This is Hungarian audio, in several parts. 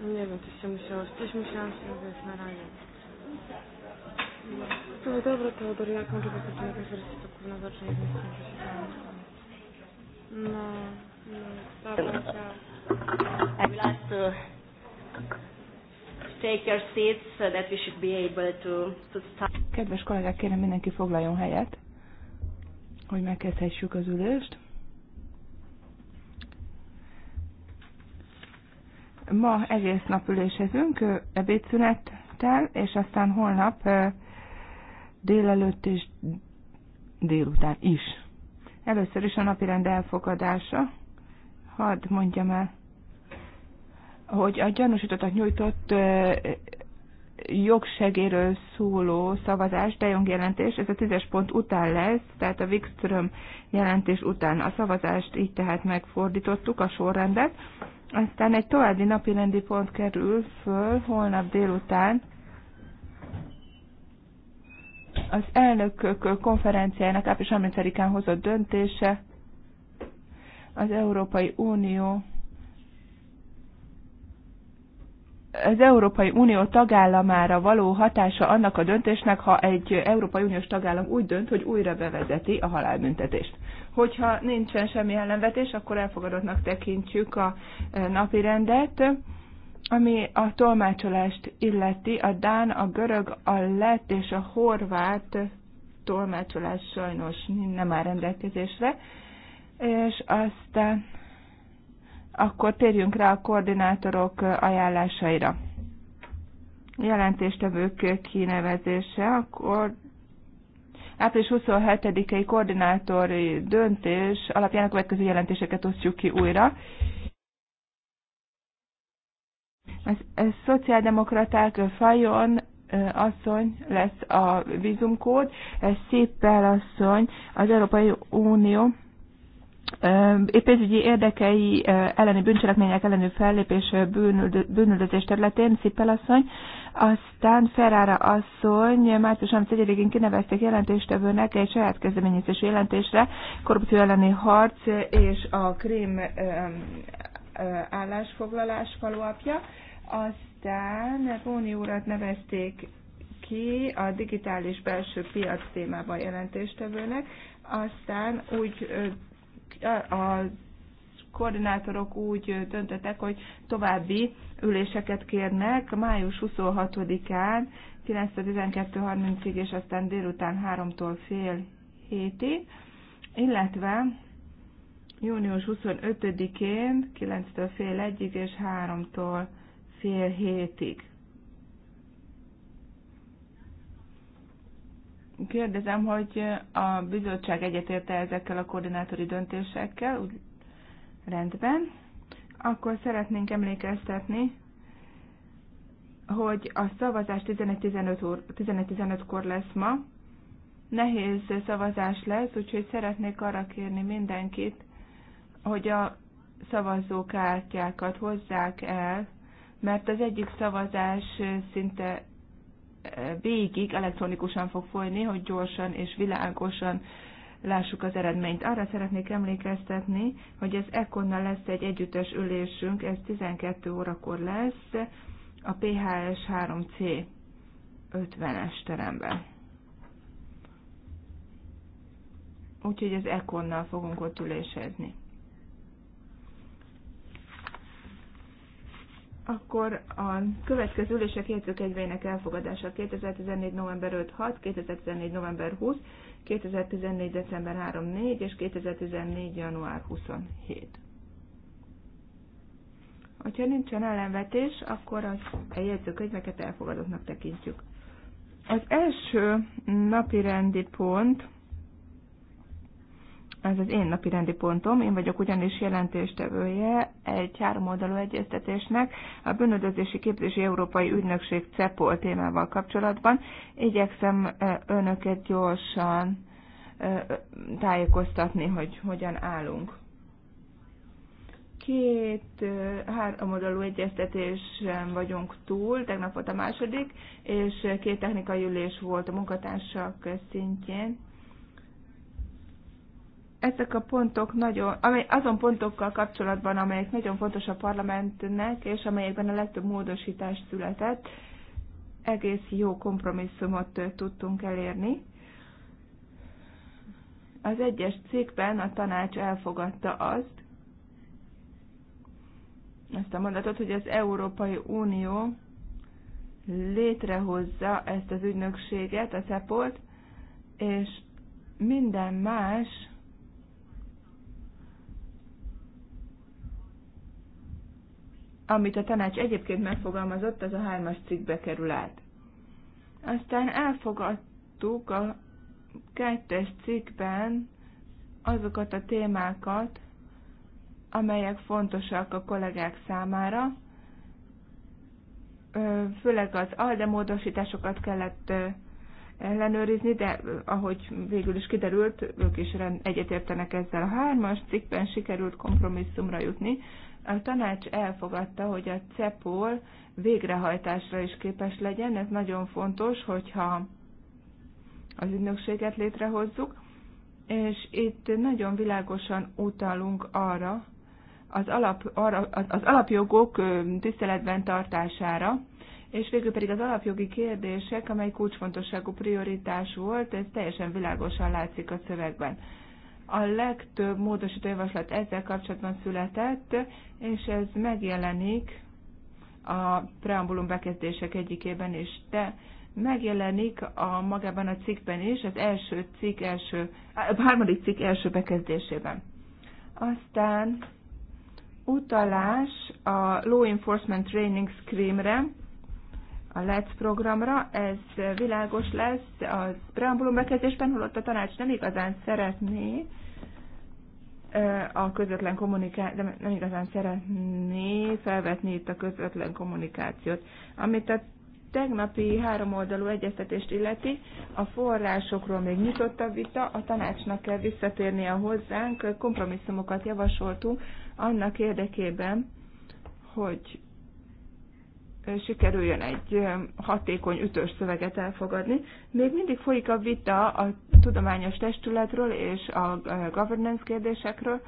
Nie wiem, coś się musiało, coś musiałam się wiesz, na razie. No dobra, Teodor, jak może być na jakaś wersja, to kurna zacznie, więc nie że się tam... No, no, dobra, ciao. I'd like to take your seats so that we should be able to, to start. Kedves kollégák, kérem mindenki foglaljon helyet, hogy megkezdhessük az ülést. Ma egész nap ülésezünk, ebédszünettel, és aztán holnap délelőtt és délután is. Először is a napirend elfogadása. Hadd mondjam el, hogy a gyanúsítottak nyújtott jogsegéről szóló szavazás, de jelentés, ez a tízes pont után lesz, tehát a Wikström jelentés után a szavazást így tehát megfordítottuk a sorrendet, aztán egy további napi rendi pont kerül föl holnap délután. Az elnökök konferenciájának április 30-án hozott döntése az Európai Unió az Európai Unió tagállamára való hatása annak a döntésnek, ha egy Európai Uniós tagállam úgy dönt, hogy újra bevezeti a halálbüntetést. Hogyha nincsen semmi ellenvetés, akkor elfogadottnak tekintjük a e, napi rendet. Ami a tolmácsolást illeti, a dán, a görög, a lett és a horvát tolmácsolás sajnos nem áll rendelkezésre, és aztán akkor térjünk rá a koordinátorok ajánlásaira. Jelentéstevők kinevezése, akkor április 27-i koordinátori döntés alapján a következő jelentéseket osztjuk ki újra. A szociáldemokraták Fajon asszony lesz a vízumkód, Szippel asszony az Európai Unió pénzügyi érdekei elleni bűncselekmények elleni fellépés bűnöldözés területén, asszony. aztán Ferrara asszony március 31-én kinevezték jelentéstevőnek egy saját kezdeményezésű jelentésre, korrupció elleni harc és a krém állásfoglalás faluapja. Aztán Póni urat nevezték ki a digitális belső piac témában jelentéstevőnek, aztán úgy a koordinátorok úgy döntöttek, hogy további üléseket kérnek május 26-án 9-12.30-ig, és aztán délután 3-tól fél hétig, illetve június 25-én 9-től fél 1-ig és 3-tól fél hétig. Kérdezem, hogy a bizottság egyetérte ezekkel a koordinátori döntésekkel? Úgy, rendben. Akkor szeretnénk emlékeztetni, hogy a szavazás 11-15-kor lesz ma. Nehéz szavazás lesz, úgyhogy szeretnék arra kérni mindenkit, hogy a szavazókártyákat hozzák el, mert az egyik szavazás szinte végig elektronikusan fog folyni, hogy gyorsan és világosan lássuk az eredményt. Arra szeretnék emlékeztetni, hogy ez ekkonnal lesz egy együttes ülésünk, ez 12 órakor lesz a PHS 3C 50-es teremben. Úgyhogy ez ekkonnal fogunk ott ülésezni. Akkor a következő ülések jegyzőkönyvének elfogadása 2014. november 5 6, 2014. november 20, 2014. december 3 4 és 2014. január 27. Hogyha nincsen ellenvetés, akkor az a jegyzőkönyveket elfogadottnak tekintjük. Az első napi rendi pont ez az én napi rendi pontom, én vagyok ugyanis jelentéstevője egy háromoldalú egyeztetésnek a bűnöldözési képzési európai ügynökség CEPOL témával kapcsolatban. Igyekszem önöket gyorsan tájékoztatni, hogy hogyan állunk. Két háromoldalú egyeztetésen vagyunk túl, tegnap volt a második, és két technikai ülés volt a munkatársak szintjén ezek a pontok nagyon, amely, azon pontokkal kapcsolatban, amelyek nagyon fontos a parlamentnek, és amelyekben a legtöbb módosítás született, egész jó kompromisszumot tudtunk elérni. Az egyes cikkben a tanács elfogadta azt, ezt a mondatot, hogy az Európai Unió létrehozza ezt az ügynökséget, a cepol és minden más amit a tanács egyébként megfogalmazott, az a hármas cikkbe kerül át. Aztán elfogadtuk a kettes cikkben azokat a témákat, amelyek fontosak a kollégák számára. Főleg az aldemódosításokat kellett ellenőrizni, de ahogy végül is kiderült, ők is egyetértenek ezzel a hármas cikkben, sikerült kompromisszumra jutni. A tanács elfogadta, hogy a CEPOL végrehajtásra is képes legyen. Ez nagyon fontos, hogyha az ügynökséget létrehozzuk. És itt nagyon világosan utalunk arra, az, alap, arra, az alapjogok tiszteletben tartására, és végül pedig az alapjogi kérdések, amely kulcsfontosságú prioritás volt, ez teljesen világosan látszik a szövegben a legtöbb módosító javaslat ezzel kapcsolatban született, és ez megjelenik a preambulum bekezdések egyikében is, de megjelenik a magában a cikkben is, az első cikk első, a harmadik cikk első bekezdésében. Aztán utalás a Law Enforcement Training Scheme-re, a LEC programra. Ez világos lesz az preambulum bekezdésben, holott a tanács nem igazán szeretné a közvetlen kommunikáció, nem igazán szeretné felvetni itt a közvetlen kommunikációt. Amit a tegnapi háromoldalú egyeztetést illeti, a forrásokról még nyitott a vita, a tanácsnak kell visszatérnie hozzánk, kompromisszumokat javasoltunk annak érdekében, hogy sikerüljön egy hatékony ütős szöveget elfogadni. Még mindig folyik a vita a tudományos testületről és a governance kérdésekről,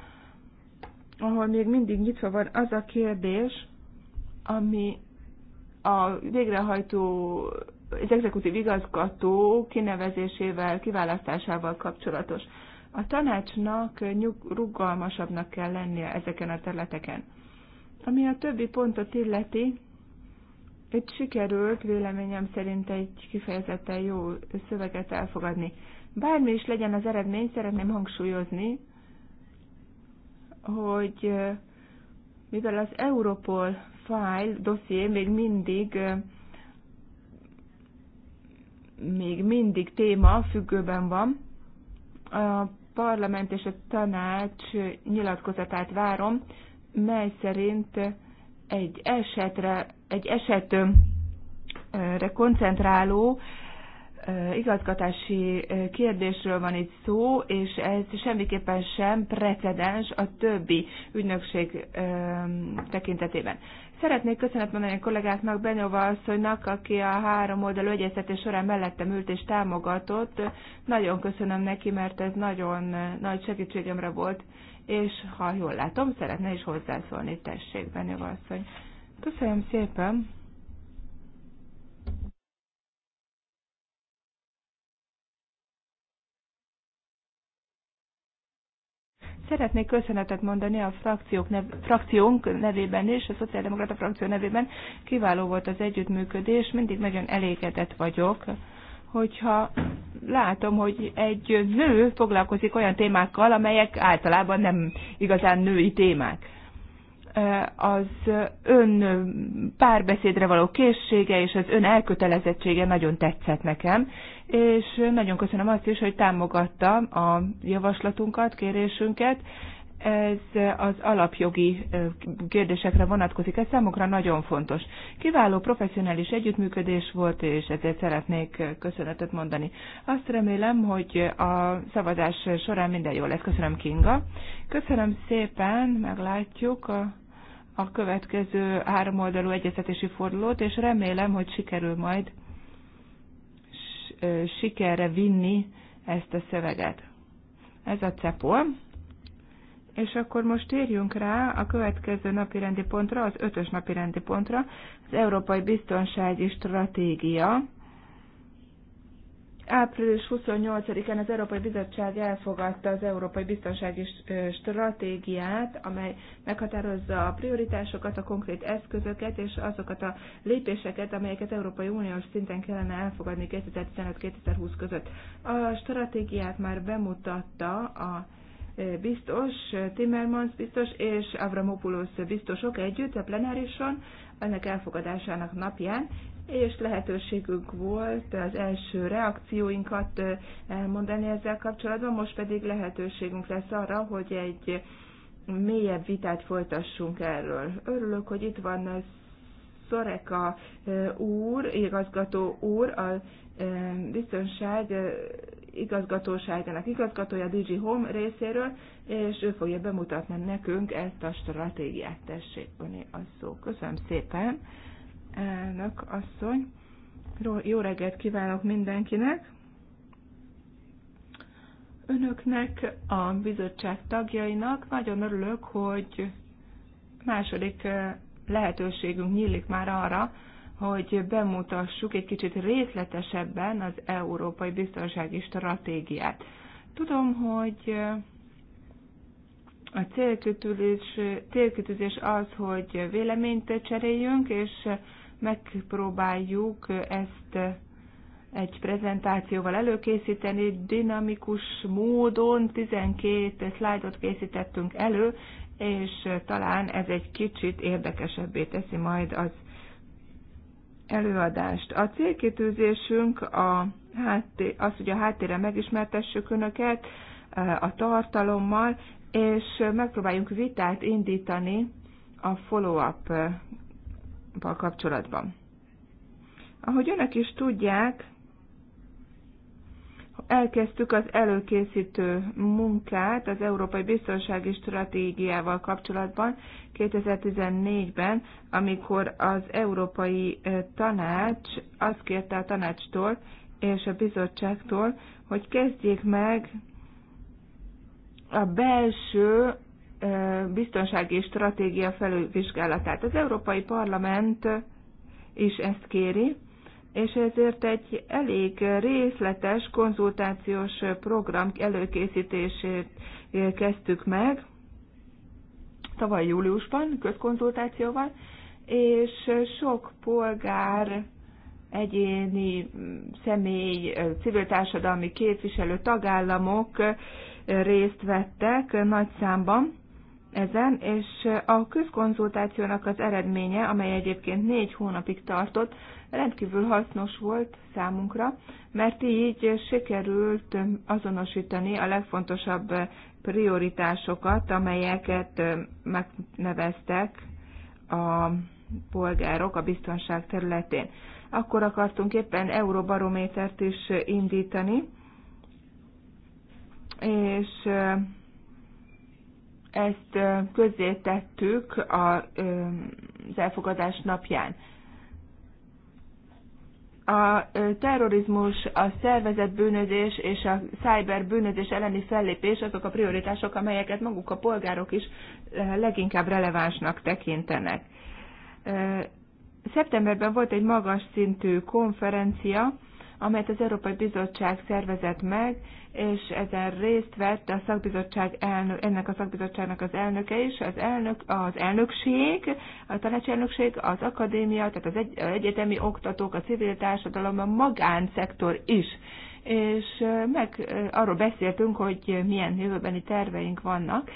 ahol még mindig nyitva van az a kérdés, ami a végrehajtó, az exekutív igazgató kinevezésével, kiválasztásával kapcsolatos. A tanácsnak nyug, rugalmasabbnak kell lennie ezeken a területeken. Ami a többi pontot illeti, itt sikerült véleményem szerint egy kifejezetten jó szöveget elfogadni. Bármi is legyen az eredmény, szeretném hangsúlyozni, hogy mivel az Europol file dosszié még mindig még mindig téma függőben van, a parlament és a tanács nyilatkozatát várom, mely szerint egy esetre, egy esetre koncentráló igazgatási kérdésről van itt szó, és ez semmiképpen sem precedens a többi ügynökség tekintetében. Szeretnék köszönet mondani a kollégáknak, Benyova asszonynak, aki a három oldalú egyeztetés során mellettem ült és támogatott. Nagyon köszönöm neki, mert ez nagyon nagy segítségemre volt és ha jól látom, szeretne is hozzászólni, tessék, Benyova asszony. Köszönöm szépen! Szeretnék köszönetet mondani a frakciók nev, frakciónk nevében is, a Szociáldemokrata frakció nevében. Kiváló volt az együttműködés, mindig nagyon elégedett vagyok hogyha látom, hogy egy nő foglalkozik olyan témákkal, amelyek általában nem igazán női témák. Az ön párbeszédre való készsége és az ön elkötelezettsége nagyon tetszett nekem, és nagyon köszönöm azt is, hogy támogatta a javaslatunkat, kérésünket, ez az alapjogi kérdésekre vonatkozik, ez számukra nagyon fontos. Kiváló professzionális együttműködés volt, és ezért szeretnék köszönetet mondani. Azt remélem, hogy a szavazás során minden jó lesz. Köszönöm Kinga. Köszönöm szépen, meglátjuk a, a következő háromoldalú egyeztetési fordulót, és remélem, hogy sikerül majd sikerre vinni ezt a szöveget. Ez a cepol. És akkor most térjünk rá a következő napi rendi pontra, az ötös napi rendi pontra, az Európai Biztonsági Stratégia. Április 28-án az Európai Bizottság elfogadta az Európai Biztonsági Stratégiát, amely meghatározza a prioritásokat, a konkrét eszközöket és azokat a lépéseket, amelyeket Európai Uniós szinten kellene elfogadni 2015-2020 között. A stratégiát már bemutatta a biztos, Timmermans biztos és Avramopoulos biztosok együtt a plenárison, ennek elfogadásának napján, és lehetőségünk volt az első reakcióinkat elmondani ezzel kapcsolatban, most pedig lehetőségünk lesz arra, hogy egy mélyebb vitát folytassunk erről. Örülök, hogy itt van Szoreka úr, igazgató úr, a biztonság igazgatóságának igazgatója DG Home részéről, és ő fogja bemutatni nekünk ezt a stratégiát. Tessék, öné a szó. Köszönöm szépen, elnök asszony. Jó reggelt kívánok mindenkinek! Önöknek, a bizottság tagjainak nagyon örülök, hogy második eh, lehetőségünk nyílik már arra, hogy bemutassuk egy kicsit részletesebben az európai biztonsági stratégiát. Tudom, hogy a célkütőzés, célkütőzés az, hogy véleményt cseréljünk, és megpróbáljuk ezt egy prezentációval előkészíteni, dinamikus módon 12 szlájdot készítettünk elő, és talán ez egy kicsit érdekesebbé teszi majd az előadást. A célkitűzésünk a háttér, az, hogy a háttérre megismertessük Önöket eh, a tartalommal, és megpróbáljunk vitát indítani a follow-up eh, kapcsolatban. Ahogy Önök is tudják, elkezdtük az előkészítő munkát az Európai Biztonsági Stratégiával kapcsolatban 2014-ben, amikor az Európai eh, Tanács azt kérte a tanácstól és a bizottságtól, hogy kezdjék meg a belső eh, biztonsági stratégia felülvizsgálatát. Az Európai Parlament is ezt kéri és ezért egy elég részletes konzultációs program előkészítését eh, kezdtük meg tavaly júliusban, közkonzultációval, és sok polgár, egyéni személy, eh, civil társadalmi képviselő, tagállamok eh, részt vettek nagy számban ezen, és a közkonzultációnak az eredménye, amely egyébként négy hónapig tartott, rendkívül hasznos volt számunkra, mert így sikerült azonosítani a legfontosabb prioritásokat, amelyeket megneveztek a polgárok a biztonság területén. Akkor akartunk éppen euróbarométert is indítani, és ezt közzétettük az elfogadás napján. A terrorizmus, a szervezett bűnözés és a cyber bűnözés elleni fellépés azok a prioritások, amelyeket maguk a polgárok is leginkább relevánsnak tekintenek. Szeptemberben volt egy magas szintű konferencia, amelyet az Európai Bizottság szervezett meg, és ezen részt vett a szakbizottság elnök, ennek a szakbizottságnak az elnöke is, az, elnök, az elnökség, a tanácselnökség, az akadémia, tehát az egy, egyetemi oktatók, a civil társadalom, a magánszektor is. És meg arról beszéltünk, hogy milyen jövőbeni terveink vannak.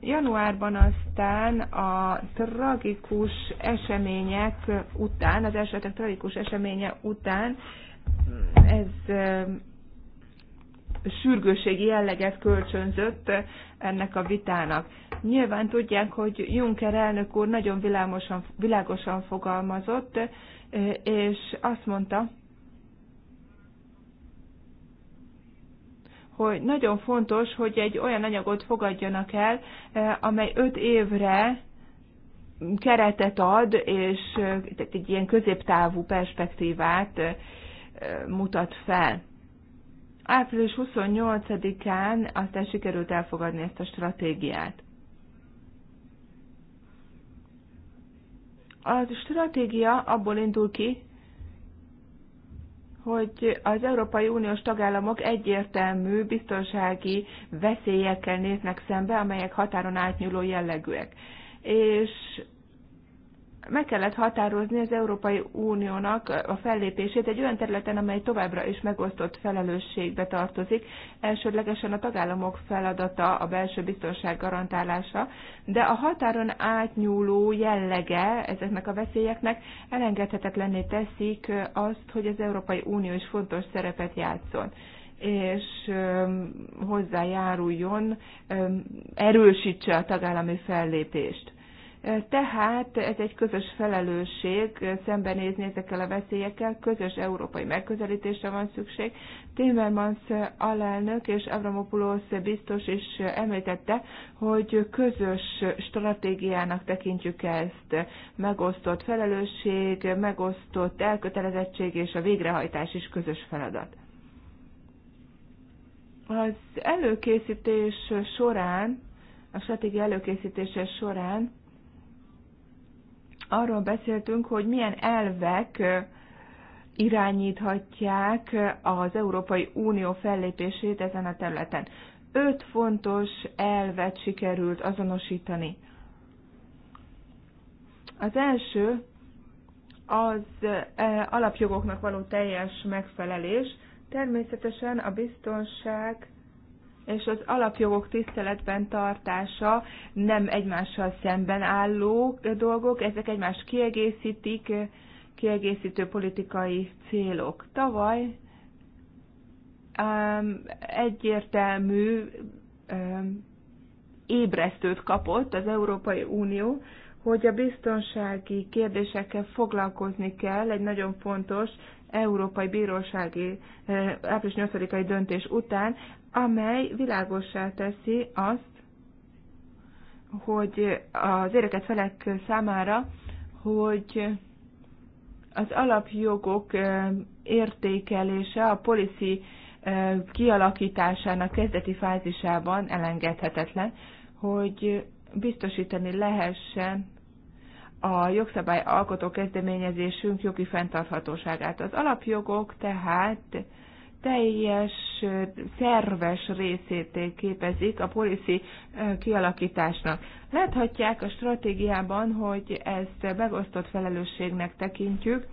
Januárban aztán a tragikus események után, az esetek tragikus eseménye után ez sürgőségi jelleget kölcsönzött ennek a vitának. Nyilván tudják, hogy Juncker elnök úr nagyon világosan, világosan fogalmazott, és azt mondta, hogy nagyon fontos, hogy egy olyan anyagot fogadjanak el, amely öt évre keretet ad, és egy ilyen középtávú perspektívát mutat fel. Április 28-án aztán sikerült elfogadni ezt a stratégiát. A stratégia abból indul ki, hogy az Európai Uniós tagállamok egyértelmű biztonsági veszélyekkel néznek szembe, amelyek határon átnyúló jellegűek. És meg kellett határozni az Európai Uniónak a fellépését egy olyan területen, amely továbbra is megosztott felelősségbe tartozik. Elsődlegesen a tagállamok feladata a belső biztonság garantálása, de a határon átnyúló jellege ezeknek a veszélyeknek elengedhetetlenné teszik azt, hogy az Európai Unió is fontos szerepet játszon és hozzájáruljon, erősítse a tagállami fellépést tehát ez egy közös felelősség szembenézni ezekkel a veszélyekkel, közös európai megközelítésre van szükség. Timmermans alelnök és Avramopoulos biztos is említette, hogy közös stratégiának tekintjük ezt. Megosztott felelősség, megosztott elkötelezettség és a végrehajtás is közös feladat. Az előkészítés során, a stratégia előkészítése során arról beszéltünk, hogy milyen elvek irányíthatják az Európai Unió fellépését ezen a területen. Öt fontos elvet sikerült azonosítani. Az első az alapjogoknak való teljes megfelelés. Természetesen a biztonság és az alapjogok tiszteletben tartása nem egymással szemben álló dolgok, ezek egymást kiegészítik, kiegészítő politikai célok. Tavaly um, egyértelmű um, ébresztőt kapott az Európai Unió, hogy a biztonsági kérdésekkel foglalkozni kell, egy nagyon fontos Európai Bírósági április 8-ai döntés után amely világossá teszi azt, hogy az éreket felek számára, hogy az alapjogok értékelése a policy kialakításának kezdeti fázisában elengedhetetlen, hogy biztosítani lehessen a jogszabály alkotó kezdeményezésünk jogi fenntarthatóságát. Az alapjogok tehát teljes, szerves részét képezik a policy kialakításnak. Láthatják a stratégiában, hogy ezt megosztott felelősségnek tekintjük,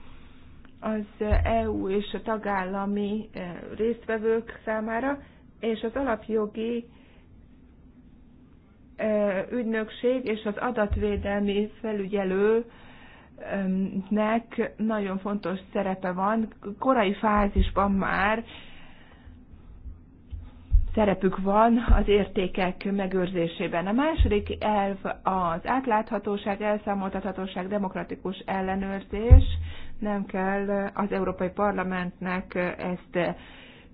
az EU és a tagállami résztvevők számára, és az alapjogi ügynökség és az adatvédelmi felügyelő nek nagyon fontos szerepe van. Korai fázisban már szerepük van az értékek megőrzésében. A második elv az átláthatóság, elszámoltathatóság, demokratikus ellenőrzés. Nem kell az Európai Parlamentnek ezt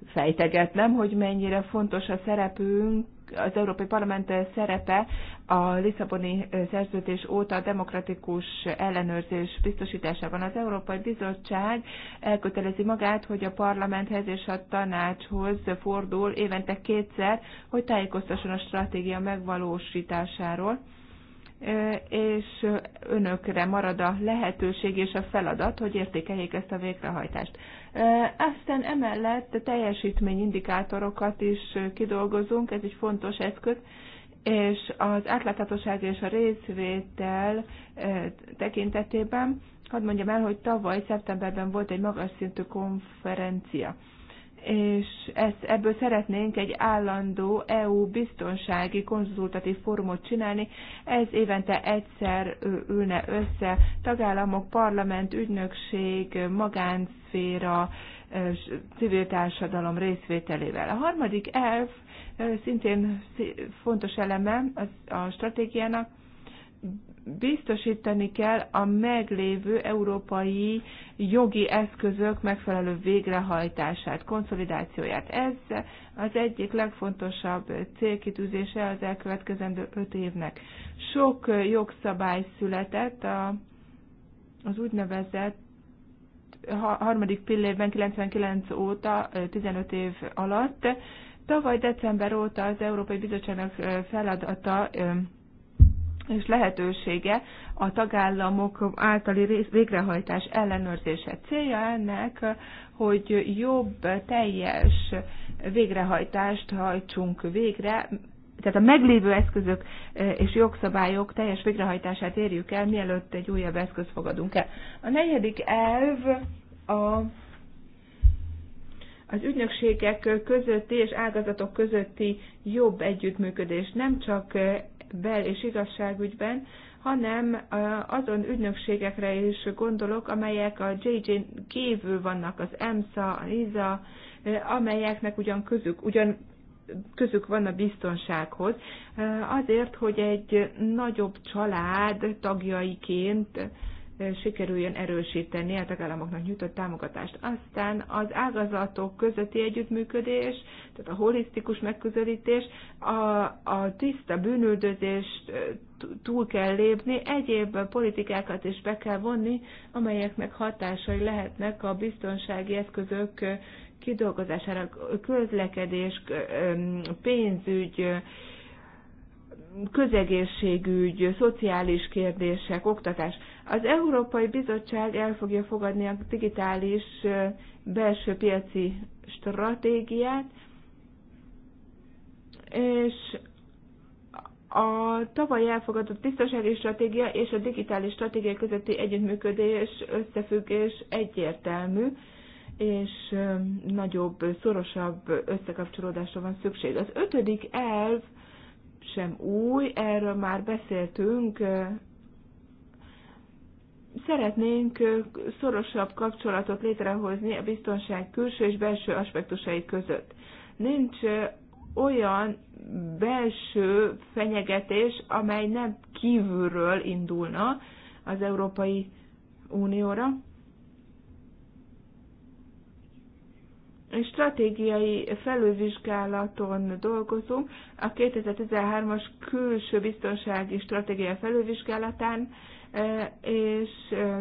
fejtegetnem, hogy mennyire fontos a szerepünk az Európai Parlament szerepe a Lisszaboni szerződés óta a demokratikus ellenőrzés biztosításában. Az Európai Bizottság elkötelezi magát, hogy a parlamenthez és a tanácshoz fordul évente kétszer, hogy tájékoztasson a stratégia megvalósításáról és önökre marad a lehetőség és a feladat, hogy értékeljék ezt a végrehajtást. Aztán emellett teljesítményindikátorokat is kidolgozunk, ez egy fontos eszköz, és az átláthatóság és a részvétel tekintetében, hadd mondjam el, hogy tavaly szeptemberben volt egy magas szintű konferencia és ezt, ebből szeretnénk egy állandó EU biztonsági konzultatív fórumot csinálni. Ez évente egyszer ülne össze tagállamok, parlament, ügynökség, magánszféra, civil társadalom részvételével. A harmadik elv szintén fontos eleme a stratégiának, biztosítani kell a meglévő európai jogi eszközök megfelelő végrehajtását, konszolidációját. Ez az egyik legfontosabb célkitűzése az elkövetkezendő öt évnek. Sok jogszabály született a, az úgynevezett harmadik pillérben 99 óta, 15 év alatt. Tavaly december óta az Európai Bizottságnak feladata és lehetősége a tagállamok általi végrehajtás ellenőrzése. Célja ennek, hogy jobb, teljes végrehajtást hajtsunk végre, tehát a meglévő eszközök e, és jogszabályok teljes végrehajtását érjük el, mielőtt egy újabb eszköz fogadunk el. A negyedik elv a az ügynökségek közötti és ágazatok közötti jobb együttműködés nem csak e, bel- és igazságügyben, hanem azon ügynökségekre is gondolok, amelyek a JJ kívül vannak, az EMSA, a ISA, amelyeknek ugyan közük, ugyan közük van a biztonsághoz, azért, hogy egy nagyobb család tagjaiként sikerüljön erősíteni a tagállamoknak nyújtott támogatást. Aztán az ágazatok közötti együttműködés, tehát a holisztikus megközelítés, a, a tiszta bűnüldözést túl kell lépni, egyéb politikákat is be kell vonni, amelyeknek hatásai lehetnek a biztonsági eszközök kidolgozására, közlekedés, pénzügy, közegészségügy, szociális kérdések, oktatás. Az Európai Bizottság el fogja fogadni a digitális belső piaci stratégiát, és a tavaly elfogadott biztonsági stratégia és a digitális stratégia közötti együttműködés összefüggés egyértelmű, és nagyobb, szorosabb összekapcsolódásra van szükség. Az ötödik elv sem új, erről már beszéltünk Szeretnénk szorosabb kapcsolatot létrehozni a biztonság külső és belső aspektusai között. Nincs olyan belső fenyegetés, amely nem kívülről indulna az Európai Unióra. stratégiai felülvizsgálaton dolgozunk. A 2013-as külső biztonsági stratégia felülvizsgálatán és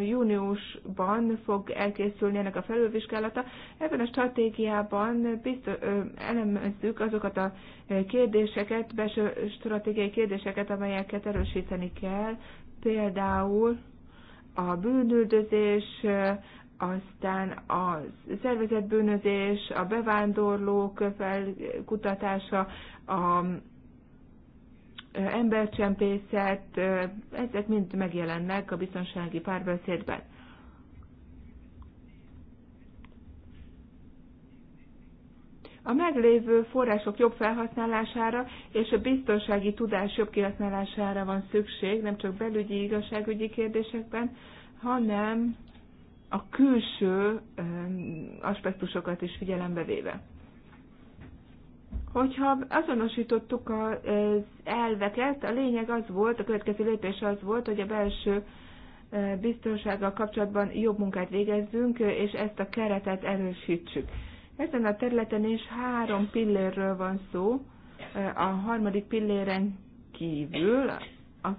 júniusban fog elkészülni ennek a felülvizsgálata. Ebben a stratégiában biztos, elemezzük azokat a kérdéseket, belső stratégiai kérdéseket, amelyeket erősíteni kell, például a bűnüldözés, aztán a szervezetbűnözés, a bevándorlók felkutatása, a embercsempészet, ezek mind megjelennek a biztonsági párbeszédben. A meglévő források jobb felhasználására és a biztonsági tudás jobb kihasználására van szükség, nem csak belügyi, igazságügyi kérdésekben, hanem a külső aspektusokat is figyelembe véve. Hogyha azonosítottuk az elveket, a lényeg az volt, a következő lépés az volt, hogy a belső e, biztonsággal kapcsolatban jobb munkát végezzünk, és ezt a keretet erősítsük. Ezen a területen is három pillérről van szó, e, a harmadik pilléren kívül, az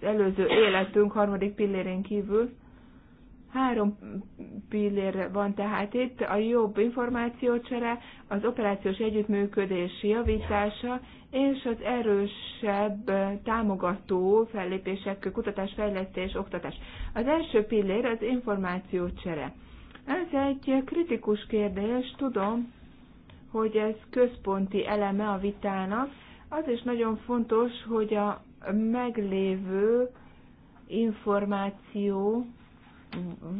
előző életünk harmadik pillérén kívül, Három pillér van tehát itt, a jobb információcsere, az operációs együttműködés javítása és az erősebb támogató fellépések, kutatás, fejlesztés, oktatás. Az első pillér az információcsere. Ez egy kritikus kérdés, tudom, hogy ez központi eleme a vitának. Az is nagyon fontos, hogy a meglévő információ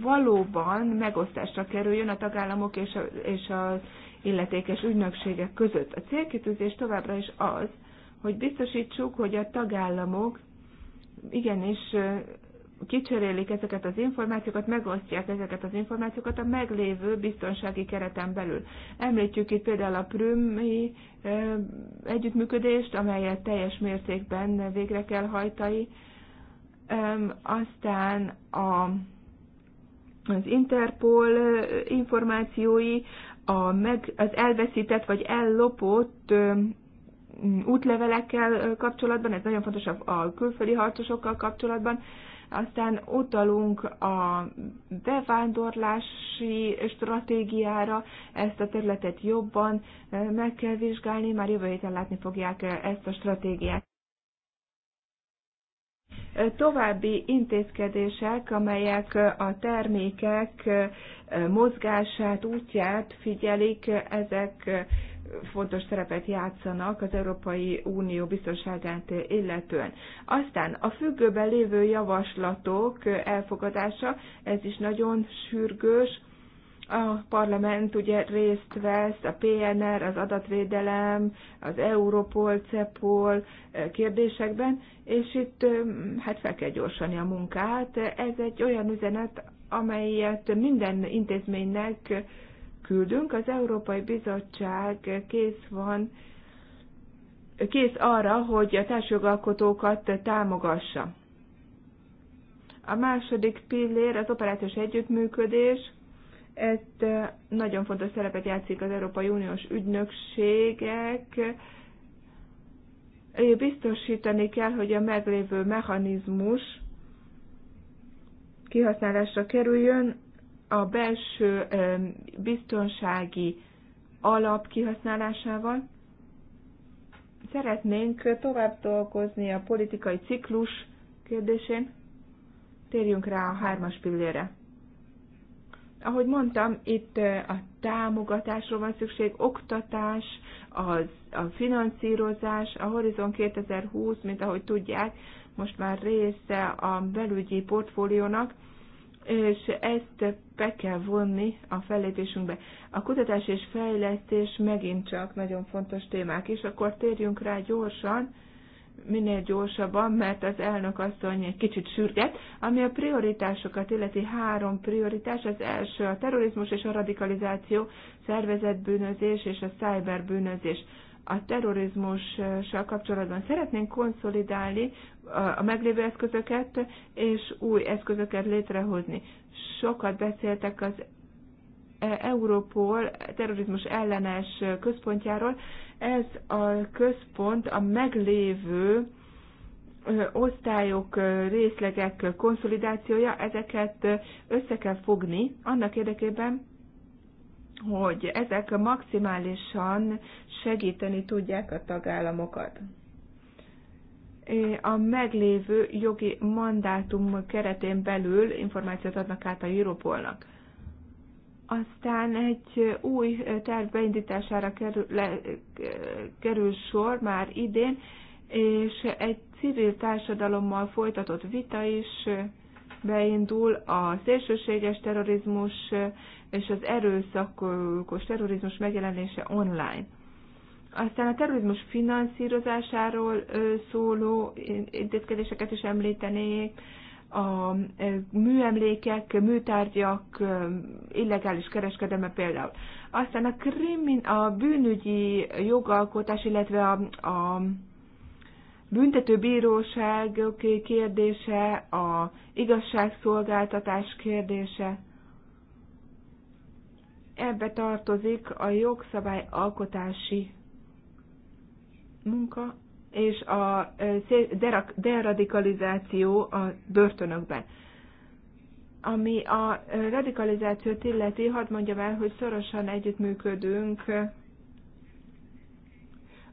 valóban megosztásra kerüljön a tagállamok és, a, és az illetékes ügynökségek között. A célkitűzés továbbra is az, hogy biztosítsuk, hogy a tagállamok igenis kicserélik ezeket az információkat, megosztják ezeket az információkat a meglévő biztonsági kereten belül. Említjük itt például a prümi együttműködést, amelyet teljes mértékben végre kell hajtani, aztán a az Interpol információi, a meg, az elveszített vagy ellopott útlevelekkel kapcsolatban, ez nagyon fontos a külföldi harcosokkal kapcsolatban, aztán utalunk a bevándorlási stratégiára, ezt a területet jobban meg kell vizsgálni, már jövő héten látni fogják ezt a stratégiát további intézkedések, amelyek a termékek mozgását, útját figyelik, ezek fontos szerepet játszanak az Európai Unió biztonságát illetően. Aztán a függőben lévő javaslatok elfogadása, ez is nagyon sürgős, a parlament ugye részt vesz a PNR, az adatvédelem, az Europol, CEPOL kérdésekben, és itt hát fel kell gyorsani a munkát. Ez egy olyan üzenet, amelyet minden intézménynek küldünk. Az Európai Bizottság kész van, kész arra, hogy a társjogalkotókat támogassa. A második pillér az operációs együttműködés, ezt nagyon fontos szerepet játszik az Európai Uniós ügynökségek. Biztosítani kell, hogy a meglévő mechanizmus kihasználásra kerüljön, a belső biztonsági alap kihasználásával. Szeretnénk tovább dolgozni a politikai ciklus kérdésén. Térjünk rá a hármas pillére. Ahogy mondtam, itt a támogatásról van szükség, oktatás, az, a finanszírozás, a Horizon 2020, mint ahogy tudják, most már része a belügyi portfóliónak, és ezt be kell vonni a fellépésünkbe. A kutatás és fejlesztés megint csak nagyon fontos témák, és akkor térjünk rá gyorsan minél gyorsabban, mert az elnök asszony egy kicsit sürget, ami a prioritásokat illeti három prioritás, az első a terrorizmus és a radikalizáció, szervezetbűnözés és a szájberbűnözés. A terrorizmussal kapcsolatban szeretnénk konszolidálni a meglévő eszközöket és új eszközöket létrehozni. Sokat beszéltek az e, Európol terrorizmus ellenes központjáról, ez a központ a meglévő osztályok, részlegek konszolidációja, ezeket össze kell fogni annak érdekében, hogy ezek maximálisan segíteni tudják a tagállamokat. A meglévő jogi mandátum keretén belül információt adnak át a Europolnak. Aztán egy új terv beindítására kerül, le, kerül sor már idén, és egy civil társadalommal folytatott vita is beindul a szélsőséges terrorizmus és az erőszakos terrorizmus megjelenése online. Aztán a terrorizmus finanszírozásáról szóló intézkedéseket is említenék, a e, műemlékek, műtárgyak e, illegális kereskedelme például. Aztán a, krimin, a bűnügyi jogalkotás, illetve a, a büntetőbíróság kérdése, a igazságszolgáltatás kérdése. Ebbe tartozik a jogszabály alkotási munka, és a deradikalizáció a börtönökben. Ami a radikalizációt illeti, hadd mondjam el, hogy szorosan együttműködünk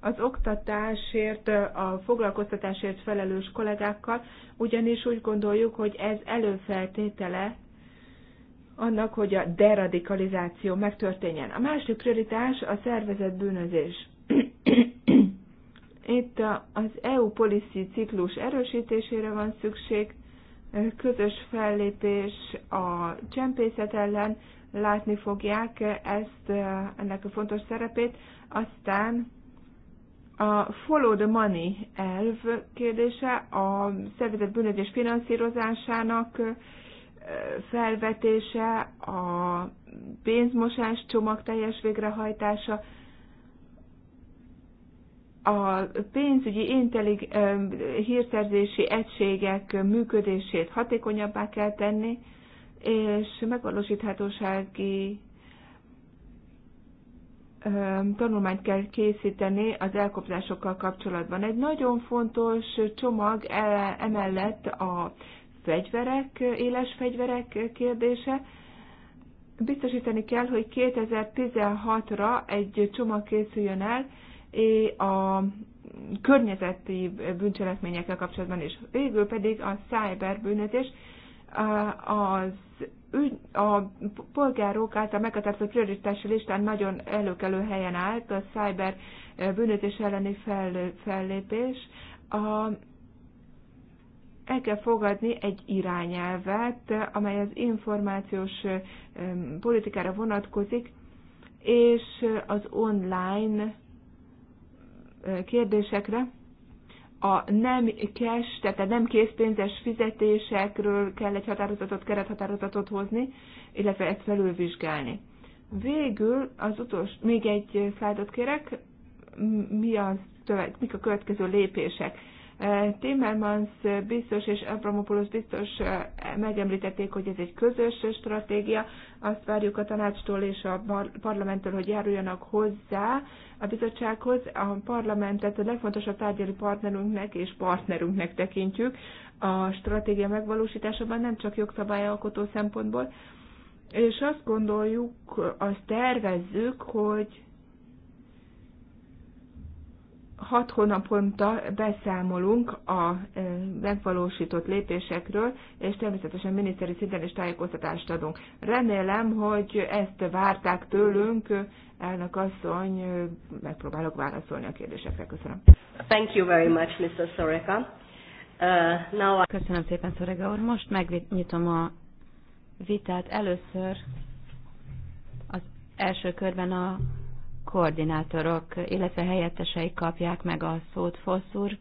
az oktatásért, a foglalkoztatásért felelős kollégákkal, ugyanis úgy gondoljuk, hogy ez előfeltétele annak, hogy a deradikalizáció megtörténjen. A másik prioritás a szervezetbűnözés. bűnözés. Itt az EU policy ciklus erősítésére van szükség, közös fellépés a csempészet ellen, látni fogják ezt, ennek a fontos szerepét. Aztán a follow the money elv kérdése a szervezet bűnözés finanszírozásának felvetése, a pénzmosás csomag teljes végrehajtása, a pénzügyi intellig, hírszerzési egységek működését hatékonyabbá kell tenni, és megvalósíthatósági tanulmányt kell készíteni az elkobzásokkal kapcsolatban. Egy nagyon fontos csomag e, emellett a fegyverek, éles fegyverek kérdése. Biztosítani kell, hogy 2016-ra egy csomag készüljön el, a környezeti bűncselekményekkel kapcsolatban is. Végül pedig a cyberbűnözés az ügy, a polgárok által meghatározott prioritási listán nagyon előkelő helyen állt a cyber bűnözés elleni fel, fellépés. A, el kell fogadni egy irányelvet, amely az információs politikára vonatkozik, és az online kérdésekre. A nem cash, tehát a nem készpénzes fizetésekről kell egy határozatot, kerethatározatot hozni, illetve ezt felülvizsgálni. Végül az utolsó, még egy szlájdot kérek, mi az, mik a következő lépések. Timmermans biztos és Abramopoulos biztos eh, megemlítették, hogy ez egy közös stratégia. Azt várjuk a tanácstól és a parlamenttől, hogy járuljanak hozzá a bizottsághoz. A parlamentet a legfontosabb tárgyali partnerünknek és partnerünknek tekintjük a stratégia megvalósításában, nem csak jogszabályalkotó szempontból. És azt gondoljuk, azt tervezzük, hogy hat hónaponta beszámolunk a e, megvalósított lépésekről, és természetesen miniszteri szinten is tájékoztatást adunk. Remélem, hogy ezt várták tőlünk, elnök asszony, megpróbálok válaszolni a kérdésekre. Köszönöm. Thank you very much, Mr. Soreka. Uh, now I... Köszönöm szépen, Szorega úr. Most megnyitom a vitát. Először az első körben a koordinátorok, illetve helyettesei kapják meg a szót Fosz úr,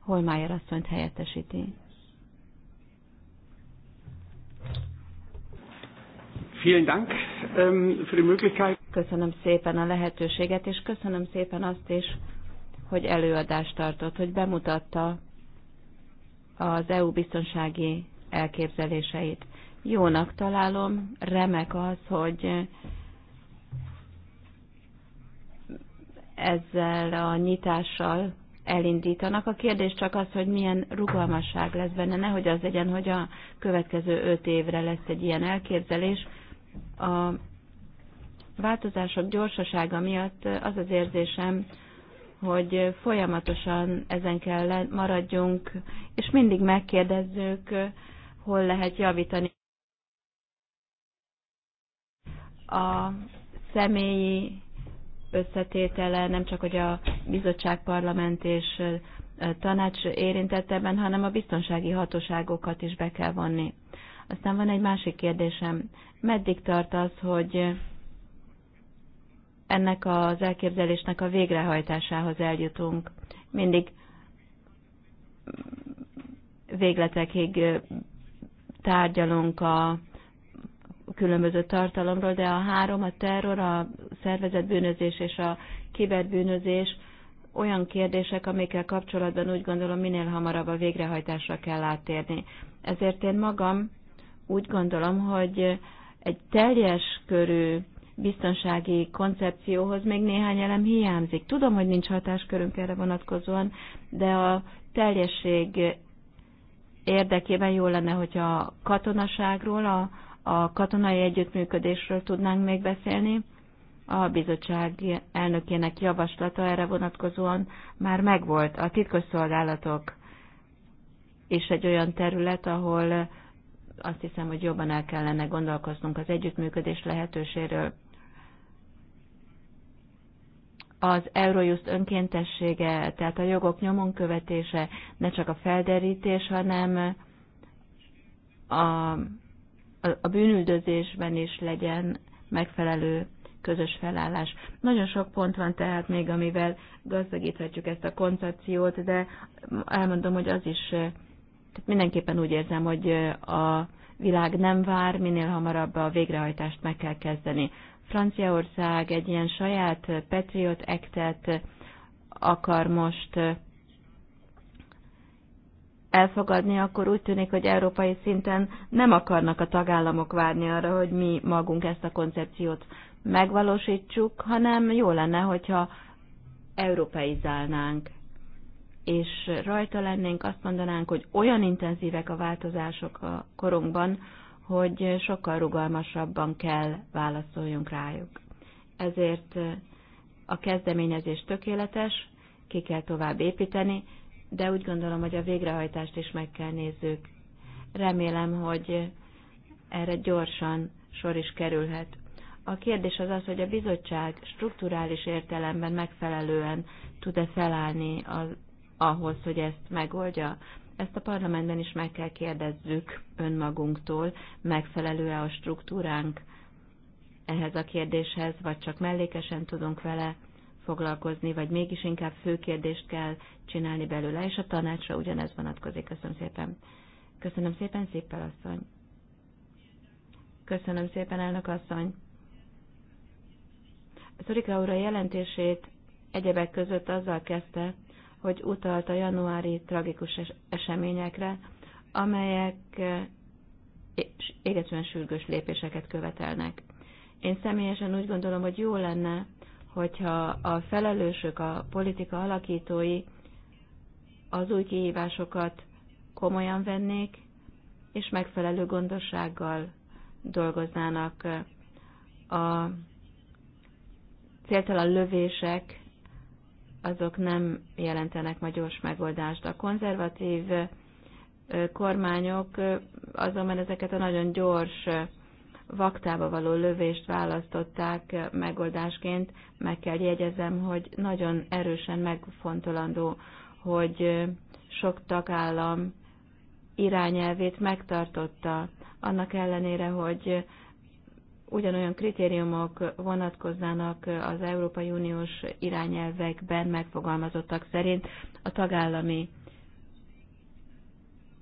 Holmájer asszonyt helyettesíti. Vielen Dank ähm, für die Möglichkeit. Köszönöm szépen a lehetőséget, és köszönöm szépen azt is, hogy előadást tartott, hogy bemutatta az EU biztonsági elképzeléseit. Jónak találom, remek az, hogy ezzel a nyitással elindítanak. A kérdés csak az, hogy milyen rugalmasság lesz benne, nehogy az legyen, hogy a következő öt évre lesz egy ilyen elképzelés. A változások gyorsasága miatt az az érzésem, hogy folyamatosan ezen kell maradjunk, és mindig megkérdezzük, hol lehet javítani a személyi összetétele, nem csak hogy a bizottság, parlament és tanács érintett ebben, hanem a biztonsági hatóságokat is be kell vonni. Aztán van egy másik kérdésem. Meddig tart az, hogy ennek az elképzelésnek a végrehajtásához eljutunk? Mindig végletekig tárgyalunk a különböző tartalomról, de a három, a terror, a szervezetbűnözés és a kiberbűnözés olyan kérdések, amikkel kapcsolatban úgy gondolom minél hamarabb a végrehajtásra kell áttérni. Ezért én magam úgy gondolom, hogy egy teljes körű biztonsági koncepcióhoz még néhány elem hiányzik. Tudom, hogy nincs hatáskörünk erre vonatkozóan, de a teljesség érdekében jó lenne, hogyha a katonaságról, a a katonai együttműködésről tudnánk még beszélni. A bizottság elnökének javaslata erre vonatkozóan már megvolt. A titkosszolgálatok és egy olyan terület, ahol azt hiszem, hogy jobban el kellene gondolkoznunk az együttműködés lehetőséről. Az Eurojust önkéntessége, tehát a jogok nyomon követése ne csak a felderítés, hanem a a bűnüldözésben is legyen megfelelő közös felállás. Nagyon sok pont van tehát még, amivel gazdagíthatjuk ezt a koncepciót, de elmondom, hogy az is, eh, tehát mindenképpen úgy érzem, hogy eh, a világ nem vár, minél hamarabb a végrehajtást meg kell kezdeni. Franciaország egy ilyen saját eh, Patriot Act-et akar most elfogadni, akkor úgy tűnik, hogy európai szinten nem akarnak a tagállamok várni arra, hogy mi magunk ezt a koncepciót megvalósítsuk, hanem jó lenne, hogyha európeizálnánk és rajta lennénk, azt mondanánk, hogy olyan intenzívek a változások a korunkban, hogy sokkal rugalmasabban kell válaszoljunk rájuk. Ezért a kezdeményezés tökéletes, ki kell tovább építeni, de úgy gondolom, hogy a végrehajtást is meg kell nézzük. Remélem, hogy erre gyorsan sor is kerülhet. A kérdés az az, hogy a bizottság strukturális értelemben megfelelően tud-e felállni az, ahhoz, hogy ezt megoldja. Ezt a parlamentben is meg kell kérdezzük önmagunktól, megfelelő-e a struktúránk ehhez a kérdéshez, vagy csak mellékesen tudunk vele foglalkozni, vagy mégis inkább kérdést kell csinálni belőle, és a tanácsra ugyanez vonatkozik. Köszönöm szépen. Köszönöm szépen, szépen asszony. Köszönöm szépen, elnök asszony. Szurika úr a jelentését egyebek között azzal kezdte, hogy utalt a januári tragikus eseményekre, amelyek e, égetően sürgős lépéseket követelnek. Én személyesen úgy gondolom, hogy jó lenne, hogyha a felelősök, a politika alakítói az új kihívásokat komolyan vennék, és megfelelő gondossággal dolgoznának a céltalan lövések, azok nem jelentenek ma gyors megoldást. A konzervatív kormányok azonban ezeket a nagyon gyors vaktába való lövést választották megoldásként. Meg kell jegyezem, hogy nagyon erősen megfontolandó, hogy sok tagállam irányelvét megtartotta, annak ellenére, hogy ugyanolyan kritériumok vonatkoznának az Európai Uniós irányelvekben megfogalmazottak szerint a tagállami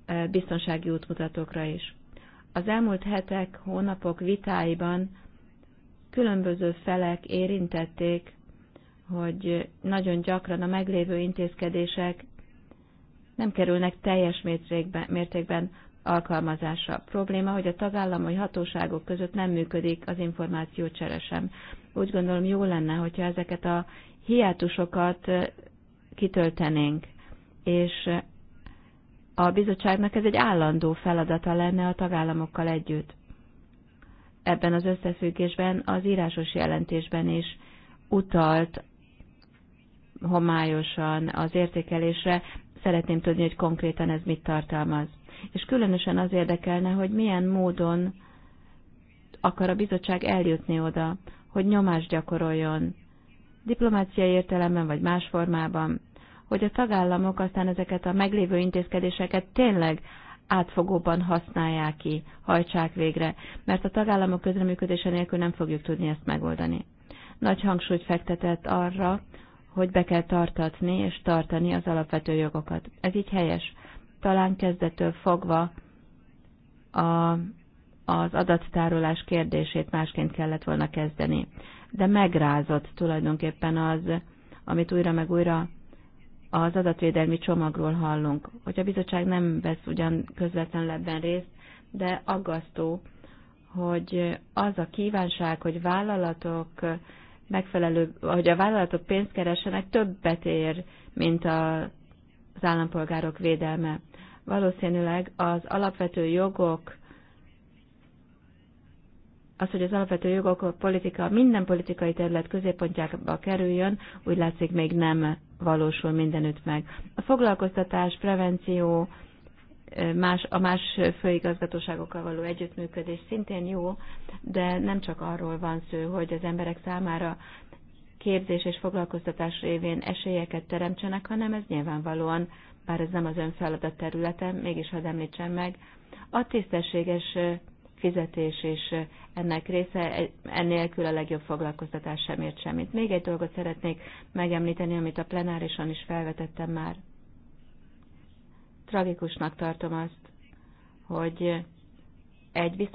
eh, biztonsági útmutatókra is. Az elmúlt hetek, hónapok vitáiban különböző felek érintették, hogy nagyon gyakran a meglévő intézkedések nem kerülnek teljes mértékben, alkalmazásra. A Probléma, hogy a tagállami hatóságok között nem működik az információcsere sem. Úgy gondolom jó lenne, hogyha ezeket a hiátusokat kitöltenénk, és a bizottságnak ez egy állandó feladata lenne a tagállamokkal együtt. Ebben az összefüggésben az írásos jelentésben is utalt homályosan az értékelésre, szeretném tudni, hogy konkrétan ez mit tartalmaz. És különösen az érdekelne, hogy milyen módon akar a bizottság eljutni oda, hogy nyomást gyakoroljon, diplomáciai értelemben vagy más formában, hogy a tagállamok aztán ezeket a meglévő intézkedéseket tényleg átfogóban használják ki, hajtsák végre, mert a tagállamok közreműködése nélkül nem fogjuk tudni ezt megoldani. Nagy hangsúlyt fektetett arra, hogy be kell tartatni és tartani az alapvető jogokat. Ez így helyes. Talán kezdettől fogva a, az adattárolás kérdését másként kellett volna kezdeni. De megrázott tulajdonképpen az, amit újra meg újra az adatvédelmi csomagról hallunk. Hogy a bizottság nem vesz ugyan közvetlenül ebben részt, de aggasztó, hogy az a kívánság, hogy vállalatok megfelelő, hogy a vállalatok pénzt keressenek, többet ér, mint a, az állampolgárok védelme. Valószínűleg az alapvető jogok, az, hogy az alapvető jogok a politika minden politikai terület középpontjába kerüljön, úgy látszik még nem valósul mindenütt meg. A foglalkoztatás, prevenció, más, a más főigazgatóságokkal való együttműködés szintén jó, de nem csak arról van szó, hogy az emberek számára képzés és foglalkoztatás révén esélyeket teremtsenek, hanem ez nyilvánvalóan, bár ez nem az ön feladat területe, mégis hadd említsem meg, a tisztességes fizetés és ennek része, ennélkül a legjobb foglalkoztatás sem ért semmit. Még egy dolgot szeretnék megemlíteni, amit a plenárison is felvetettem már. Tragikusnak tartom azt, hogy egy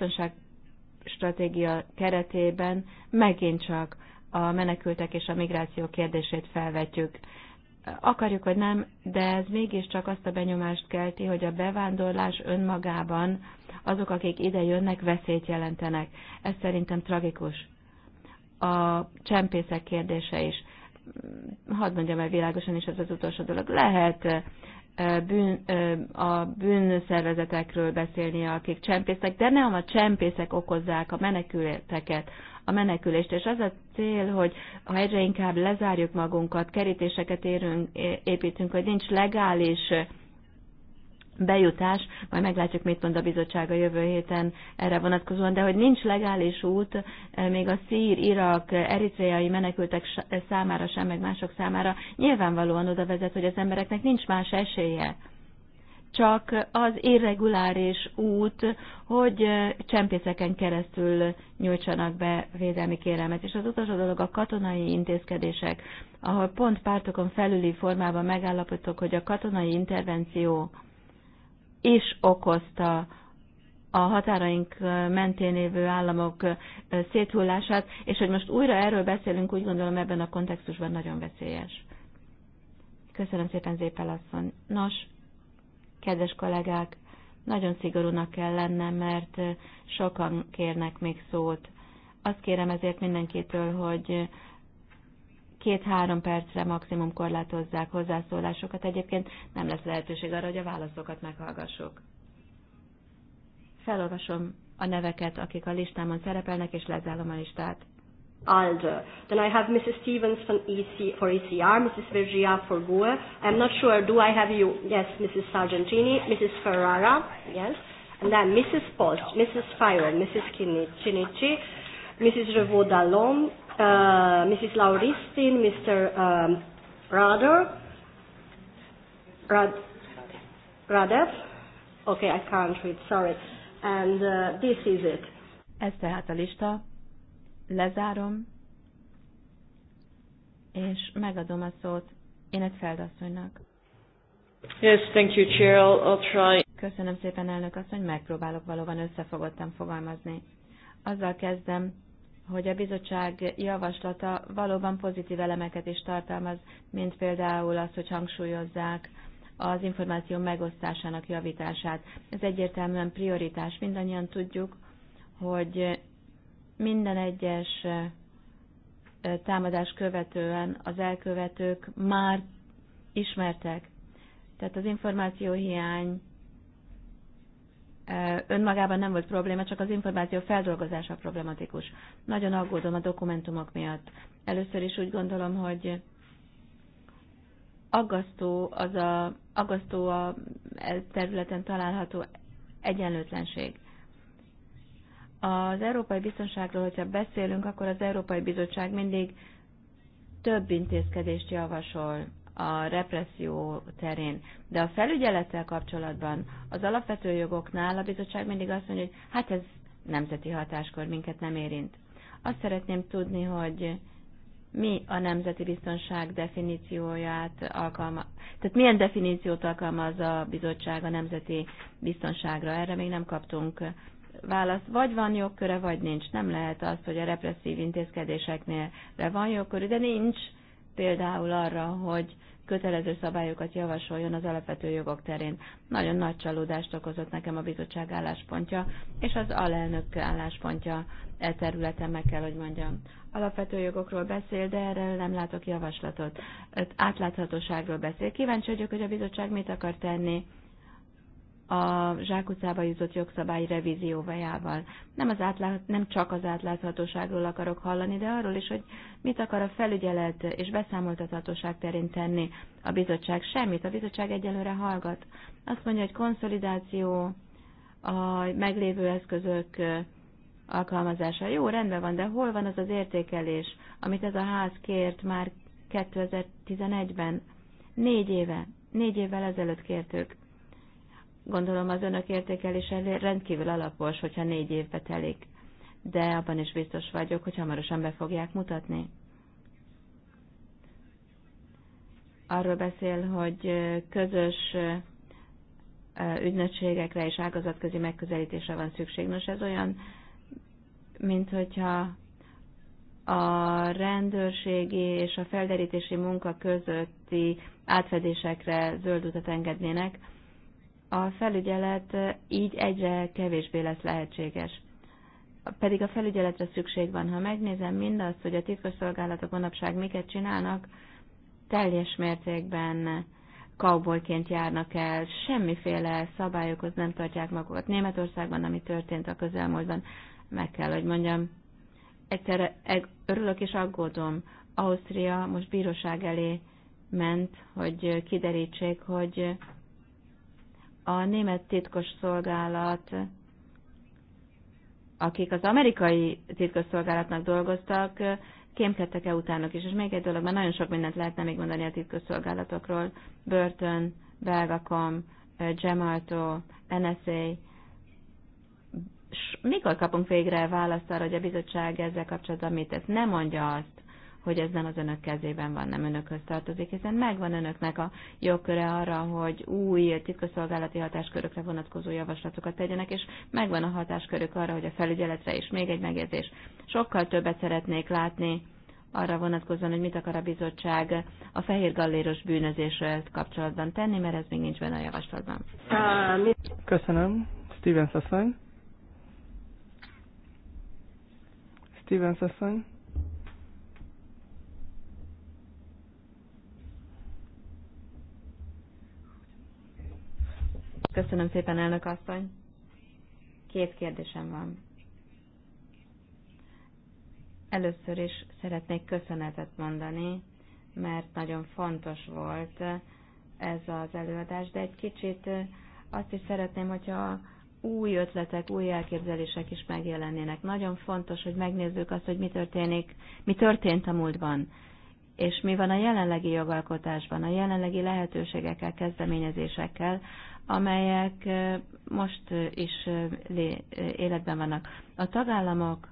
stratégia keretében megint csak a menekültek és a migráció kérdését felvetjük akarjuk vagy nem, de ez mégiscsak azt a benyomást kelti, hogy a bevándorlás önmagában azok, akik ide jönnek, veszélyt jelentenek. Ez szerintem tragikus. A csempészek kérdése is. Hadd mondjam el világosan, is ez az utolsó dolog. Lehet bűn, a bűnszervezetekről beszélni, akik csempészek, de nem a csempészek okozzák a menekülteket, a menekülést. És az a cél, hogy ha egyre inkább lezárjuk magunkat, kerítéseket érünk, építünk, hogy nincs legális bejutás, majd meglátjuk, mit mond a bizottság a jövő héten erre vonatkozóan, de hogy nincs legális út eh, még a szír, irak, eritreai menekültek eh, számára sem, meg mások számára, nyilvánvalóan oda vezet, hogy az embereknek nincs más esélye csak az irreguláris út, hogy eh, csempészeken keresztül nyújtsanak be védelmi kérelmet. És az utolsó dolog a katonai intézkedések, ahol pont pártokon felüli formában megállapítok, hogy a katonai intervenció is okozta a határaink mentén lévő államok széthullását, és hogy most újra erről beszélünk, úgy gondolom ebben a kontextusban nagyon veszélyes. Köszönöm szépen, Zépel asszony. Nos, kedves kollégák, nagyon szigorúnak kell lennem, mert sokan kérnek még szót. Azt kérem ezért mindenkitől, hogy két-három percre maximum korlátozzák hozzászólásokat. Egyébként nem lesz lehetőség arra, hogy a válaszokat meghallgassuk. Felolvasom a neveket, akik a listámon szerepelnek, és lezárom a listát. Alder. Then I have Mrs. Stevens from EC, for ECR, Mrs. Virgia for GUE. I'm not sure, do I have you? Yes, Mrs. Sargentini, Mrs. Ferrara, yes. And then Mrs. Post, Mrs. Fire, Mrs. Kinichi, Mrs. Revaud Dallon, uh, Mrs. Lauristin, Mr. Um, Rader, Rad, Radev, okay, I can't read, sorry, and uh, this is it. Ez tehát a lista, lezárom, és megadom a szót Énet Feldasszonynak. Yes, thank you, Chair. I'll, I'll try. Köszönöm szépen, elnök asszony, megpróbálok valóban összefogottan fogalmazni. Azzal kezdem, hogy a bizottság javaslata valóban pozitív elemeket is tartalmaz, mint például az, hogy hangsúlyozzák az információ megosztásának javítását. Ez egyértelműen prioritás. Mindannyian tudjuk, hogy minden egyes támadás követően az elkövetők már ismertek. Tehát az információ hiány önmagában nem volt probléma, csak az információ feldolgozása problematikus. Nagyon aggódom a dokumentumok miatt. Először is úgy gondolom, hogy aggasztó, az a, aggasztó a e, területen található egyenlőtlenség. Az európai biztonságról, hogyha beszélünk, akkor az Európai Bizottság mindig több intézkedést javasol a represszió terén. De a felügyelettel kapcsolatban az alapvető jogoknál a bizottság mindig azt mondja, hogy hát ez nemzeti hatáskor minket nem érint. Azt szeretném tudni, hogy mi a nemzeti biztonság definícióját alkalmaz, tehát milyen definíciót alkalmaz a bizottság a nemzeti biztonságra, erre még nem kaptunk választ. Vagy van jogköre, vagy nincs. Nem lehet az, hogy a represszív intézkedéseknél van jogkörű, de nincs például arra, hogy kötelező szabályokat javasoljon az alapvető jogok terén. Nagyon nagy csalódást okozott nekem a bizottság álláspontja, és az alelnök álláspontja e területen meg kell, hogy mondjam. Alapvető jogokról beszél, de erre nem látok javaslatot. Öt átláthatóságról beszél. Kíváncsi vagyok, hogy a bizottság mit akar tenni a zsákutcába jutott jogszabály revíziójával. Nem, az átlát, nem csak az átláthatóságról akarok hallani, de arról is, hogy mit akar a felügyelet és beszámoltathatóság terén tenni. A bizottság semmit, a bizottság egyelőre hallgat. Azt mondja, hogy konszolidáció, a meglévő eszközök alkalmazása. Jó, rendben van, de hol van az az értékelés, amit ez a ház kért már 2011-ben? Négy éve, négy évvel ezelőtt kértük Gondolom az önök értékelése rendkívül alapos, hogyha négy évbe telik, de abban is biztos vagyok, hogy hamarosan be fogják mutatni. Arról beszél, hogy közös ügynökségekre és ágazatközi megközelítésre van szükség. Nos, ez olyan, mint hogyha a rendőrségi és a felderítési munka közötti átfedésekre zöld utat engednének, a felügyelet eh, így egyre kevésbé lesz lehetséges. Pedig a felügyeletre szükség van. Ha megnézem mindazt, hogy a titkosszolgálatok manapság miket csinálnak, teljes mértékben kaubolyként járnak el, semmiféle szabályokhoz nem tartják magukat. Németországban, ami történt a közelmúltban, meg kell, hogy mondjam, egyszerre örülök és aggódom. Ausztria most bíróság elé ment, hogy kiderítsék, hogy a német titkos szolgálat, akik az amerikai titkos szolgálatnak dolgoztak, kémkedtek-e utánok is. És még egy dolog, mert nagyon sok mindent lehetne még mondani a titkos szolgálatokról. Burton, Belgacom, Gemalto, NSA. S mikor kapunk végre választ arra, hogy a bizottság ezzel kapcsolatban mit tesz? Nem mondja azt hogy ez nem az önök kezében van, nem önökhöz tartozik, hiszen megvan önöknek a jogköre arra, hogy új titkosszolgálati hatáskörökre vonatkozó javaslatokat tegyenek, és megvan a hatáskörük arra, hogy a felügyeletre is még egy megjegyzés. Sokkal többet szeretnék látni arra vonatkozóan, hogy mit akar a bizottság a fehér galléros bűnözésről kapcsolatban tenni, mert ez még nincs benne a javaslatban. Köszönöm. Steven asszony. Steven asszony. Köszönöm szépen, elnök asszony. Két kérdésem van. Először is szeretnék köszönetet mondani, mert nagyon fontos volt ez az előadás, de egy kicsit azt is szeretném, hogyha új ötletek, új elképzelések is megjelennének. Nagyon fontos, hogy megnézzük azt, hogy mi történik, mi történt a múltban, és mi van a jelenlegi jogalkotásban, a jelenlegi lehetőségekkel, kezdeményezésekkel, amelyek most is életben vannak. A tagállamok,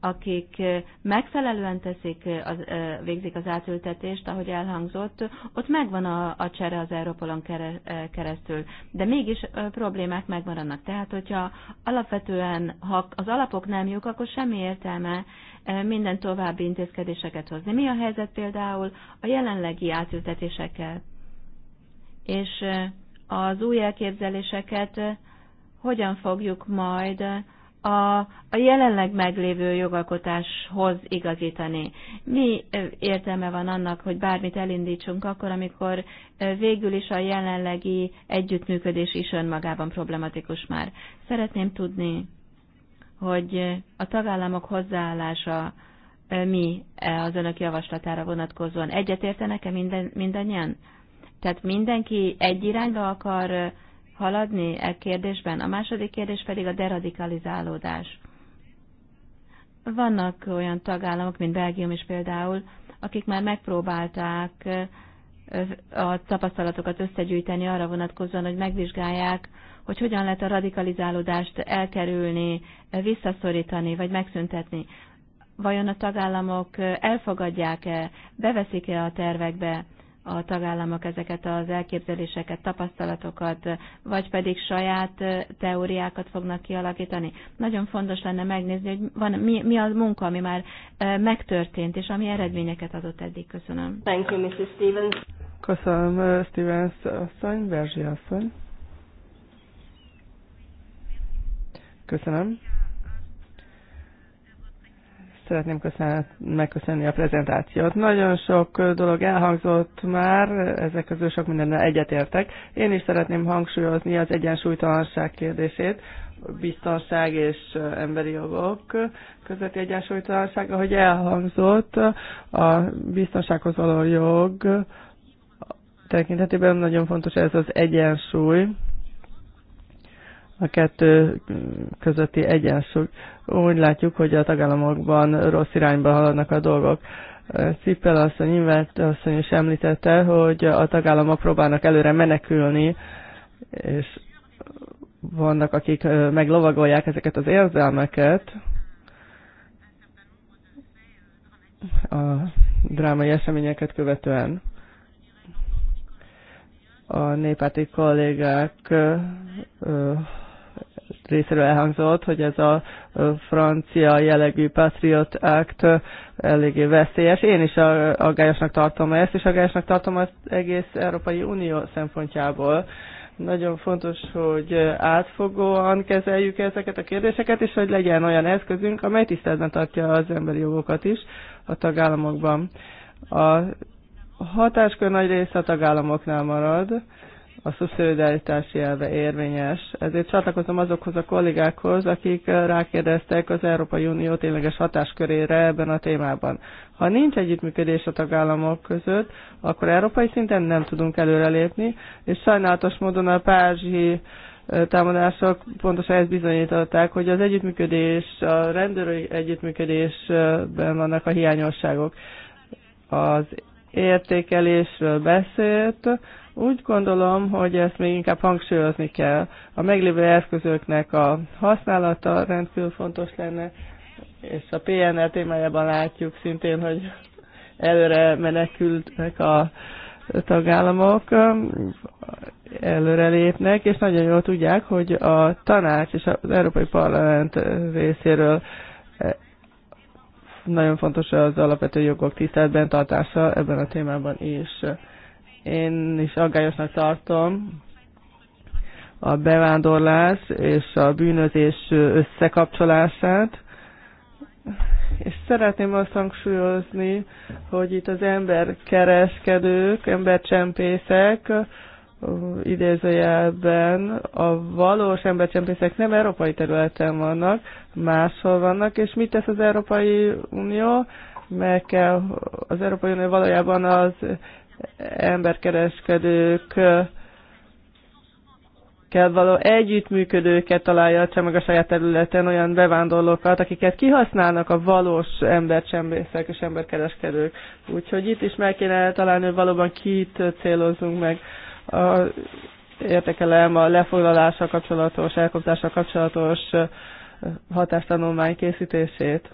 akik megfelelően teszik, az, végzik az átültetést, ahogy elhangzott, ott megvan a, a csere az Európolon keresztül, de mégis problémák megmaradnak. Tehát, hogyha alapvetően, ha az alapok nem jók, akkor semmi értelme minden további intézkedéseket hozni. Mi a helyzet például a jelenlegi átültetésekkel? és az új elképzeléseket hogyan fogjuk majd a, a jelenleg meglévő jogalkotáshoz igazítani. Mi értelme van annak, hogy bármit elindítsunk akkor, amikor végül is a jelenlegi együttműködés is önmagában problematikus már. Szeretném tudni, hogy a tagállamok hozzáállása mi az önök javaslatára vonatkozóan. Egyetértenek-e minden, mindannyian? Tehát mindenki egy irányba akar haladni e kérdésben. A második kérdés pedig a deradikalizálódás. Vannak olyan tagállamok, mint Belgium is például, akik már megpróbálták a tapasztalatokat összegyűjteni arra vonatkozóan, hogy megvizsgálják, hogy hogyan lehet a radikalizálódást elkerülni, visszaszorítani vagy megszüntetni. Vajon a tagállamok elfogadják-e, beveszik-e a tervekbe a tagállamok ezeket az elképzeléseket, tapasztalatokat, vagy pedig saját teóriákat fognak kialakítani. Nagyon fontos lenne megnézni, hogy van, mi, mi a munka, ami már megtörtént, és ami eredményeket adott eddig. Köszönöm. Thank you, Mrs. Stevens. Köszönöm, Stevens asszony, Berzsi asszony. Köszönöm. Szeretném köszön, megköszönni a prezentációt. Nagyon sok dolog elhangzott már, ezek közül sok mindennel egyetértek. Én is szeretném hangsúlyozni az egyensúlytalanság kérdését, biztonság és emberi jogok közötti egyensúlytalanság, ahogy elhangzott, a biztonsághoz való jog tekintetében nagyon fontos ez az egyensúly, a kettő közötti egyensúly. Úgy látjuk, hogy a tagállamokban rossz irányba haladnak a dolgok. Cippel asszony, Invert asszony is említette, hogy a tagállamok próbálnak előre menekülni, és vannak, akik meglovagolják ezeket az érzelmeket, a drámai eseményeket követően. A népáti kollégák részéről elhangzott, hogy ez a francia jellegű Patriot Act eléggé veszélyes. Én is aggályosnak tartom ezt, és aggályosnak tartom az egész Európai Unió szempontjából. Nagyon fontos, hogy átfogóan kezeljük ezeket a kérdéseket, és hogy legyen olyan eszközünk, amely tiszteletben tartja az emberi jogokat is a tagállamokban. A hatáskör nagy része a tagállamoknál marad, a szubszidiaritási elve érvényes. Ezért csatlakozom azokhoz a kollégákhoz, akik eh, rákérdeztek az Európai Unió tényleges hatáskörére ebben a témában. Ha nincs együttműködés a tagállamok között, akkor európai szinten nem tudunk előrelépni, és sajnálatos módon a pázsi eh, támadások pontosan ezt bizonyították, hogy az együttműködés, a rendőri együttműködésben vannak a hiányosságok. Az értékelésről beszélt, úgy gondolom, hogy ezt még inkább hangsúlyozni kell. A meglévő eszközöknek a használata rendkívül fontos lenne, és a PNR témájában látjuk szintén, hogy előre menekültek a tagállamok, előre lépnek, és nagyon jól tudják, hogy a tanács és az Európai Parlament részéről nagyon fontos az alapvető jogok tiszteletben tartása ebben a témában is. Én is aggályosnak tartom a bevándorlás és a bűnözés összekapcsolását, és szeretném azt hangsúlyozni, hogy itt az emberkereskedők, embercsempészek, idézőjelben a valós embercsempészek nem európai területen vannak, máshol vannak, és mit tesz az Európai Unió? Meg kell, az Európai Unió valójában az emberkereskedők, kell való együttműködőket találja csak meg a saját területen olyan bevándorlókat, akiket kihasználnak a valós embercsempészek és emberkereskedők. Úgyhogy itt is meg kéne találni, hogy valóban kit célozunk meg. A, értekelem a lefoglalással kapcsolatos, elkoptással kapcsolatos hatástanulmány készítését.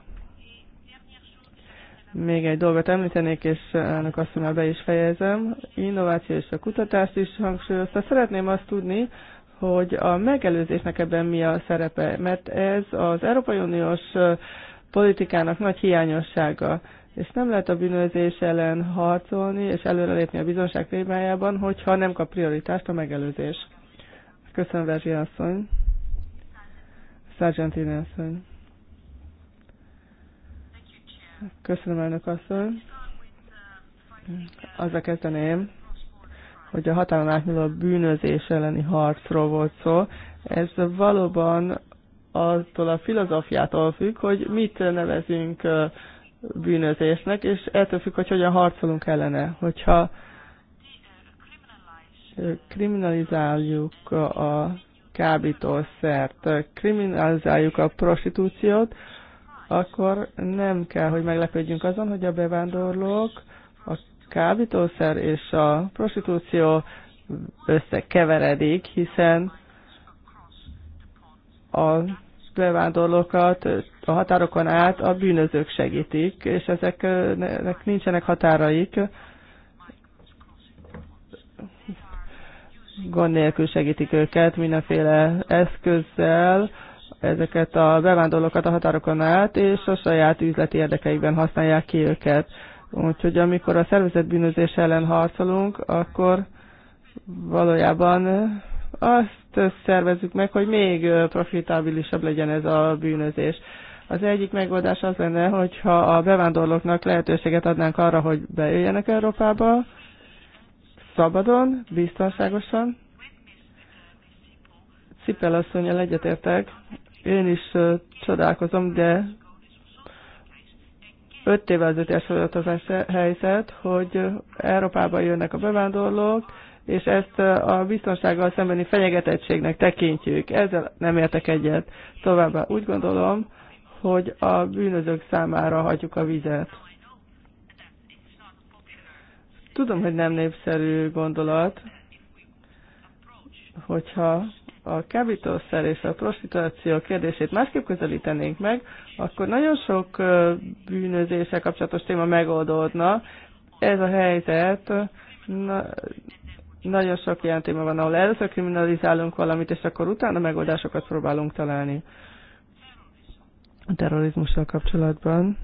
Még egy dolgot említenék, és ennek azt már be is fejezem. Innováció és a kutatást is hangsúlyozta. Szeretném azt tudni, hogy a megelőzésnek ebben mi a szerepe, mert ez az Európai Uniós politikának nagy hiányossága, és nem lehet a bűnözés ellen harcolni és előrelépni a bizonság témájában, hogyha nem kap prioritást a megelőzés. Köszönöm, Verzsi asszony. Sargentini asszony. Köszönöm, elnök asszony. Azzal kezdeném, hogy a határon átnyúló bűnözés elleni harcról volt szó. Ez valóban attól a filozófiától függ, hogy mit nevezünk bűnözésnek, és ettől függ, hogy hogyan harcolunk ellene. Hogyha kriminalizáljuk a kábítószert, kriminalizáljuk a prostitúciót, akkor nem kell, hogy meglepődjünk azon, hogy a bevándorlók a kábítószer és a prostitúció összekeveredik, hiszen a bevándorlókat a határokon át a bűnözők segítik, és ezeknek nincsenek határaik, gond nélkül segítik őket mindenféle eszközzel, ezeket a bevándorlókat a határokon át, és a saját üzleti érdekeiben használják ki őket. Úgyhogy amikor a szervezett bűnözés ellen harcolunk, akkor valójában azt szervezzük meg, hogy még profitabilisabb legyen ez a bűnözés. Az egyik megoldás az lenne, hogyha a bevándorlóknak lehetőséget adnánk arra, hogy bejöjjenek Európába, szabadon, biztonságosan. Cipel asszonyjal egyetértek, én is csodálkozom, de öt évvel ezelőtt esett az a helyzet, hogy Európába jönnek a bevándorlók, és ezt a biztonsággal szembeni fenyegetettségnek tekintjük. Ezzel nem értek egyet. Továbbá úgy gondolom, hogy a bűnözők számára hagyjuk a vizet. Tudom, hogy nem népszerű gondolat, hogyha a kábítószer és a prostitúció kérdését másképp közelítenénk meg, akkor nagyon sok bűnözéssel kapcsolatos téma megoldódna. Ez a helyzet, na, nagyon sok ilyen téma van, ahol először kriminalizálunk valamit, és akkor utána megoldásokat próbálunk találni a terrorizmussal kapcsolatban.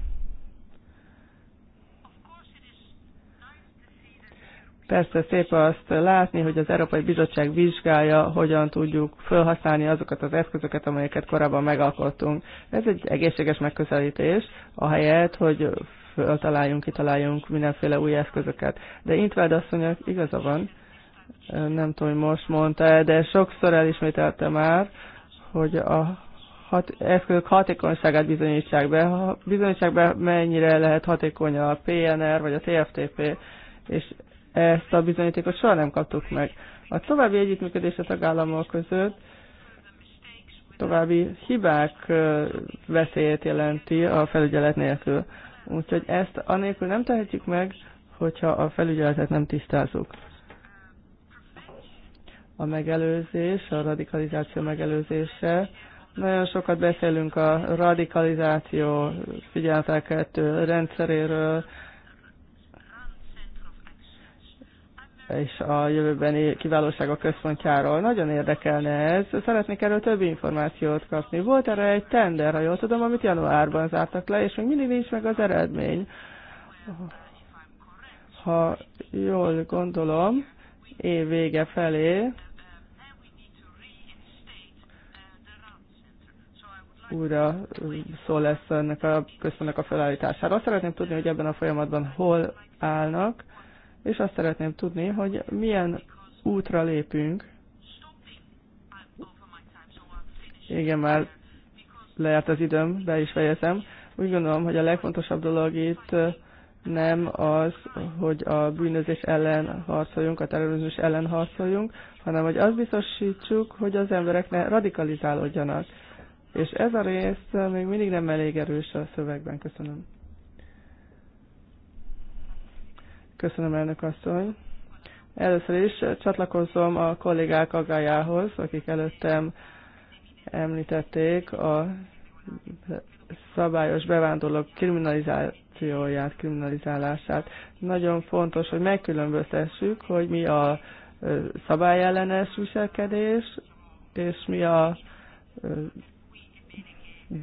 Persze szép azt látni, hogy az Európai Bizottság vizsgálja, hogyan tudjuk felhasználni azokat az eszközöket, amelyeket korábban megalkottunk. Ez egy egészséges megközelítés, ahelyett, hogy föltaláljunk, kitaláljunk mindenféle új eszközöket. De Intvád asszony igaza van, nem tudom, hogy most mondta de sokszor elismételte már, hogy a hat, eszközök hatékonyságát bizonyítsák be. Ha bizonyítsák be, mennyire lehet hatékony a PNR vagy a TFTP, és ezt a bizonyítékot soha nem kaptuk meg. A további együttműködés a tagállamok között további hibák veszélyét jelenti a felügyelet nélkül. Úgyhogy ezt anélkül nem tehetjük meg, hogyha a felügyeletet nem tisztázunk. A megelőzés, a radikalizáció megelőzése. Nagyon sokat beszélünk a radikalizáció figyelmetelkedő rendszeréről, és a jövőbeni kiválóságok központjáról. Nagyon érdekelne ez. Szeretnék erről több információt kapni. Volt erre egy tender, ha jól tudom, amit januárban zártak le, és még mindig nincs meg az eredmény. Ha jól gondolom, év vége felé újra szó lesz ennek a központnak a felállításáról. Szeretném tudni, hogy ebben a folyamatban hol állnak, és azt szeretném tudni, hogy milyen útra lépünk. Igen, már lejárt az időm, be is fejezem. Úgy gondolom, hogy a legfontosabb dolog itt nem az, hogy a bűnözés ellen harcoljunk, a terrorizmus ellen harcoljunk, hanem hogy azt biztosítsuk, hogy az emberek ne radikalizálódjanak. És ez a rész még mindig nem elég erős a szövegben. Köszönöm. Köszönöm, elnök asszony. Először is csatlakozom a kollégák agájához, akik előttem említették a szabályos bevándorlók kriminalizációját, kriminalizálását. Nagyon fontos, hogy megkülönböztessük, hogy mi a szabályellenes viselkedés, és mi a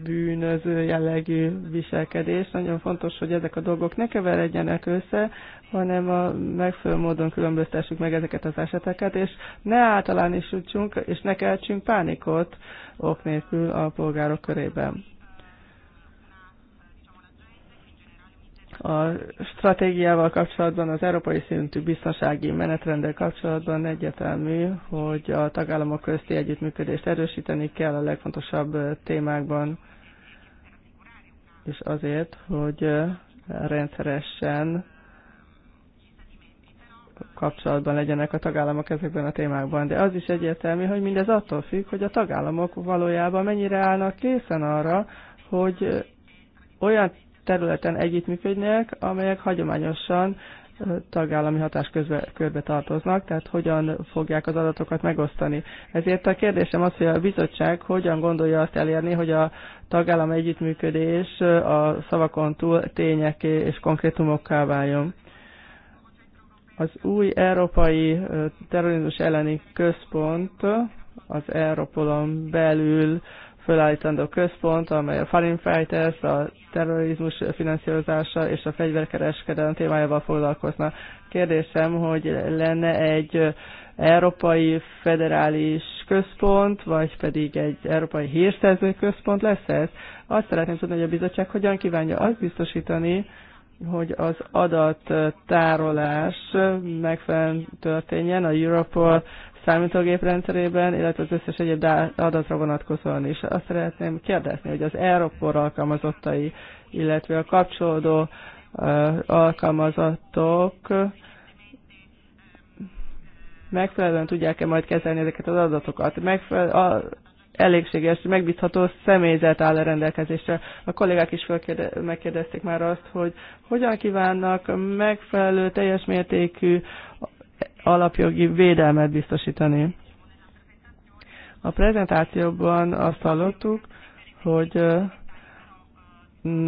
bűnöző jellegű viselkedés. Nagyon fontos, hogy ezek a dolgok ne keveredjenek össze, hanem a megfelelő módon különböztessük meg ezeket az eseteket, és ne általánosítsunk, és ne keltsünk pánikot ok nélkül a polgárok körében. A stratégiával kapcsolatban, az európai szintű biztonsági menetrendel kapcsolatban egyetelmű, hogy a tagállamok közti együttműködést erősíteni kell a legfontosabb témákban, és azért, hogy rendszeresen kapcsolatban legyenek a tagállamok ezekben a témákban. De az is egyértelmű, hogy mindez attól függ, hogy a tagállamok valójában mennyire állnak készen arra, hogy olyan területen együttműködnek, amelyek hagyományosan tagállami hatáskörbe tartoznak, tehát hogyan fogják az adatokat megosztani. Ezért a kérdésem az, hogy a bizottság hogyan gondolja azt elérni, hogy a tagállam együttműködés a szavakon túl tényeké és konkrétumokká váljon. Az új Európai Terrorizmus elleni központ az Európolon belül fölállítandó központ, amely a Foreign Fighters, a terrorizmus finanszírozása és a fegyverkereskedelem témájával foglalkozna. Kérdésem, hogy lenne egy európai federális központ, vagy pedig egy európai hírszerző központ lesz ez? Azt szeretném tudni, hogy a bizottság hogyan kívánja azt biztosítani, hogy az adattárolás megfelelően történjen a Europol számítógép rendszerében, illetve az összes egyéb adatra vonatkozóan is. Azt szeretném kérdezni, hogy az Europol alkalmazottai, illetve a kapcsolódó alkalmazatok megfelelően tudják-e majd kezelni ezeket az adatokat? Megfelel, a, elégséges, megbízható személyzet áll a rendelkezésre. A kollégák is megkérdezték már azt, hogy hogyan kívánnak megfelelő, teljes mértékű alapjogi védelmet biztosítani. A prezentációban azt hallottuk, hogy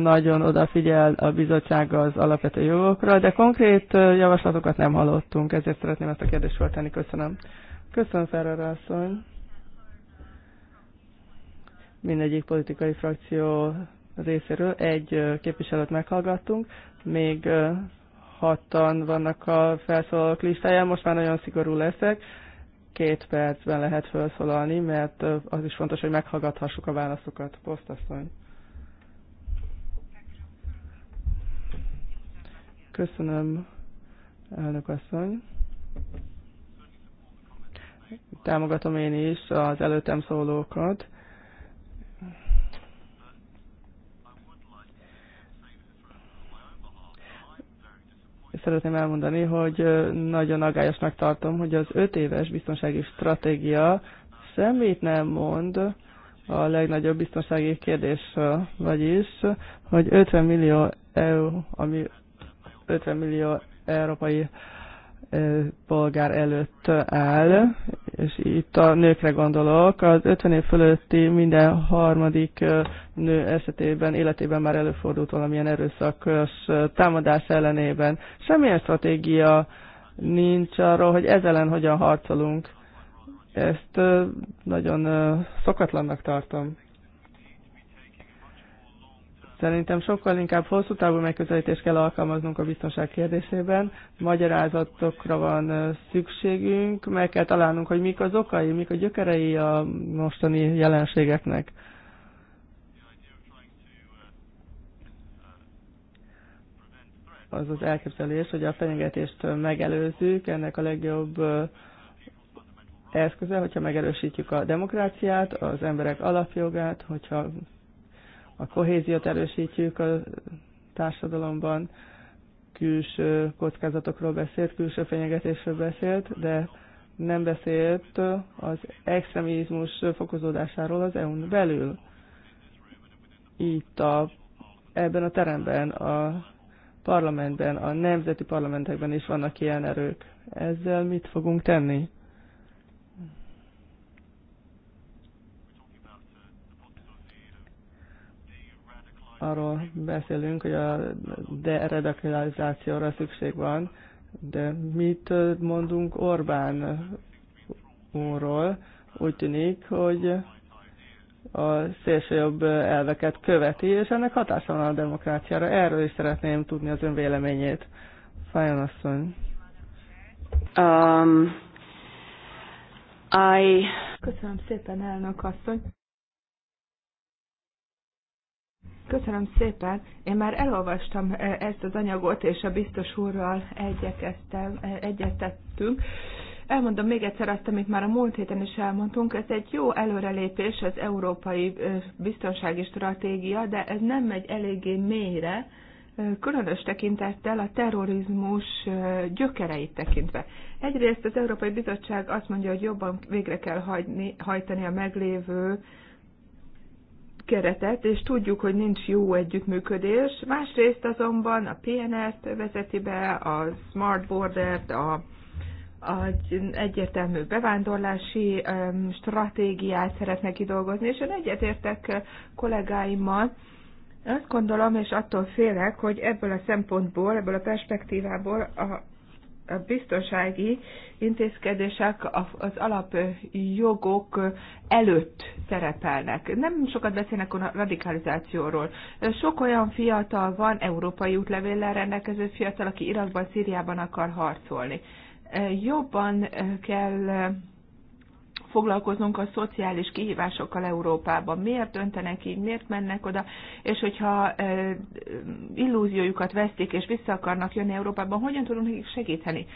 nagyon odafigyel a bizottság az alapvető jogokra, de konkrét javaslatokat nem hallottunk, ezért szeretném ezt a kérdést feltenni. Köszönöm. Köszönöm, Ferrer asszony mindegyik politikai frakció részéről egy képviselőt meghallgattunk, még hatan vannak a felszólalók listáján, most már nagyon szigorú leszek, két percben lehet felszólalni, mert az is fontos, hogy meghallgathassuk a válaszokat. Posztasszony. Köszönöm, elnök asszony. Támogatom én is az előttem szólókat. szeretném elmondani, hogy nagyon agályosnak tartom, hogy az öt éves biztonsági stratégia semmit nem mond a legnagyobb biztonsági kérdés, vagyis, hogy 50 millió EU, ami 50 millió európai polgár előtt áll, és itt a nőkre gondolok, az 50 év fölötti minden harmadik nő esetében, életében már előfordult valamilyen erőszakos támadás ellenében. Semmilyen stratégia nincs arról, hogy ez ellen hogyan harcolunk. Ezt nagyon szokatlannak tartom. Szerintem sokkal inkább hosszú távú megközelítést kell alkalmaznunk a biztonság kérdésében. Magyarázatokra van szükségünk, meg kell találnunk, hogy mik az okai, mik a gyökerei a mostani jelenségeknek. Az az elképzelés, hogy a fenyegetést megelőzzük, ennek a legjobb eszköze, hogyha megerősítjük a demokráciát, az emberek alapjogát, hogyha a kohéziót erősítjük a társadalomban, külső kockázatokról beszélt, külső fenyegetésről beszélt, de nem beszélt az extremizmus fokozódásáról az EU-n belül. Itt a, ebben a teremben, a parlamentben, a nemzeti parlamentekben is vannak ilyen erők. Ezzel mit fogunk tenni? arról beszélünk, hogy a deradikalizációra szükség van, de mit mondunk Orbán úrról? Úgy tűnik, hogy a szélsőjobb elveket követi, és ennek hatása van a demokráciára. Erről is szeretném tudni az ön véleményét. Fajon asszony. Um, I... Köszönöm szépen, elnök asszony. Köszönöm szépen. Én már elolvastam e, ezt az anyagot, és a biztos úrral e, egyetettünk. Elmondom még egyszer azt, amit már a múlt héten is elmondtunk, ez egy jó előrelépés az európai e, biztonsági stratégia, de ez nem megy eléggé mélyre, különös tekintettel a terrorizmus gyökereit tekintve. Egyrészt az Európai Bizottság azt mondja, hogy jobban végre kell hajtani a meglévő keretet, és tudjuk, hogy nincs jó együttműködés. Másrészt azonban a PNR-t vezeti be, a Smart Border-t, a, a egyértelmű bevándorlási um, stratégiát szeretne kidolgozni, és én egyetértek kollégáimmal. Azt gondolom, és attól félek, hogy ebből a szempontból, ebből a perspektívából a a biztonsági intézkedések az alapjogok előtt szerepelnek. Nem sokat beszélnek a radikalizációról. Sok olyan fiatal van, európai útlevéllel rendelkező fiatal, aki Irakban, Szíriában akar harcolni. Jobban kell foglalkozunk a szociális kihívásokkal Európában. Miért döntenek így, miért mennek oda, és hogyha illúziójukat vesztik és vissza akarnak jönni Európában, hogyan tudunk nekik segíteni?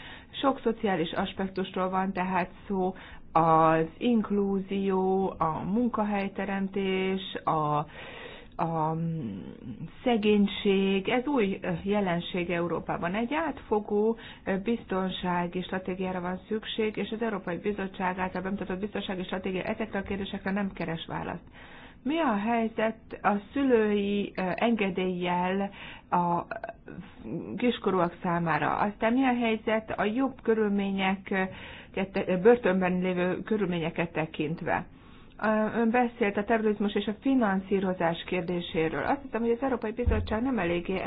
Sok szociális aspektusról van tehát szó, az inklúzió, a munkahelyteremtés, a a mm, szegénység, ez új eh, jelenség Európában. Egy átfogó eh, biztonsági stratégiára van szükség, és az Európai Bizottság által bemutatott biztonsági stratégia ezekre a kérdésekre nem keres választ. Mi a helyzet a szülői eh, engedéllyel a kiskorúak számára? Aztán mi a helyzet a jobb körülmények, börtönben lévő körülményeket tekintve? Ön beszélt a terrorizmus és a finanszírozás kérdéséről. Azt hiszem, hogy az Európai Bizottság nem eléggé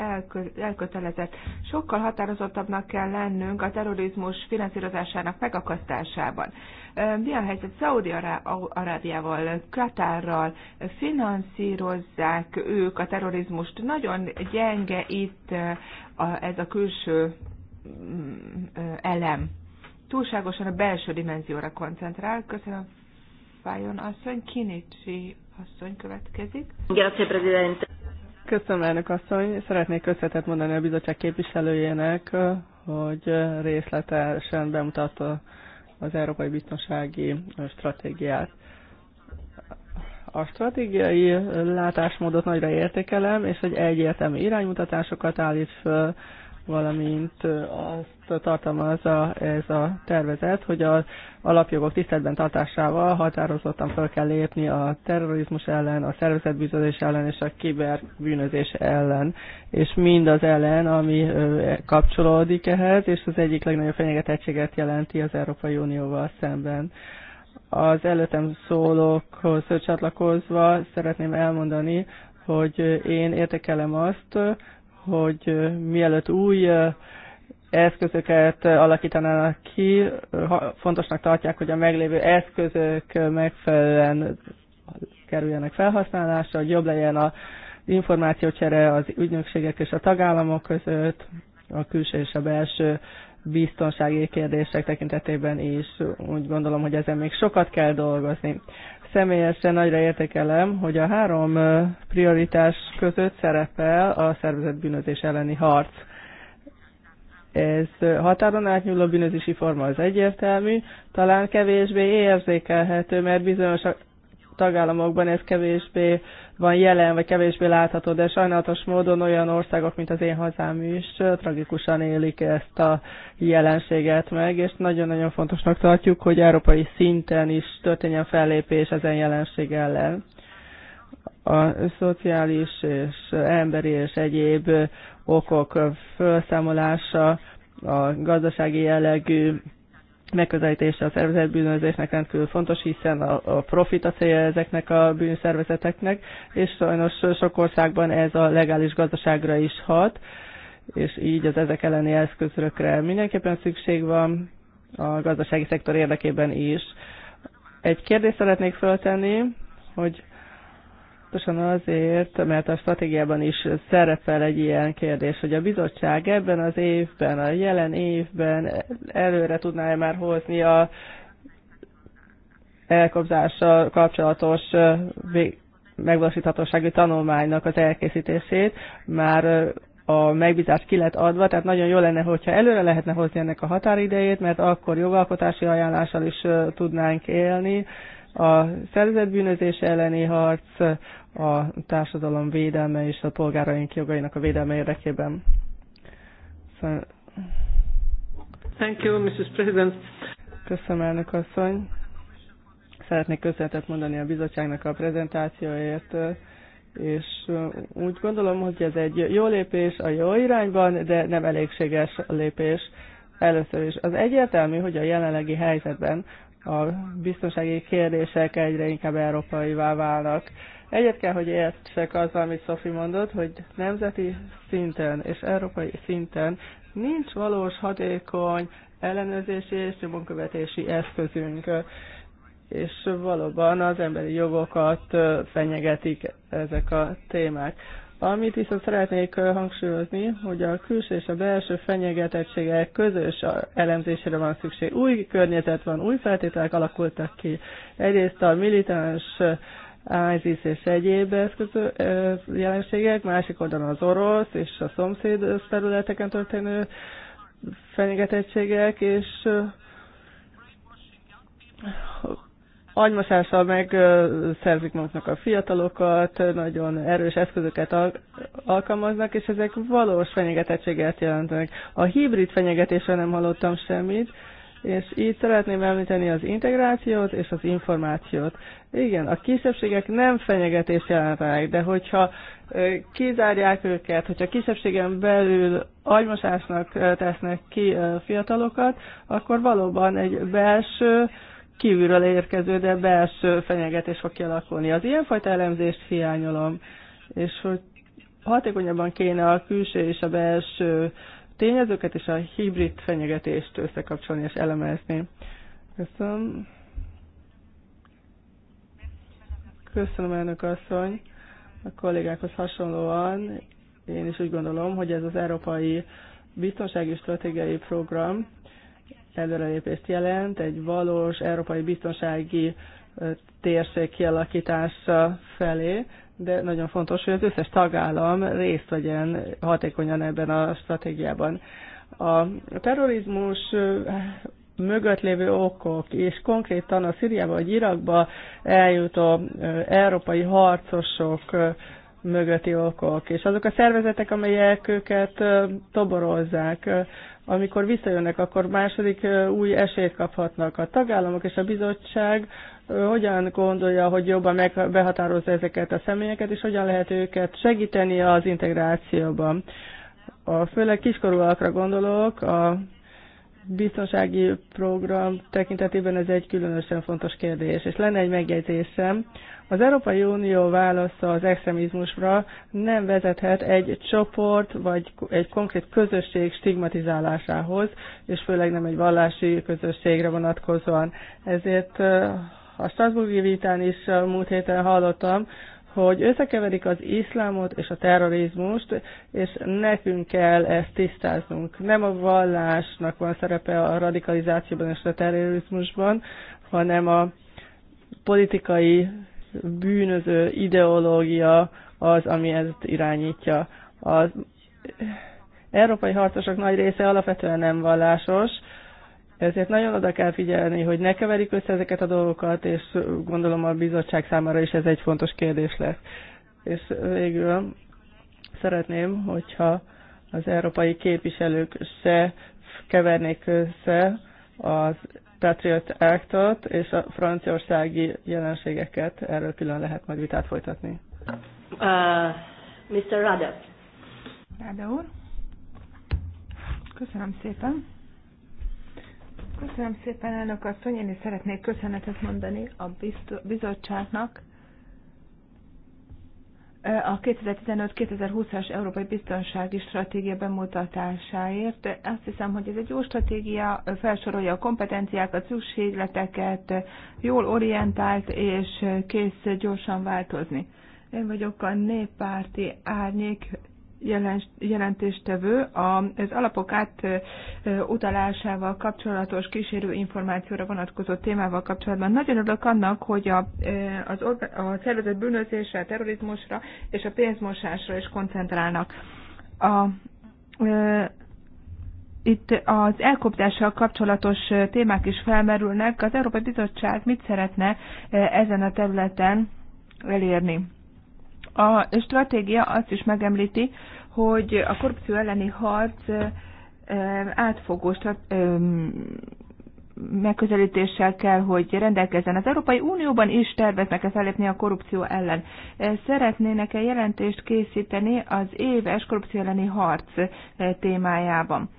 elkötelezett. Sokkal határozottabbnak kell lennünk a terrorizmus finanszírozásának megakasztásában. Mi a helyzet Szaudi-Arábiával, Katárral? Finanszírozzák ők a terrorizmust. Nagyon gyenge itt ez a külső mm, elem túlságosan a belső dimenzióra koncentrál. Köszönöm Fájon asszony, Kinicsi asszony következik. Grazie, Presidente. Köszönöm, elnök asszony. Szeretnék összetett mondani a bizottság képviselőjének, hogy részletesen bemutatta az Európai Biztonsági Stratégiát. A stratégiai látásmódot nagyra értékelem, és hogy egyértelmű iránymutatásokat állít föl, valamint azt tartalmazza ez a tervezet, hogy az alapjogok tiszteletben tartásával határozottan fel kell lépni a terrorizmus ellen, a szervezetbűnözés ellen és a kiberbűnözés ellen, és mind az ellen, ami kapcsolódik ehhez, és az egyik legnagyobb fenyegetettséget jelenti az Európai Unióval szemben. Az előttem szólókhoz csatlakozva szeretném elmondani, hogy én értekelem azt, hogy mielőtt új eszközöket alakítanának ki, fontosnak tartják, hogy a meglévő eszközök megfelelően kerüljenek felhasználásra, hogy jobb legyen a információcsere az ügynökségek és a tagállamok között, a külső és a belső biztonsági kérdések tekintetében is. Úgy gondolom, hogy ezen még sokat kell dolgozni. Személyesen nagyra értékelem, hogy a három prioritás között szerepel a szervezet bűnözés elleni harc. Ez határon átnyúló bűnözési forma az egyértelmű, talán kevésbé érzékelhető, mert bizonyos tagállamokban ez kevésbé van jelen, vagy kevésbé látható, de sajnálatos módon olyan országok, mint az én hazám is tragikusan élik ezt a jelenséget meg, és nagyon-nagyon fontosnak tartjuk, hogy európai szinten is történjen fellépés ezen jelenség ellen a szociális és emberi és egyéb okok felszámolása, a gazdasági jellegű megközelítése a szervezetbűnözésnek rendkívül fontos, hiszen a, a profit a célja ezeknek a bűnszervezeteknek, és sajnos sok országban ez a legális gazdaságra is hat, és így az ezek elleni eszközökre mindenképpen szükség van a gazdasági szektor érdekében is. Egy kérdést szeretnék föltenni, hogy pontosan azért, mert a stratégiában is szerepel egy ilyen kérdés, hogy a bizottság ebben az évben, a jelen évben előre tudná-e már hozni a elkobzással kapcsolatos megvalósíthatósági tanulmánynak az elkészítését, már a megbízás ki lett adva, tehát nagyon jó lenne, hogyha előre lehetne hozni ennek a határidejét, mert akkor jogalkotási ajánlással is tudnánk élni. A szervezetbűnözés elleni harc, a társadalom védelme és a polgáraink jogainak a védelme érdekében. Szóval- Thank you, Mrs. President. Köszönöm, elnök asszony. Szeretnék köszönetet mondani a bizottságnak a prezentációért, és úgy gondolom, hogy ez egy jó lépés a jó irányban, de nem elégséges lépés. Először is az egyértelmű, hogy a jelenlegi helyzetben a biztonsági kérdések egyre inkább európaivá válnak Egyet kell, hogy értsek azzal, amit Szofi mondott, hogy nemzeti szinten és európai szinten nincs valós hatékony ellenőrzési és nyomonkövetési eszközünk, és valóban az emberi jogokat fenyegetik ezek a témák. Amit viszont szeretnék hangsúlyozni, hogy a külső és a belső fenyegetettségek közös elemzésére van szükség. Új környezet van, új feltételek alakultak ki. Egyrészt a militáns ISIS és egyéb eszközö, jelenségek, másik oldalon az orosz és a szomszéd területeken történő fenyegetettségek, és agymosással megszerzik maguknak a fiatalokat, nagyon erős eszközöket al- alkalmaznak, és ezek valós fenyegetettséget jelentenek. A hibrid fenyegetésre nem hallottam semmit, és így szeretném említeni az integrációt és az információt. Igen, a kisebbségek nem fenyegetés jelentenek, de hogyha kizárják őket, hogyha kisebbségen belül agymosásnak tesznek ki fiatalokat, akkor valóban egy belső, kívülről érkező, de belső fenyegetés fog kialakulni. Az ilyenfajta elemzést hiányolom, és hogy hatékonyabban kéne a külső és a belső tényezőket és a hibrid fenyegetést összekapcsolni és elemezni. Köszönöm. Köszönöm, elnök asszony. A kollégákhoz hasonlóan én is úgy gondolom, hogy ez az Európai Biztonsági Stratégiai Program előrelépést jelent, egy valós európai biztonsági térség kialakítása felé, de nagyon fontos, hogy az összes tagállam részt vegyen hatékonyan ebben a stratégiában. A terrorizmus eh, mögött lévő okok, és konkrétan a Szíriába vagy Irakba eljutó eh, európai harcosok eh, mögötti okok, és azok a szervezetek, amelyek őket toborozzák, amikor visszajönnek, akkor második új esélyt kaphatnak a tagállamok és a bizottság hogyan gondolja, hogy jobban meg, behatározza ezeket a személyeket, és hogyan lehet őket segíteni az integrációban. A, főleg kiskorúakra gondolok, a biztonsági program tekintetében ez egy különösen fontos kérdés, és lenne egy megjegyzésem. Az Európai Unió válasza az extremizmusra nem vezethet egy csoport vagy egy konkrét közösség stigmatizálásához, és főleg nem egy vallási közösségre vonatkozóan. Ezért a Strasburgi vitán is múlt héten hallottam, hogy összekeverik az iszlámot és a terrorizmust, és nekünk kell ezt tisztáznunk. Nem a vallásnak van szerepe a radikalizációban és a terrorizmusban, hanem a politikai bűnöző ideológia az, ami ezt irányítja. Az európai harcosok nagy része alapvetően nem vallásos, ezért nagyon oda kell figyelni, hogy ne keverik össze ezeket a dolgokat, és gondolom a bizottság számára is ez egy fontos kérdés lesz. És végül szeretném, hogyha az európai képviselők se kevernék össze az Patriot act és a franciaországi jelenségeket. Erről külön lehet majd vitát folytatni. Uh, Mr. Rada. Rada úr. Köszönöm szépen. Köszönöm szépen, elnök asszony. Én is szeretnék köszönetet mondani a bizottságnak a 2015-2020-as Európai Biztonsági Stratégia bemutatásáért. Azt hiszem, hogy ez egy jó stratégia, felsorolja a kompetenciákat, szükségleteket, jól orientált és kész gyorsan változni. Én vagyok a néppárti árnyék jelentéstevő az alapok átutalásával kapcsolatos kísérő információra vonatkozó témával kapcsolatban. Nagyon örülök annak, hogy a, az, a szervezet bűnözésre, a terrorizmusra és a pénzmosásra is koncentrálnak. A, e, itt az elkoptással kapcsolatos témák is felmerülnek. Az Európai Bizottság mit szeretne ezen a területen elérni? A stratégia azt is megemlíti, hogy a korrupció elleni harc átfogó megközelítéssel kell, hogy rendelkezzen. Az Európai Unióban is terveznek-e fellépni a korrupció ellen? Szeretnének-e jelentést készíteni az éves korrupció elleni harc témájában?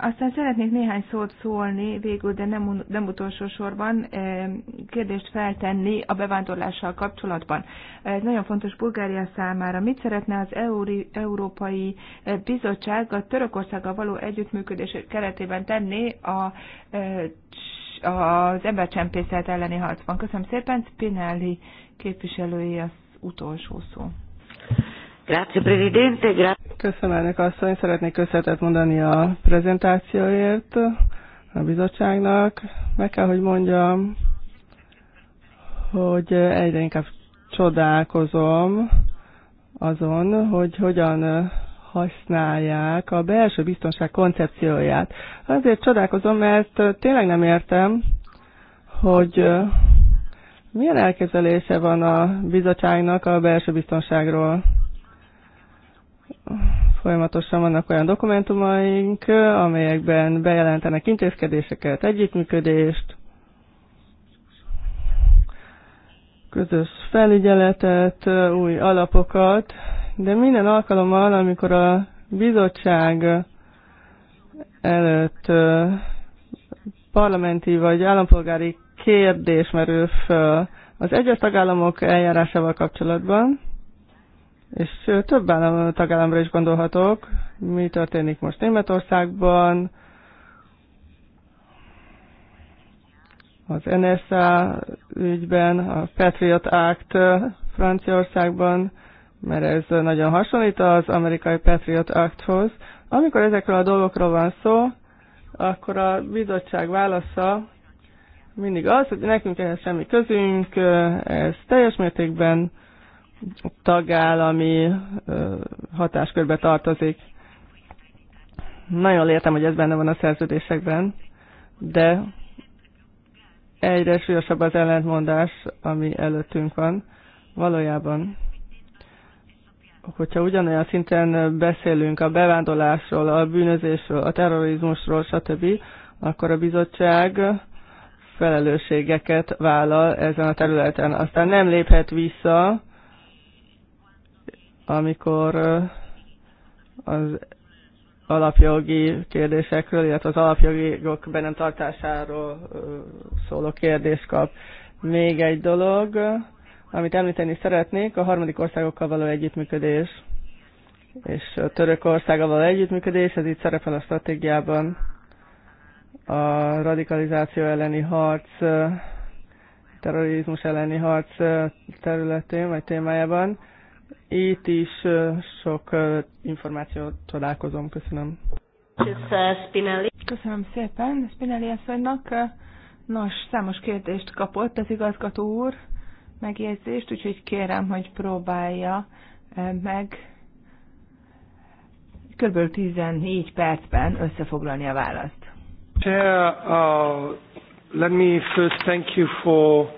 Aztán szeretnék néhány szót szólni végül, de nem, nem utolsó sorban kérdést feltenni a bevándorlással kapcsolatban. Ez nagyon fontos Bulgária számára. Mit szeretne az Euri, Európai Bizottság a Törökországgal való együttműködés keretében tenni a, az embercsempészet elleni harcban? Köszönöm szépen, Spinelli képviselői az utolsó szó. Köszönöm, elnök asszony. Szeretnék köszönetet mondani a prezentációért a bizottságnak. Meg kell, hogy mondjam, hogy egyre inkább csodálkozom azon, hogy hogyan használják a belső biztonság koncepcióját. Azért csodálkozom, mert tényleg nem értem, hogy milyen elképzelése van a bizottságnak a belső biztonságról. Folyamatosan vannak olyan dokumentumaink, amelyekben bejelentenek intézkedéseket, együttműködést, közös felügyeletet, új alapokat, de minden alkalommal, amikor a bizottság előtt parlamenti vagy állampolgári kérdés merül föl az egyes tagállamok eljárásával kapcsolatban, és több állam, tagállamra is gondolhatok, mi történik most Németországban, az NSA ügyben, a Patriot Act Franciaországban, mert ez nagyon hasonlít az amerikai Patriot Acthoz. Amikor ezekről a dolgokról van szó, akkor a bizottság válasza mindig az, hogy nekünk ehhez semmi közünk, ez teljes mértékben tagállami hatáskörbe tartozik. Nagyon értem, hogy ez benne van a szerződésekben, de egyre súlyosabb az ellentmondás, ami előttünk van. Valójában, hogyha ugyanolyan szinten beszélünk a bevándorlásról, a bűnözésről, a terrorizmusról, stb., akkor a bizottság felelősségeket vállal ezen a területen. Aztán nem léphet vissza, amikor az alapjogi kérdésekről, illetve az alapjogi jogok bennem tartásáról szóló kérdést kap. Még egy dolog, amit említeni szeretnék, a harmadik országokkal való együttműködés és Törökországgal való együttműködés, ez itt szerepel a stratégiában. A radikalizáció elleni harc, terrorizmus elleni harc területén vagy témájában itt is sok információt találkozom. Köszönöm. Köszönöm szépen Spinelli asszonynak. Nos, számos kérdést kapott az igazgató úr megjegyzést, úgyhogy kérem, hogy próbálja meg kb. 14 percben összefoglalni a választ. Chair, uh, let me first thank you for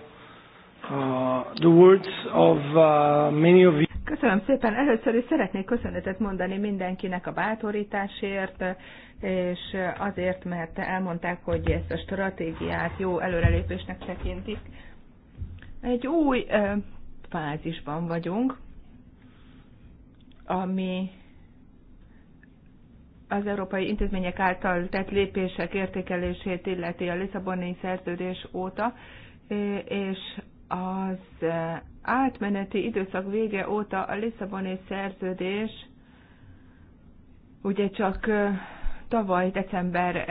uh, the words of uh, many of you. Köszönöm szépen. Először is szeretnék köszönetet mondani mindenkinek a bátorításért, és azért, mert elmondták, hogy ezt a stratégiát jó előrelépésnek tekintik. Egy új ö, fázisban vagyunk, ami az európai intézmények által tett lépések értékelését illeti a Lisszaboni szerződés óta, és az átmeneti időszak vége óta a Lisszaboni szerződés ugye csak tavaly december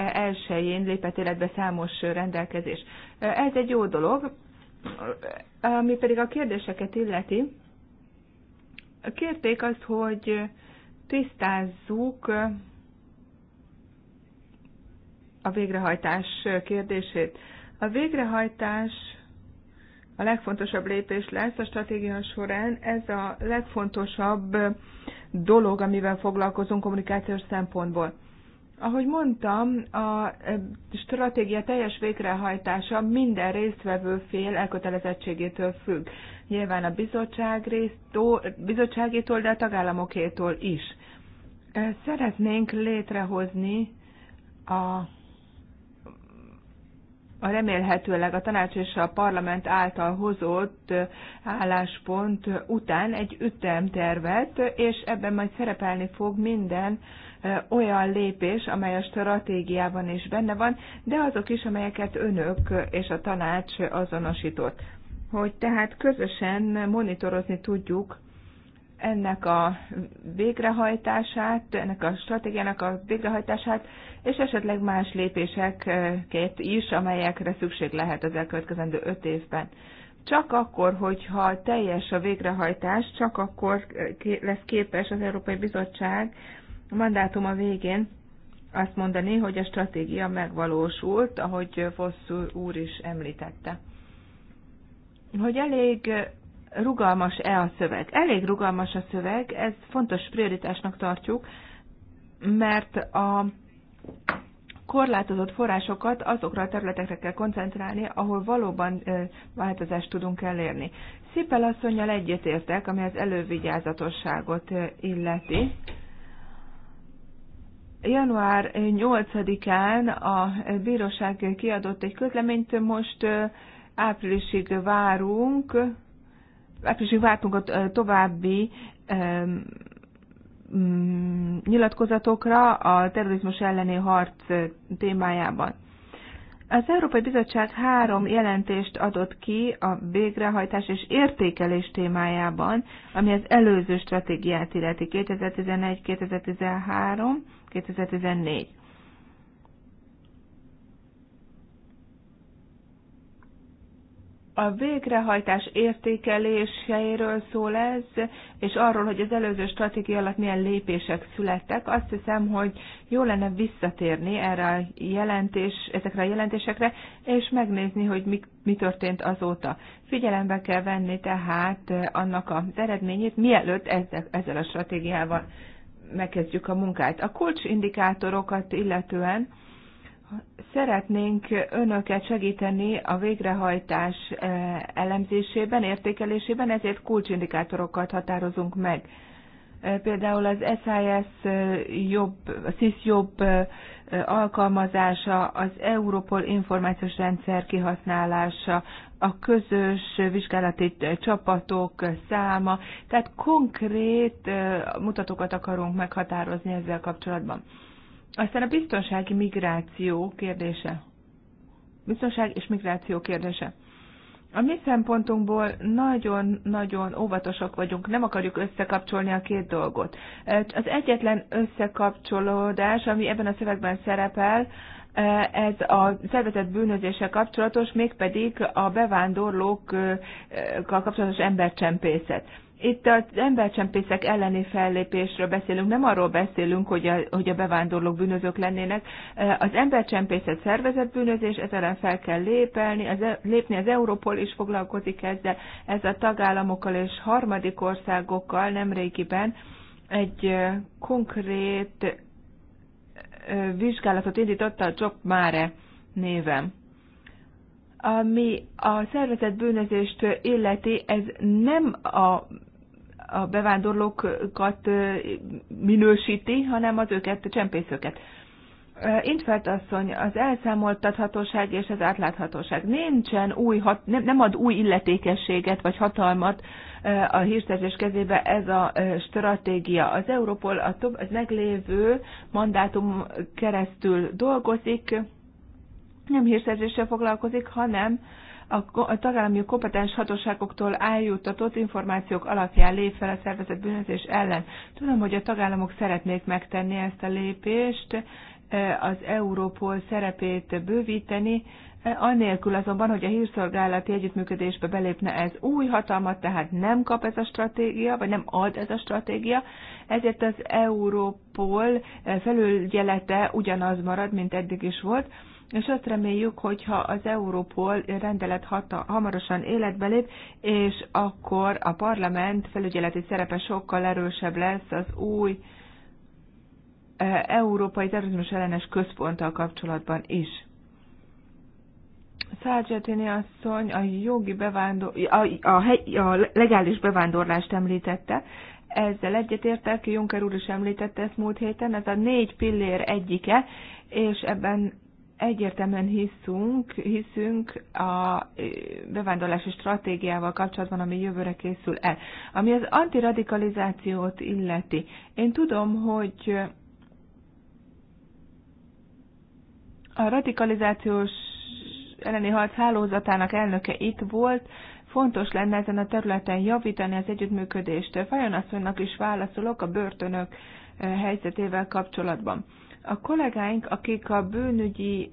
1-én lépett életbe számos rendelkezés. Ez egy jó dolog, ami pedig a kérdéseket illeti. Kérték azt, hogy tisztázzuk a végrehajtás kérdését. A végrehajtás a legfontosabb lépés lesz a stratégia során. Ez a legfontosabb dolog, amivel foglalkozunk kommunikációs szempontból. Ahogy mondtam, a stratégia teljes végrehajtása minden résztvevő fél elkötelezettségétől függ. Nyilván a bizottság résztó, bizottságétól, de a tagállamokétól is. Szeretnénk létrehozni a a remélhetőleg a tanács és a parlament által hozott álláspont után egy ütemtervet, és ebben majd szerepelni fog minden olyan lépés, amely a stratégiában is benne van, de azok is, amelyeket önök és a tanács azonosított. Hogy tehát közösen monitorozni tudjuk ennek a végrehajtását, ennek a stratégiának a végrehajtását, és esetleg más lépéseket is, amelyekre szükség lehet az elkövetkezendő öt évben. Csak akkor, hogyha teljes a végrehajtás, csak akkor lesz képes az Európai Bizottság a mandátum a végén azt mondani, hogy a stratégia megvalósult, ahogy Fosszú úr is említette. Hogy elég rugalmas-e a szöveg. Elég rugalmas a szöveg, ez fontos prioritásnak tartjuk, mert a korlátozott forrásokat azokra a területekre kell koncentrálni, ahol valóban változást tudunk elérni. Szipel asszonynal egyetértek, ami az elővigyázatosságot illeti. Január 8-án a bíróság kiadott egy közleményt, most áprilisig várunk, áprilisig vártunk a további mm, nyilatkozatokra a terrorizmus elleni harc témájában. Az Európai Bizottság három jelentést adott ki a végrehajtás és értékelés témájában, ami az előző stratégiát illeti 2011, 2013, 2014. A végrehajtás értékeléseiről szól ez, és arról, hogy az előző stratégia alatt milyen lépések születtek. Azt hiszem, hogy jó lenne visszatérni erre a jelentés, ezekre a jelentésekre, és megnézni, hogy mi, mi történt azóta. Figyelembe kell venni tehát annak az eredményét, mielőtt ezzel, ezzel a stratégiával megkezdjük a munkát. A kulcsindikátorokat illetően, Szeretnénk önöket segíteni a végrehajtás eh, elemzésében, értékelésében, ezért kulcsindikátorokat határozunk meg. Eh, például az SIS eh, jobb, a SIS jobb alkalmazása, az Europol információs rendszer kihasználása, a közös vizsgálati csapatok száma, tehát konkrét mutatókat akarunk meghatározni ezzel kapcsolatban. Aztán a biztonsági migráció kérdése. Biztonság és migráció kérdése. A mi szempontunkból nagyon-nagyon óvatosak vagyunk, nem akarjuk összekapcsolni a két dolgot. Az egyetlen összekapcsolódás, ami ebben a szövegben szerepel, ez a szervezett bűnözéssel kapcsolatos, mégpedig a bevándorlókkal kapcsolatos embercsempészet. Itt az embercsempészek elleni fellépésről beszélünk, nem arról beszélünk, hogy a, hogy a bevándorlók bűnözők lennének. Az embercsempészet szervezett bűnözés, ez ellen fel kell lépelni, az, e, lépni az Európol is foglalkozik ezzel, ez a tagállamokkal és harmadik országokkal nemrégiben egy konkrét vizsgálatot indította a Job Mare névem ami a szervezett bűnözést illeti, ez nem a a bevándorlókat minősíti, hanem az őket, csempészőket. Intfelt asszony, az elszámoltathatóság és az átláthatóság nincsen új, hat, nem, nem ad új illetékességet vagy hatalmat a hírszerzés kezébe ez a stratégia. Az Európol a több, az meglévő mandátum keresztül dolgozik, nem hírszerzéssel foglalkozik, hanem a tagállami kompetens hatóságoktól eljuttatott információk alapján lép fel a szervezet bűnözés ellen. Tudom, hogy a tagállamok szeretnék megtenni ezt a lépést, e, az Európol szerepét bővíteni, e, Annélkül azonban, hogy a hírszolgálati együttműködésbe belépne ez új hatalmat, tehát nem kap ez a stratégia, vagy nem ad ez a stratégia, ezért az Európol e, felülgyelete ugyanaz marad, mint eddig is volt és azt reméljük, hogyha az Európol rendelet hata, hamarosan életbe lép, és akkor a parlament felügyeleti szerepe sokkal erősebb lesz az új e, európai terrorizmus ellenes központtal kapcsolatban is. Szárgyatini asszony a jogi bevándor, a, a, hely, a legális bevándorlást említette, ezzel egyetértek, Juncker úr is említette ezt múlt héten, ez a négy pillér egyike, és ebben egyértelműen hiszünk, hiszünk a e, bevándorlási stratégiával kapcsolatban, ami jövőre készül el. Ami az antiradikalizációt illeti. Én tudom, hogy a radikalizációs elleni harc hálózatának elnöke itt volt, Fontos lenne ezen a területen javítani az együttműködést. Fajon asszonynak is válaszolok a börtönök e, helyzetével kapcsolatban. A kollégáink, akik a bűnügyi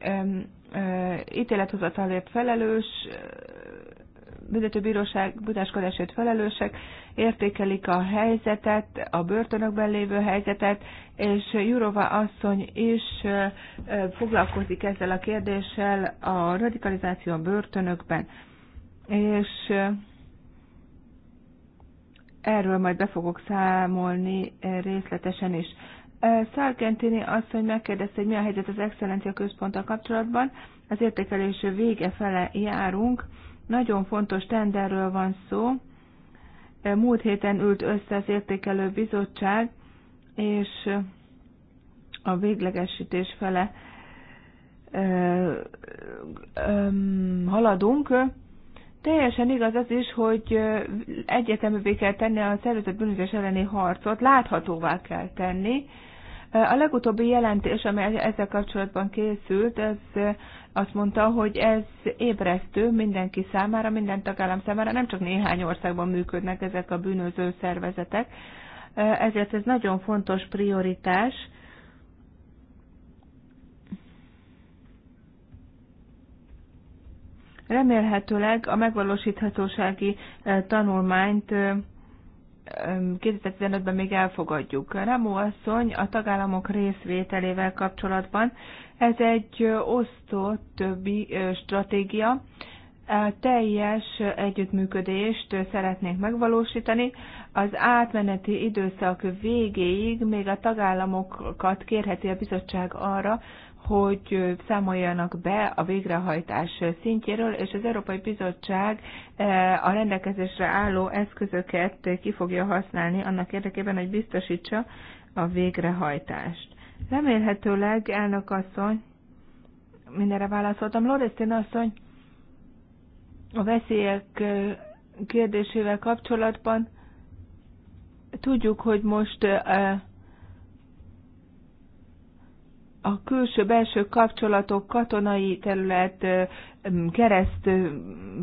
ítélethozatalért felelős, büntetőbíróság bűnáskodásért felelősek, értékelik a helyzetet, a börtönökben lévő helyzetet, és Jurova asszony is foglalkozik ezzel a kérdéssel a radikalizáció a börtönökben. És erről majd be fogok számolni részletesen is. Szargentini asszony megkérdezte, hogy mi a helyzet az Excellencia Központtal kapcsolatban. Az értékelés vége fele járunk. Nagyon fontos tenderről van szó. Múlt héten ült össze az értékelő bizottság, és a véglegesítés fele haladunk. Teljesen igaz az is, hogy egyetemű kell tenni a szervezet bűnözés elleni harcot, láthatóvá kell tenni, a legutóbbi jelentés, amely ezzel kapcsolatban készült, az azt mondta, hogy ez ébresztő mindenki számára, minden tagállam számára, nem csak néhány országban működnek ezek a bűnöző szervezetek, ezért ez nagyon fontos prioritás. Remélhetőleg a megvalósíthatósági eh, tanulmányt eh, 2015-ben még elfogadjuk. Remó asszony a tagállamok részvételével kapcsolatban. Ez egy osztott többi stratégia. Teljes együttműködést szeretnénk megvalósítani. Az átmeneti időszak végéig még a tagállamokat kérheti a bizottság arra, hogy számoljanak be a végrehajtás szintjéről, és az Európai Bizottság a rendelkezésre álló eszközöket ki fogja használni annak érdekében, hogy biztosítsa a végrehajtást. Remélhetőleg, elnök asszony, mindenre válaszoltam. Loresztén asszony, a veszélyek kérdésével kapcsolatban tudjuk, hogy most a külső-belső kapcsolatok katonai terület kereszt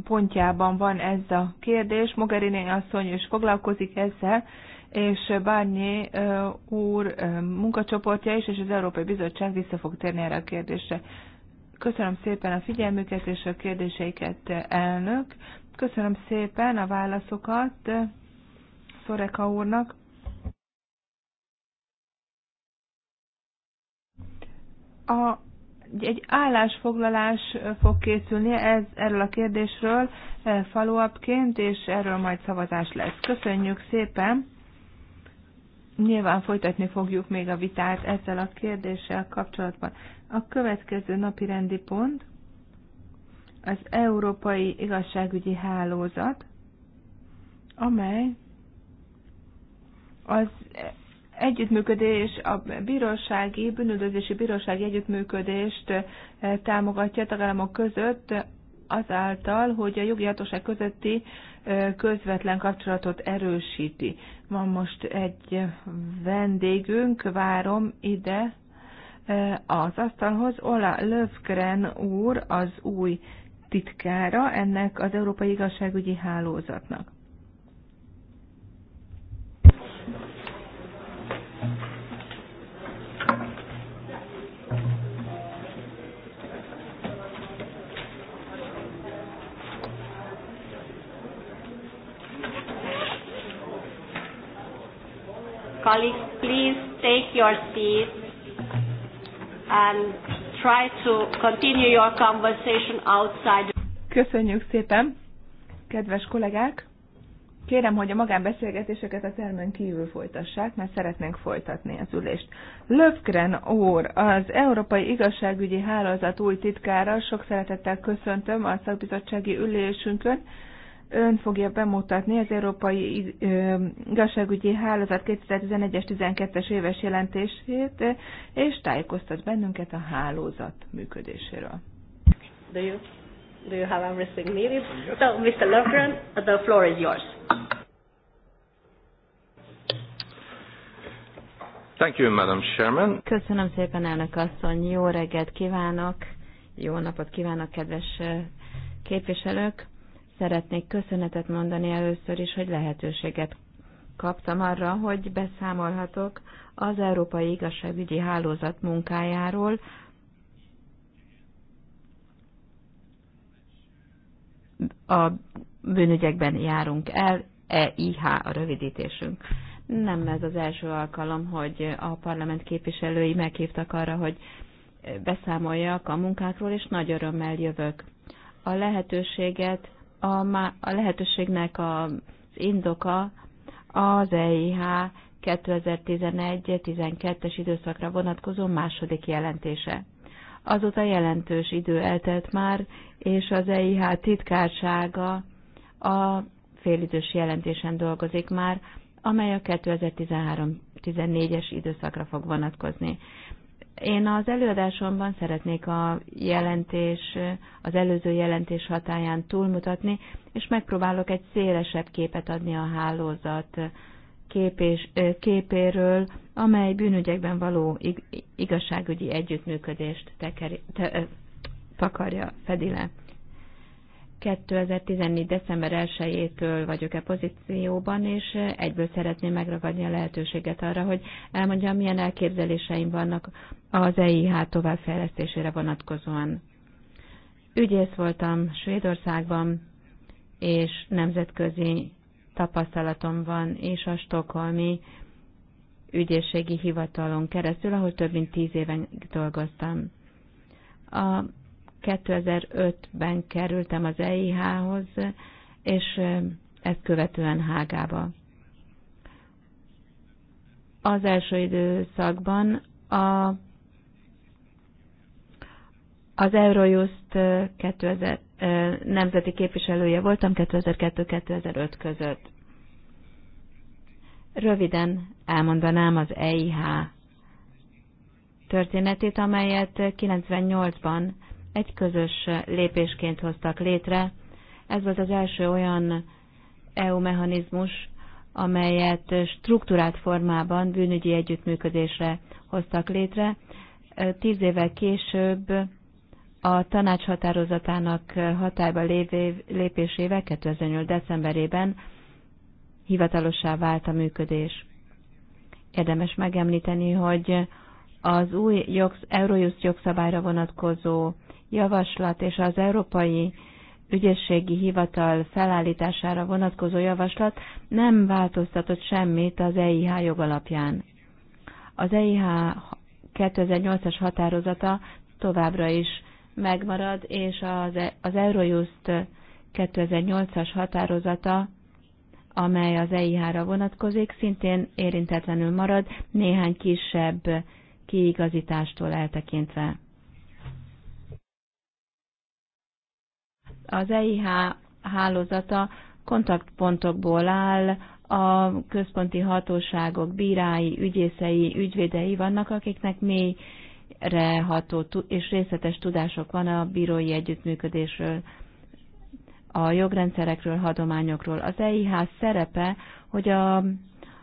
pontjában van ez a kérdés. Mogherini asszony is foglalkozik ezzel, és Bárnyi úr munkacsoportja is, és az Európai Bizottság vissza fog térni erre a kérdésre. Köszönöm szépen a figyelmüket és a kérdéseiket, elnök. Köszönöm szépen a válaszokat Szoreka úrnak. a, egy állásfoglalás fog készülni ez, erről a kérdésről follow és erről majd szavazás lesz. Köszönjük szépen! Nyilván folytatni fogjuk még a vitát ezzel a kérdéssel kapcsolatban. A következő napi rendi pont az Európai Igazságügyi Hálózat, amely az együttműködés, a bírósági, bűnöldözési bírósági együttműködést eh, támogatja a tagállamok között azáltal, hogy a jogi hatóság közötti eh, közvetlen kapcsolatot erősíti. Van most egy vendégünk, várom ide eh, az asztalhoz, Ola Löfgren úr az új titkára ennek az Európai Igazságügyi Hálózatnak. colleagues, please take your seats and try to continue your conversation outside. Köszönjük szépen, kedves kollégák! Kérem, hogy a magánbeszélgetéseket a termen kívül folytassák, mert szeretnénk folytatni az ülést. Löfgren úr, az Európai Igazságügyi Hálózat új titkára, sok szeretettel köszöntöm a szakbizottsági ülésünkön ön fogja bemutatni az Európai Igazságügyi Hálózat 2011-es 12-es éves jelentését, és tájékoztat bennünket a hálózat működéséről. Do you, do you have everything needed? So, Mr. Lofgren, the floor is yours. Thank you, Madam Chairman. Köszönöm szépen, elnök asszony. Jó reggelt kívánok, jó napot kívánok, kedves képviselők. Szeretnék köszönetet mondani először is, hogy lehetőséget kaptam arra, hogy beszámolhatok az Európai Igazságügyi Hálózat munkájáról, a bűnügyekben járunk el, EIH a rövidítésünk. Nem ez az első alkalom, hogy a parlament képviselői meghívtak arra, hogy beszámoljak a munkákról, és nagy örömmel jövök. A lehetőséget a, a lehetőségnek az indoka az EIH 2011-12-es időszakra vonatkozó második jelentése. Azóta jelentős idő eltelt már, és az EIH titkársága a félidős jelentésen dolgozik már, amely a 2013-14-es időszakra fog vonatkozni. Én az előadásomban szeretnék a jelentés, az előző jelentés hatáján túlmutatni, és megpróbálok egy szélesebb képet adni a hálózat képés, képéről, amely bűnügyekben való igazságügyi együttműködést tekeri, te, takarja, fedi le. 2014. december 1-től vagyok-e pozícióban, és egyből szeretném megragadni a lehetőséget arra, hogy elmondjam, milyen elképzeléseim vannak az EIH továbbfejlesztésére vonatkozóan. Ügyész voltam Svédországban, és nemzetközi tapasztalatom van, és a Stokholmi ügyészségi hivatalon keresztül, ahol több mint tíz éven dolgoztam. A 2005-ben kerültem az EIH-hoz, és ezt követően Hágába. Az első időszakban a, az Eurojust 2000, nemzeti képviselője voltam 2002-2005 között. Röviden elmondanám az EIH történetét, amelyet 98-ban egy közös lépésként hoztak létre. Ez volt az első olyan EU mechanizmus, amelyet struktúrált formában bűnügyi együttműködésre hoztak létre. Tíz évvel később a tanács határozatának hatályba lévő lépésével 2008. decemberében hivatalossá vált a működés. Érdemes megemlíteni, hogy az új jogsz, Eurojust jogszabályra vonatkozó javaslat és az Európai Ügyességi Hivatal felállítására vonatkozó javaslat nem változtatott semmit az EIH jogalapján. Az EIH 2008-as határozata továbbra is megmarad, és az, e- az Eurojust 2008-as határozata, amely az EIH-ra vonatkozik, szintén érintetlenül marad, néhány kisebb kiigazítástól eltekintve. Az EIH hálózata kontaktpontokból áll, a központi hatóságok bírái, ügyészei, ügyvédei vannak, akiknek mélyre ható és részletes tudások van a bírói együttműködésről, a jogrendszerekről, hadományokról. Az EIH szerepe, hogy a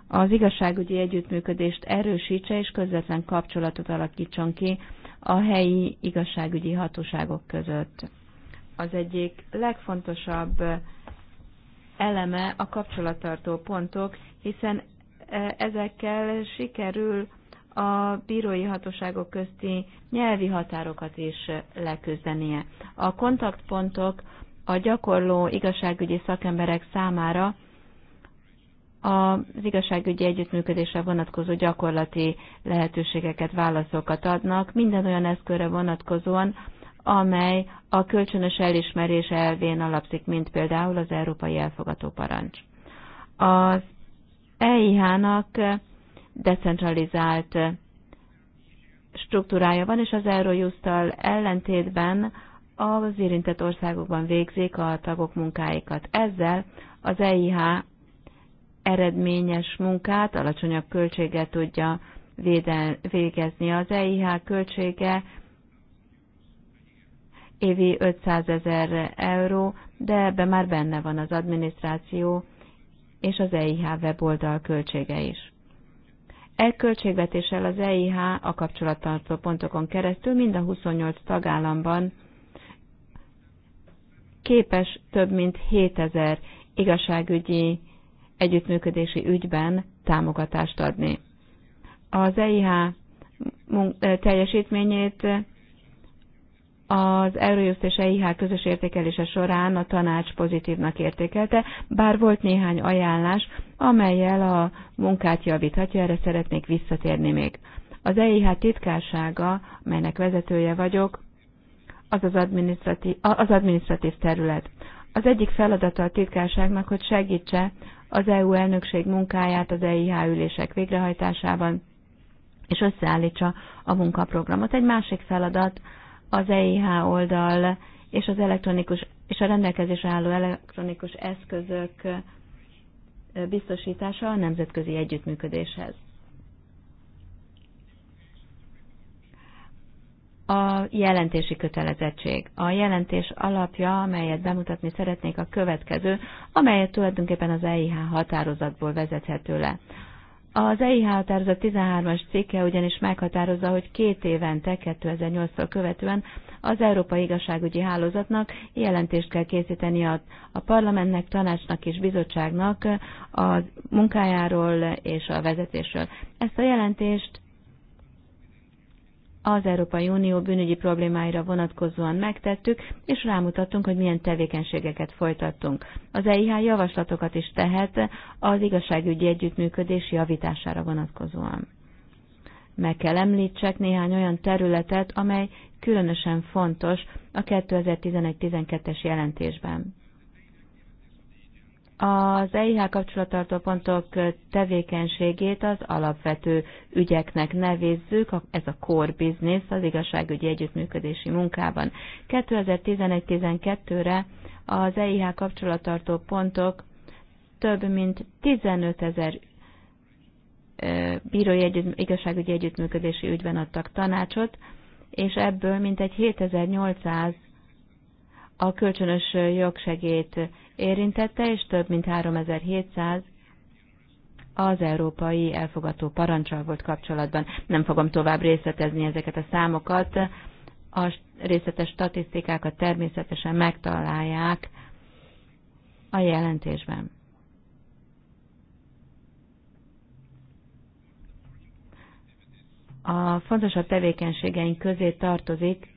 az igazságügyi együttműködést erősítse és közvetlen kapcsolatot alakítson ki a helyi igazságügyi hatóságok között az egyik legfontosabb eh, eleme a kapcsolattartó pontok, hiszen eh, ezekkel sikerül a bírói hatóságok közti nyelvi határokat is eh, leküzdenie. A kontaktpontok a gyakorló igazságügyi szakemberek számára az igazságügyi együttműködésre vonatkozó gyakorlati lehetőségeket, válaszokat adnak, minden olyan eszköre vonatkozóan, amely a kölcsönös elismerés elvén alapszik, mint például az Európai Elfogató Parancs. Az EIH-nak decentralizált struktúrája van, és az Eurojust-tal ellentétben az érintett országokban végzik a tagok munkáikat. Ezzel az EIH eredményes munkát alacsonyabb költséget tudja végezni. Az EIH költsége évi 500 ezer euró, de ebbe már benne van az adminisztráció és az EIH weboldal költsége is. E költségvetéssel az EIH a kapcsolattartó pontokon keresztül mind a 28 tagállamban képes több mint 7000 igazságügyi együttműködési ügyben támogatást adni. Az EIH teljesítményét az Eurojust és EIH közös értékelése során a tanács pozitívnak értékelte, bár volt néhány ajánlás, amelyel a munkát javíthatja, erre szeretnék visszatérni még. Az EIH titkársága, melynek vezetője vagyok, az az adminisztratív, az adminisztratív terület. Az egyik feladata a titkárságnak, hogy segítse az EU elnökség munkáját az EIH ülések végrehajtásában, és összeállítsa a munkaprogramot. Egy másik feladat az EIH oldal és az elektronikus és a rendelkezésre álló elektronikus eszközök biztosítása a nemzetközi együttműködéshez. A jelentési kötelezettség. A jelentés alapja, amelyet bemutatni szeretnék, a következő, amelyet tulajdonképpen az EIH határozatból vezethető le. Az EIH határozat 13-as cikke ugyanis meghatározza, hogy két évente, 2008-tól követően az Európai Igazságügyi Hálózatnak jelentést kell készíteni a, a parlamentnek, tanácsnak és bizottságnak a munkájáról és a vezetésről. Ezt a jelentést az Európai Unió bűnügyi problémáira vonatkozóan megtettük, és rámutattunk, hogy milyen tevékenységeket folytattunk. Az EIH javaslatokat is tehet az igazságügyi együttműködés javítására vonatkozóan. Meg kell említsek néhány olyan területet, amely különösen fontos a 2011-12-es jelentésben az EIH kapcsolattartó pontok tevékenységét az alapvető ügyeknek nevezzük, ez a core business az igazságügyi együttműködési munkában. 2011-12-re az EIH kapcsolattartó pontok több mint 15 ezer bírói együtt, igazságügyi együttműködési ügyben adtak tanácsot, és ebből mintegy 7800 a kölcsönös jogsegét érintette, és több mint 3700 az európai elfogató parancsal volt kapcsolatban. Nem fogom tovább részletezni ezeket a számokat. A részletes statisztikákat természetesen megtalálják a jelentésben. A fontosabb tevékenységeink közé tartozik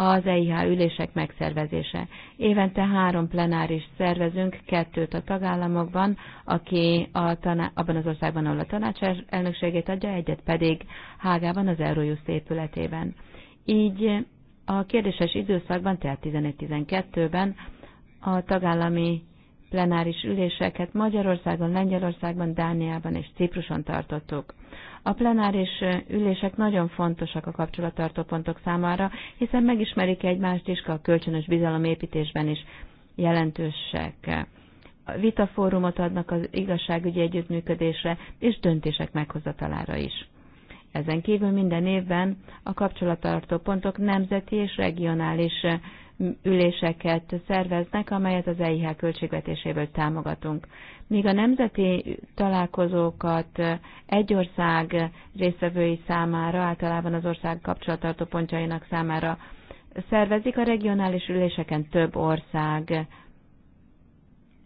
az EIH ülések megszervezése. Évente három plenáris szervezünk, kettőt a tagállamokban, aki a taná- abban az országban, ahol a tanács elnökségét adja, egyet pedig Hágában, az Eurojust épületében. Így a kérdéses időszakban, tehát 11-12-ben a tagállami plenáris üléseket Magyarországon, Lengyelországban, Dániában és Cipruson tartottuk. A plenáris ülések nagyon fontosak a kapcsolattartó pontok számára, hiszen megismerik egymást is, a kölcsönös bizalomépítésben is jelentősek. A vitafórumot adnak az igazságügyi együttműködésre és döntések meghozatalára is. Ezen kívül minden évben a kapcsolattartó pontok nemzeti és regionális üléseket szerveznek, amelyet az EIH költségvetéséből támogatunk. Míg a nemzeti találkozókat egy ország részvevői számára, általában az ország kapcsolattartó pontjainak számára szervezik, a regionális üléseken több ország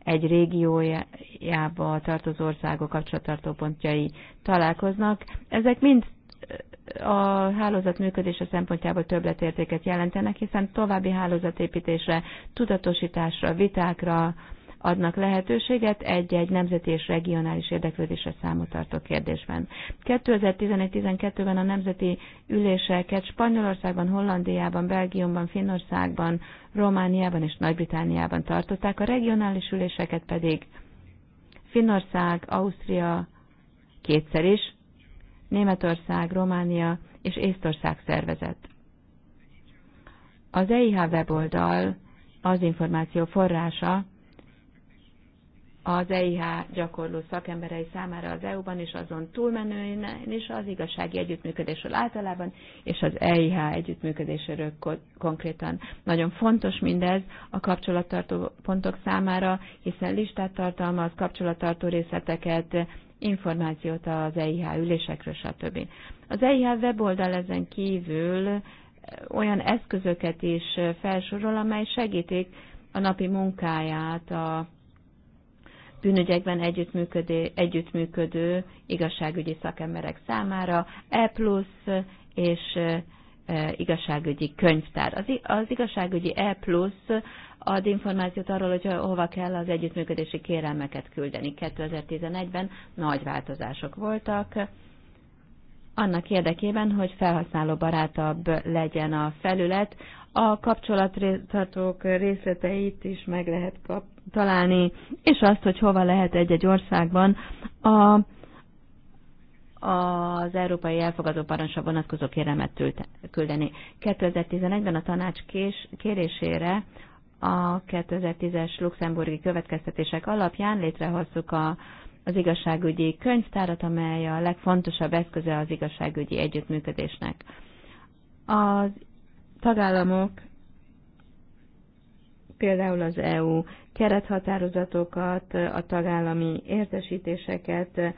egy régiójába tartozó országok kapcsolattartó pontjai találkoznak. Ezek mind a hálózat működése szempontjából többletértéket jelentenek, hiszen további hálózatépítésre, tudatosításra, vitákra adnak lehetőséget egy-egy nemzeti és regionális érdeklődésre számot tartó kérdésben. 2011-12-ben a nemzeti üléseket Spanyolországban, Hollandiában, Belgiumban, Finnországban, Romániában és Nagy-Britániában tartották, a regionális üléseket pedig Finnország, Ausztria kétszer is, Németország, Románia és Észtország szervezet. Az EIH weboldal az információ forrása az EIH gyakorló szakemberei számára az EU-ban és azon túlmenően és az igazsági együttműködésről általában, és az EIH együttműködéséről konkrétan. Nagyon fontos mindez a kapcsolattartó pontok számára, hiszen listát tartalmaz, kapcsolattartó részleteket, információt az EIH ülésekről, stb. Az EIH weboldal ezen kívül eh, olyan eszközöket is eh, felsorol, amely segítik a napi munkáját a bűnügyekben együttműködő, együttműködő igazságügyi szakemberek számára, E eh, és igazságügyi könyvtár. Az, igazságügyi E plusz ad információt arról, hogy hova kell az együttműködési kérelmeket küldeni. 2011-ben nagy változások voltak, annak érdekében, hogy felhasználóbarátabb legyen a felület, a kapcsolattartók részleteit is meg lehet kap- találni, és azt, hogy hova lehet egy-egy országban a, az európai elfogadó parancsra vonatkozó kérelmet küldeni. 2011-ben a tanács kés, kérésére a 2010-es luxemburgi következtetések alapján létrehoztuk a, az igazságügyi könyvtárat, amely a legfontosabb eszköze az igazságügyi együttműködésnek. A tagállamok, például az EU kerethatározatokat, a tagállami értesítéseket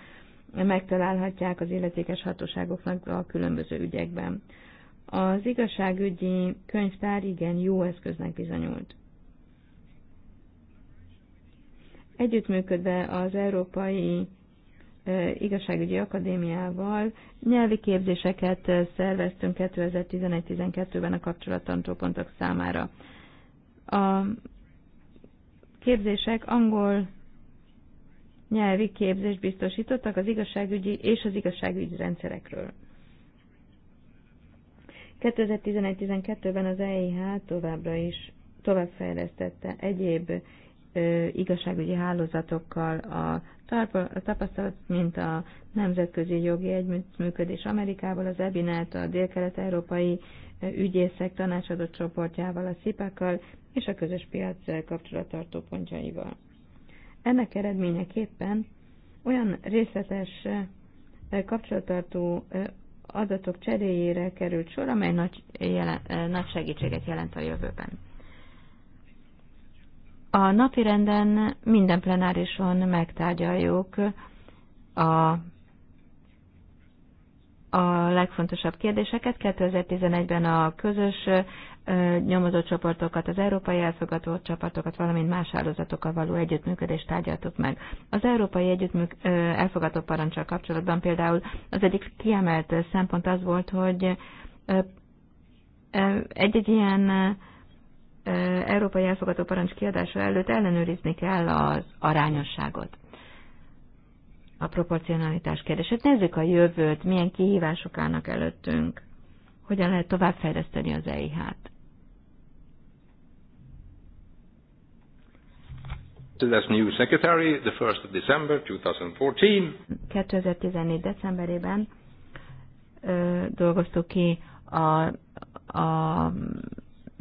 megtalálhatják az illetékes hatóságoknak a különböző ügyekben. Az igazságügyi könyvtár igen jó eszköznek bizonyult. Együttműködve az Európai Igazságügyi Akadémiával nyelvi képzéseket szerveztünk 2011-12-ben a kapcsolatantópontok számára. A képzések angol nyelvi képzést biztosítottak az igazságügyi és az igazságügyi rendszerekről. 2011-12-ben az EIH továbbra is továbbfejlesztette egyéb igazságügyi hálózatokkal a tapasztalat, mint a nemzetközi jogi együttműködés Amerikával, az EbiNet a dél-kelet-európai ügyészek tanácsadó csoportjával, a szipakkal és a közös piac kapcsolattartó pontjaival. Ennek eredményeképpen olyan részletes kapcsolattartó adatok cseréjére került sor, amely nagy, jelen, nagy segítséget jelent a jövőben. A napi renden minden plenárison megtárgyaljuk a, a legfontosabb kérdéseket. 2011-ben a közös nyomozó csoportokat, az európai elfogadó csoportokat, valamint más hálózatokkal való együttműködést tárgyaltuk meg. Az európai együttműk, elfogadó parancsal kapcsolatban például az egyik kiemelt szempont az volt, hogy egy-egy ilyen európai elfogadó parancs kiadása előtt ellenőrizni kell az arányosságot. A proporcionalitás kérdését. Nézzük a jövőt, milyen kihívások állnak előttünk. Hogyan lehet továbbfejleszteni az EIH-t? as new secretary the 1st of December 2014. 2014 decemberében ö, dolgoztuk ki a, a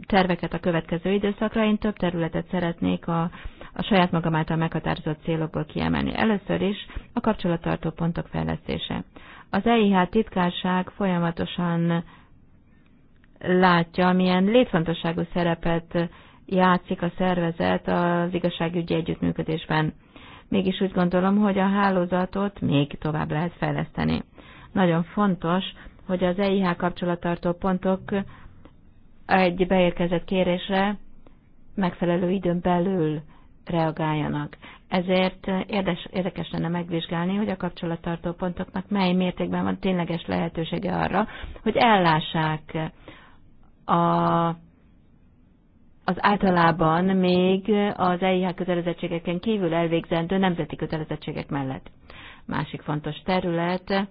terveket a következő időszakra. Én több területet szeretnék a, a saját magam által meghatározott célokból kiemelni. Először is a kapcsolattartó pontok fejlesztése. Az EIH titkárság folyamatosan látja, milyen létfontosságú szerepet játszik a szervezet az igazságügyi együttműködésben. Mégis úgy gondolom, hogy a hálózatot még tovább lehet fejleszteni. Nagyon fontos, hogy az EIH kapcsolattartó pontok egy beérkezett kérésre megfelelő időn belül reagáljanak. Ezért érdes, érdekes lenne megvizsgálni, hogy a kapcsolattartó pontoknak mely mértékben van tényleges lehetősége arra, hogy ellássák a, az általában még az EIH kötelezettségeken kívül elvégzendő nemzeti kötelezettségek mellett. Másik fontos terület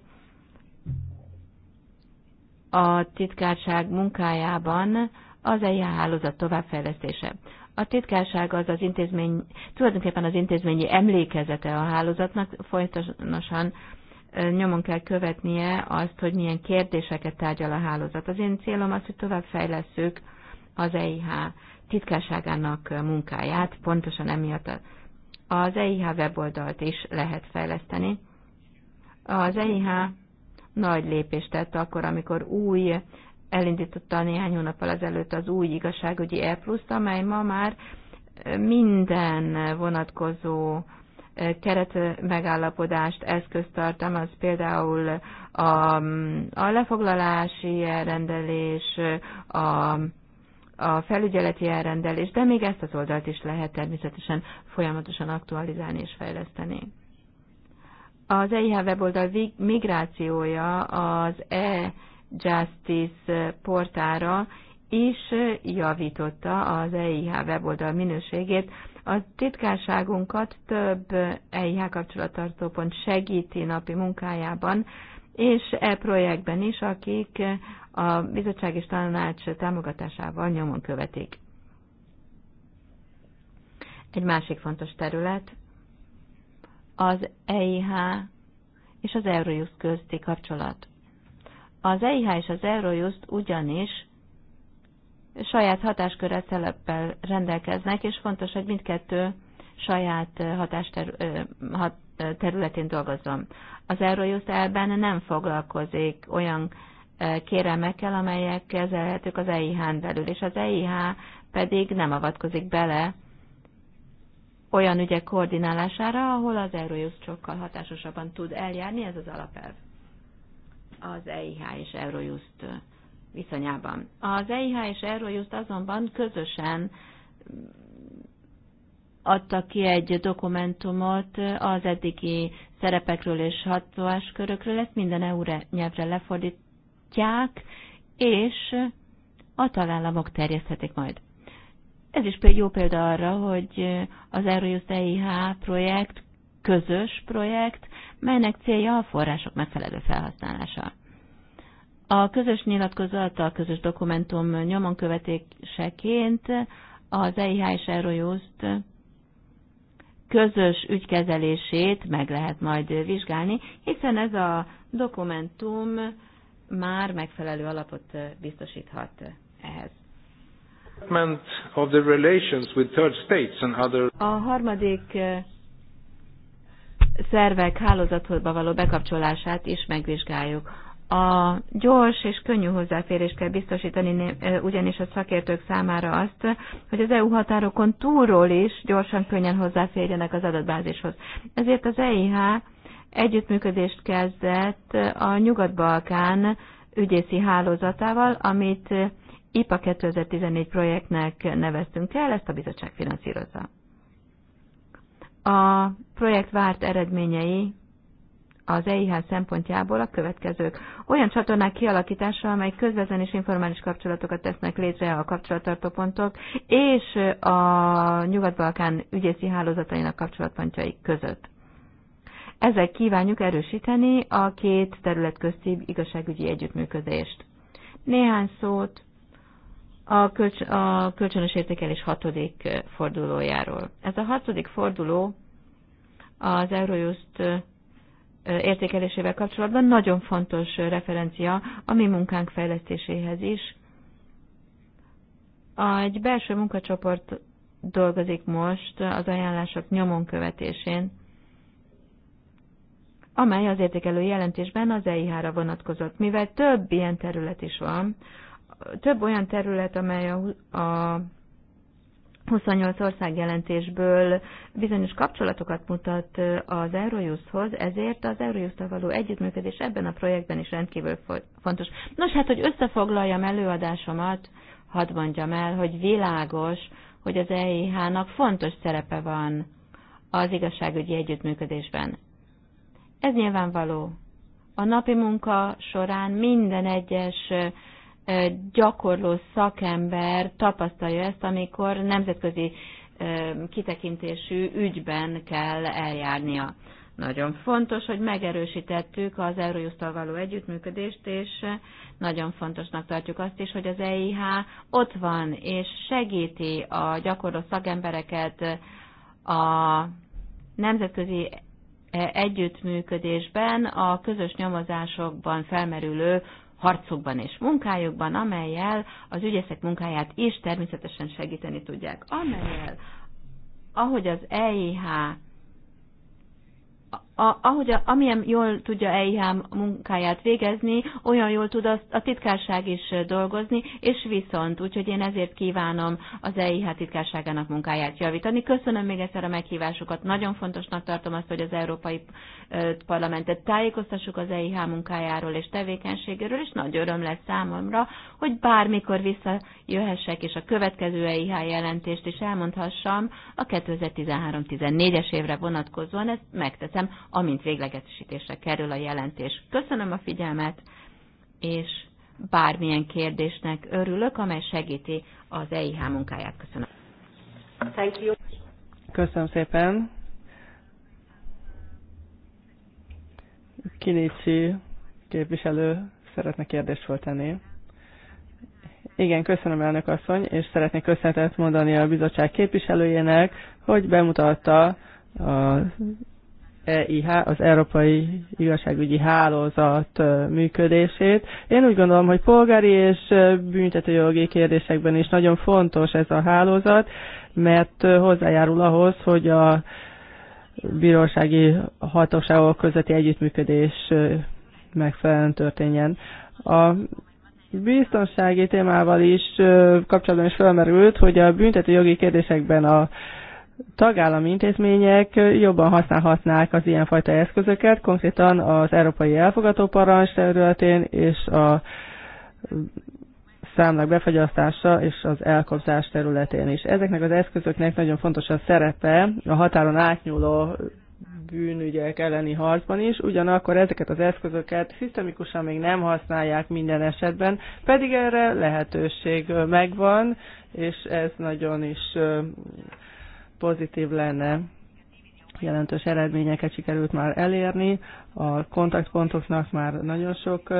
a titkárság munkájában az EIH hálózat továbbfejlesztése. A titkárság az az intézmény, tulajdonképpen az intézményi emlékezete a hálózatnak, folytonosan nyomon kell követnie azt, hogy milyen kérdéseket tárgyal a hálózat. Az én célom az, hogy továbbfejlesszük az EIH titkárságának munkáját, pontosan emiatt az EIH weboldalt is lehet fejleszteni. Az EIH nagy lépést tett akkor, amikor új, elindította néhány hónappal ezelőtt az új igazságügyi E pluszt, amely ma már minden vonatkozó eh, keret megállapodást, eszközt Az például a, a lefoglalási elrendelés, a, a felügyeleti elrendelés, de még ezt az oldalt is lehet természetesen folyamatosan aktualizálni és fejleszteni. Az EIH weboldal migrációja az e-justice portára is javította az EIH weboldal minőségét. A titkárságunkat több EIH kapcsolattartópont segíti napi munkájában, és e projektben is, akik a bizottság és tanács támogatásával nyomon követik. Egy másik fontos terület az EIH és az Eurojust közti kapcsolat. Az EIH és az Eurojust ugyanis saját hatásköre szelepel rendelkeznek, és fontos, hogy mindkettő saját hatásterületén dolgozom. területén Az Eurojust elben nem foglalkozik olyan kérelmekkel, amelyek kezelhetők az EIH-n belül, és az EIH pedig nem avatkozik bele olyan ügyek koordinálására, ahol az Eurojust sokkal hatásosabban tud eljárni, ez az alapelv az EIH és Eurojust viszonyában. Az EIH és Eurojust azonban közösen mm, adta ki egy dokumentumot az eddigi szerepekről és hatóáskörökről, ezt minden EU nyelvre lefordítják, és a tagállamok terjeszthetik majd. Ez is jó példa arra, hogy az Erőjusz EIH projekt közös projekt, melynek célja a források megfelelő felhasználása. A közös nyilatkozat, a közös dokumentum nyomon követéseként az EIH és Eurojust közös ügykezelését meg lehet majd vizsgálni, hiszen ez a dokumentum már megfelelő alapot biztosíthat ehhez. A harmadik eh, szervek hálózatba való bekapcsolását is megvizsgáljuk. A gyors és könnyű hozzáférés kell biztosítani eh, ugyanis a szakértők számára azt, hogy az EU határokon túlról is gyorsan, könnyen hozzáférjenek az adatbázishoz. Ezért az EIH együttműködést kezdett a Nyugat-Balkán ügyészi hálózatával, amit eh, IPA 2014 projektnek neveztünk el, ezt a bizottság finanszírozza. A projekt várt eredményei az EIH szempontjából a következők. Olyan csatornák kialakítása, amely közvetlen és informális kapcsolatokat tesznek létre a kapcsolattartó pontok és a Nyugat-Balkán ügyészi hálózatainak kapcsolatpontjai között. Ezzel kívánjuk erősíteni a két terület közti igazságügyi együttműködést. Néhány szót a, kölcs, a kölcsönös értékelés hatodik fordulójáról. Ez a hatodik forduló az Eurojust értékelésével kapcsolatban nagyon fontos referencia a mi munkánk fejlesztéséhez is. Egy belső munkacsoport dolgozik most az ajánlások nyomon követésén, amely az értékelő jelentésben az EIH-ra vonatkozott. Mivel több ilyen terület is van, több olyan terület, amely a, a 28 ország jelentésből bizonyos kapcsolatokat mutat az Eurojusthoz, ezért az eurojust való együttműködés ebben a projektben is rendkívül fontos. Nos, hát, hogy összefoglaljam előadásomat, hadd mondjam el, hogy világos, hogy az EIH-nak fontos szerepe van az igazságügyi együttműködésben. Ez nyilvánvaló. A napi munka során minden egyes gyakorló szakember tapasztalja ezt, amikor nemzetközi kitekintésű ügyben kell eljárnia. Nagyon fontos, hogy megerősítettük az Eurojusztal való együttműködést, és nagyon fontosnak tartjuk azt is, hogy az EIH ott van, és segíti a gyakorló szakembereket a nemzetközi együttműködésben a közös nyomozásokban felmerülő harcokban és munkájukban, amelyel az ügyeszek munkáját is természetesen segíteni tudják, amelyel ahogy az EIH a, ahogy a, amilyen jól tudja EIHM munkáját végezni, olyan jól tud a, a titkárság is dolgozni, és viszont, úgyhogy én ezért kívánom az EIH titkárságának munkáját javítani. Köszönöm még egyszer a meghívásokat, nagyon fontosnak tartom azt, hogy az Európai Parlamentet tájékoztassuk az EIH munkájáról és tevékenységéről, és nagy öröm lesz számomra, hogy bármikor visszajöhessek, és a következő EIH jelentést is elmondhassam a 2013-14-es évre vonatkozóan, ezt megteszem amint véglegesítésre kerül a jelentés. Köszönöm a figyelmet, és bármilyen kérdésnek örülök, amely segíti az EIH munkáját. Köszönöm. Thank you. Köszönöm szépen. Kinici képviselő szeretne kérdést föltenni. Igen, köszönöm elnök asszony, és szeretnék köszönetet mondani a bizottság képviselőjének, hogy bemutatta a EIH, az Európai Igazságügyi Hálózat működését. Én úgy gondolom, hogy polgári és büntetőjogi kérdésekben is nagyon fontos ez a hálózat, mert hozzájárul ahhoz, hogy a bírósági hatóságok közötti együttműködés megfelelően történjen. A biztonsági témával is kapcsolatban is felmerült, hogy a büntetőjogi kérdésekben a tagállami intézmények jobban használhatnák az ilyenfajta eszközöket, konkrétan az Európai Elfogató Parancs területén és a számlák befagyasztása és az elkobzás területén is. Ezeknek az eszközöknek nagyon fontos a szerepe a határon átnyúló bűnügyek elleni harcban is, ugyanakkor ezeket az eszközöket szisztemikusan még nem használják minden esetben, pedig erre lehetőség megvan, és ez nagyon is pozitív lenne. Jelentős eredményeket sikerült már elérni, a kontaktpontoknak már nagyon sok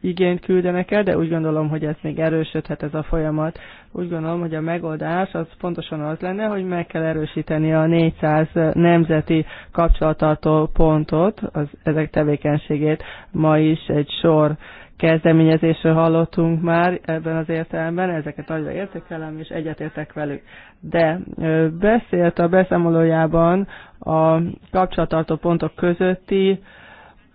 igényt küldenek el, de úgy gondolom, hogy ez még erősödhet ez a folyamat. Úgy gondolom, hogy a megoldás az pontosan az lenne, hogy meg kell erősíteni a 400 nemzeti kapcsolattartó pontot, az, ezek tevékenységét. Ma is egy sor kezdeményezésről hallottunk már ebben az értelemben, ezeket nagyra értékelem, és egyetértek velük. De beszélt a beszámolójában a kapcsolattartó pontok közötti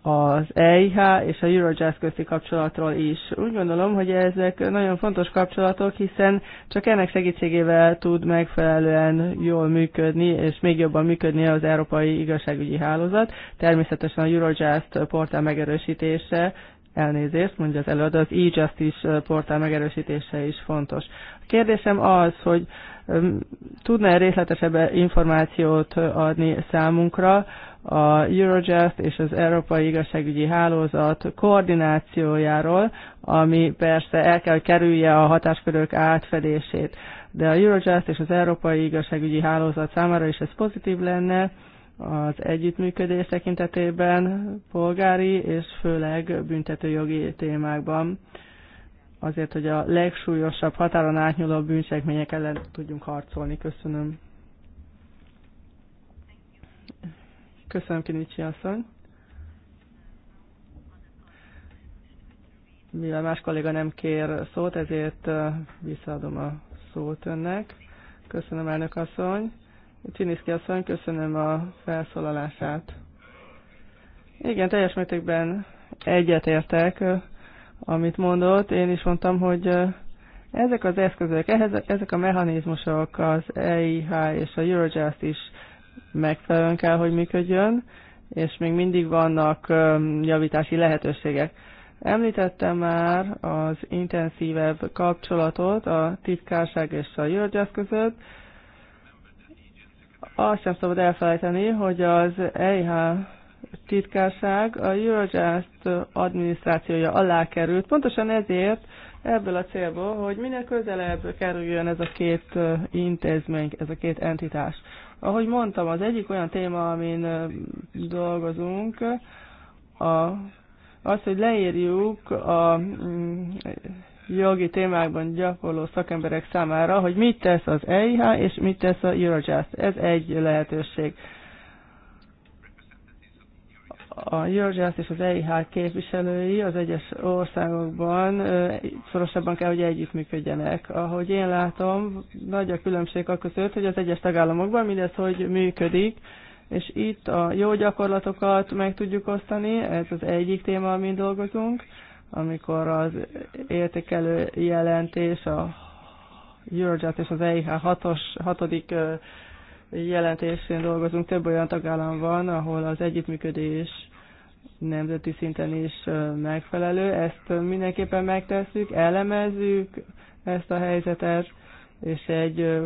az EIH és a Eurojazz közti kapcsolatról is. Úgy gondolom, hogy ezek nagyon fontos kapcsolatok, hiszen csak ennek segítségével tud megfelelően jól működni, és még jobban működni az Európai Igazságügyi Hálózat. Természetesen a Eurojazz portál megerősítése Elnézést, mondja az előadó, az e-justice portál megerősítése is fontos. A kérdésem az, hogy tudna-e részletesebb információt adni számunkra a Eurojust és az Európai Igazságügyi Hálózat koordinációjáról, ami persze el kell kerülje a hatáskörök átfedését. De a Eurojust és az Európai Igazságügyi Hálózat számára is ez pozitív lenne, az együttműködés tekintetében, polgári és főleg büntetőjogi témákban, azért, hogy a legsúlyosabb határon átnyúló bűncselekmények ellen tudjunk harcolni. Köszönöm. Köszönöm, Kinicsi asszony. Mivel más kolléga nem kér szót, ezért visszaadom a szót önnek. Köszönöm, elnök asszony Csiniszki asszony, köszönöm a felszólalását. Igen, teljes mértékben egyetértek, amit mondott. Én is mondtam, hogy ezek az eszközök, ezek a mechanizmusok, az EIH és a Eurojust is megfelelően kell, hogy működjön, és még mindig vannak javítási lehetőségek. Említettem már az intenzívebb kapcsolatot a titkárság és a Eurojust között, azt sem szabad elfelejteni, hogy az EIH titkárság a Eurojust adminisztrációja alá került. Pontosan ezért ebből a célból, hogy minél közelebb kerüljön ez a két intézmény, ez a két entitás. Ahogy mondtam, az egyik olyan téma, amin dolgozunk, a, az, hogy leírjuk a mm, jogi témákban gyakorló szakemberek számára, hogy mit tesz az EIH és mit tesz a Eurojust. Ez egy lehetőség. A Eurojust és az EIH képviselői az egyes országokban szorosabban kell, hogy együttműködjenek. Ahogy én látom, nagy a különbség a között, hogy az egyes tagállamokban mindez, hogy működik, és itt a jó gyakorlatokat meg tudjuk osztani, ez az egyik téma, amin dolgozunk amikor az értékelő jelentés, a Eurojust és az EIH hatos hatodik jelentésén dolgozunk, több olyan tagállam van, ahol az együttműködés nemzeti szinten is megfelelő. Ezt mindenképpen megtesszük, elemezzük ezt a helyzetet, és egy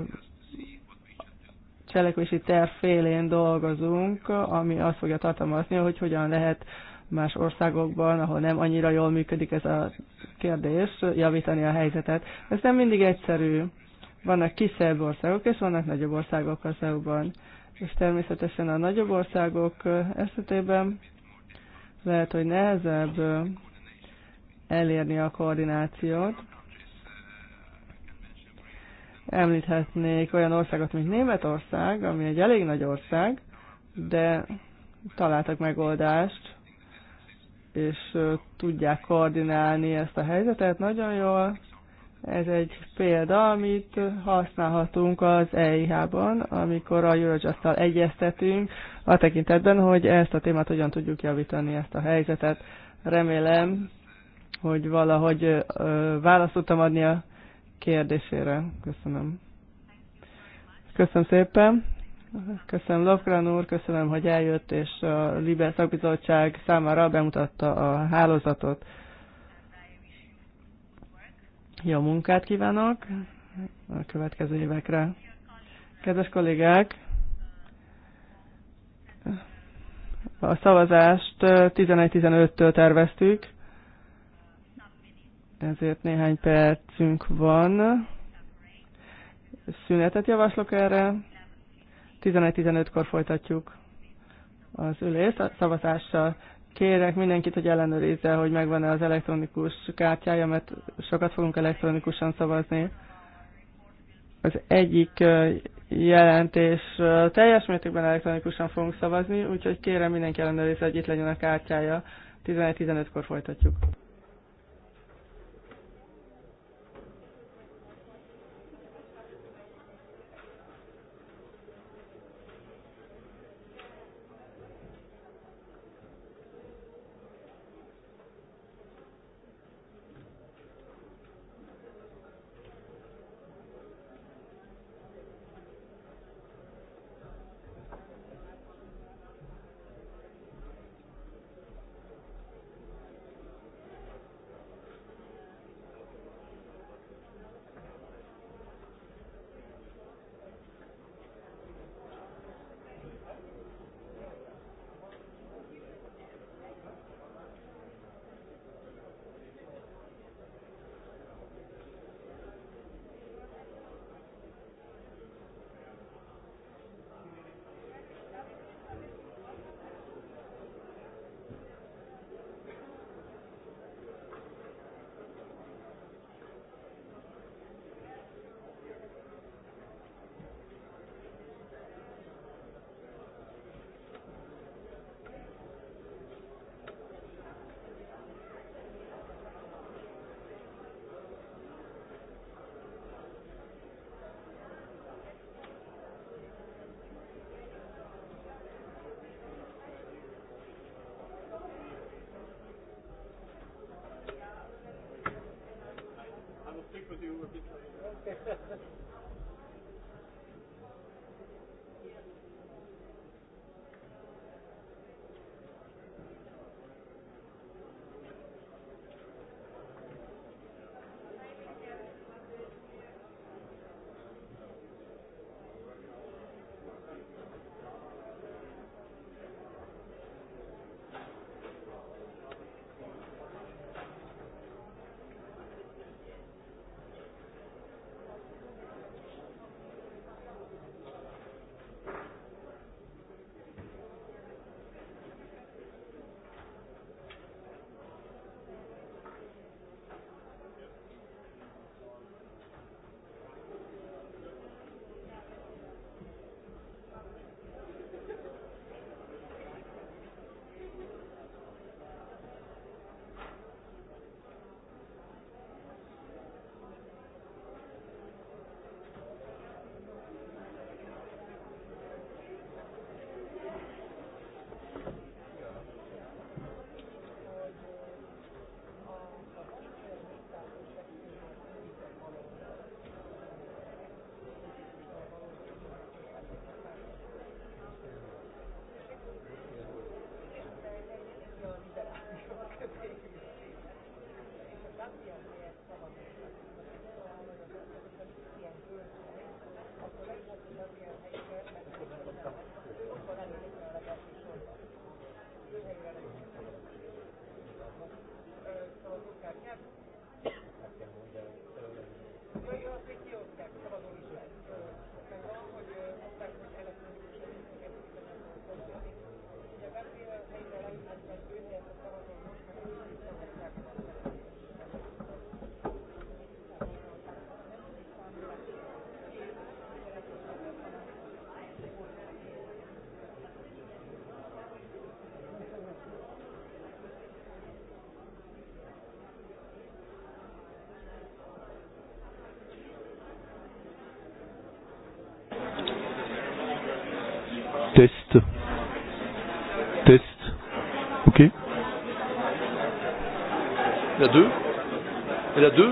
cselekvési terv félén dolgozunk, ami azt fogja tartalmazni, hogy hogyan lehet más országokban, ahol nem annyira jól működik ez a kérdés, javítani a helyzetet. Ez nem mindig egyszerű. Vannak kisebb országok, és vannak nagyobb országok az EU-ban. És természetesen a nagyobb országok esetében lehet, hogy nehezebb elérni a koordinációt. Említhetnék olyan országot, mint Németország, ami egy elég nagy ország, de találtak megoldást és tudják koordinálni ezt a helyzetet nagyon jól. Ez egy példa, amit használhatunk az EIH-ban, amikor a Eurojust-tal egyeztetünk a tekintetben, hogy ezt a témát hogyan tudjuk javítani, ezt a helyzetet. Remélem, hogy valahogy ö, választ tudtam adni a kérdésére. Köszönöm. Köszönöm szépen. Köszönöm Lovgren úr, köszönöm, hogy eljött, és a Libe szakbizottság számára bemutatta a hálózatot. Jó munkát kívánok a következő évekre. Kedves kollégák, a szavazást 11-15-től terveztük, ezért néhány percünk van. Szünetet javaslok erre. 11 15 kor folytatjuk az ülést a szavazással. Kérek mindenkit, hogy ellenőrizze, hogy megvan-e az elektronikus kártyája, mert sokat fogunk elektronikusan szavazni. Az egyik jelentés teljes mértékben elektronikusan fogunk szavazni, úgyhogy kérem mindenki ellenőrizze, hogy itt legyen a kártyája. 11-15-kor folytatjuk. do a bit. Elle a deux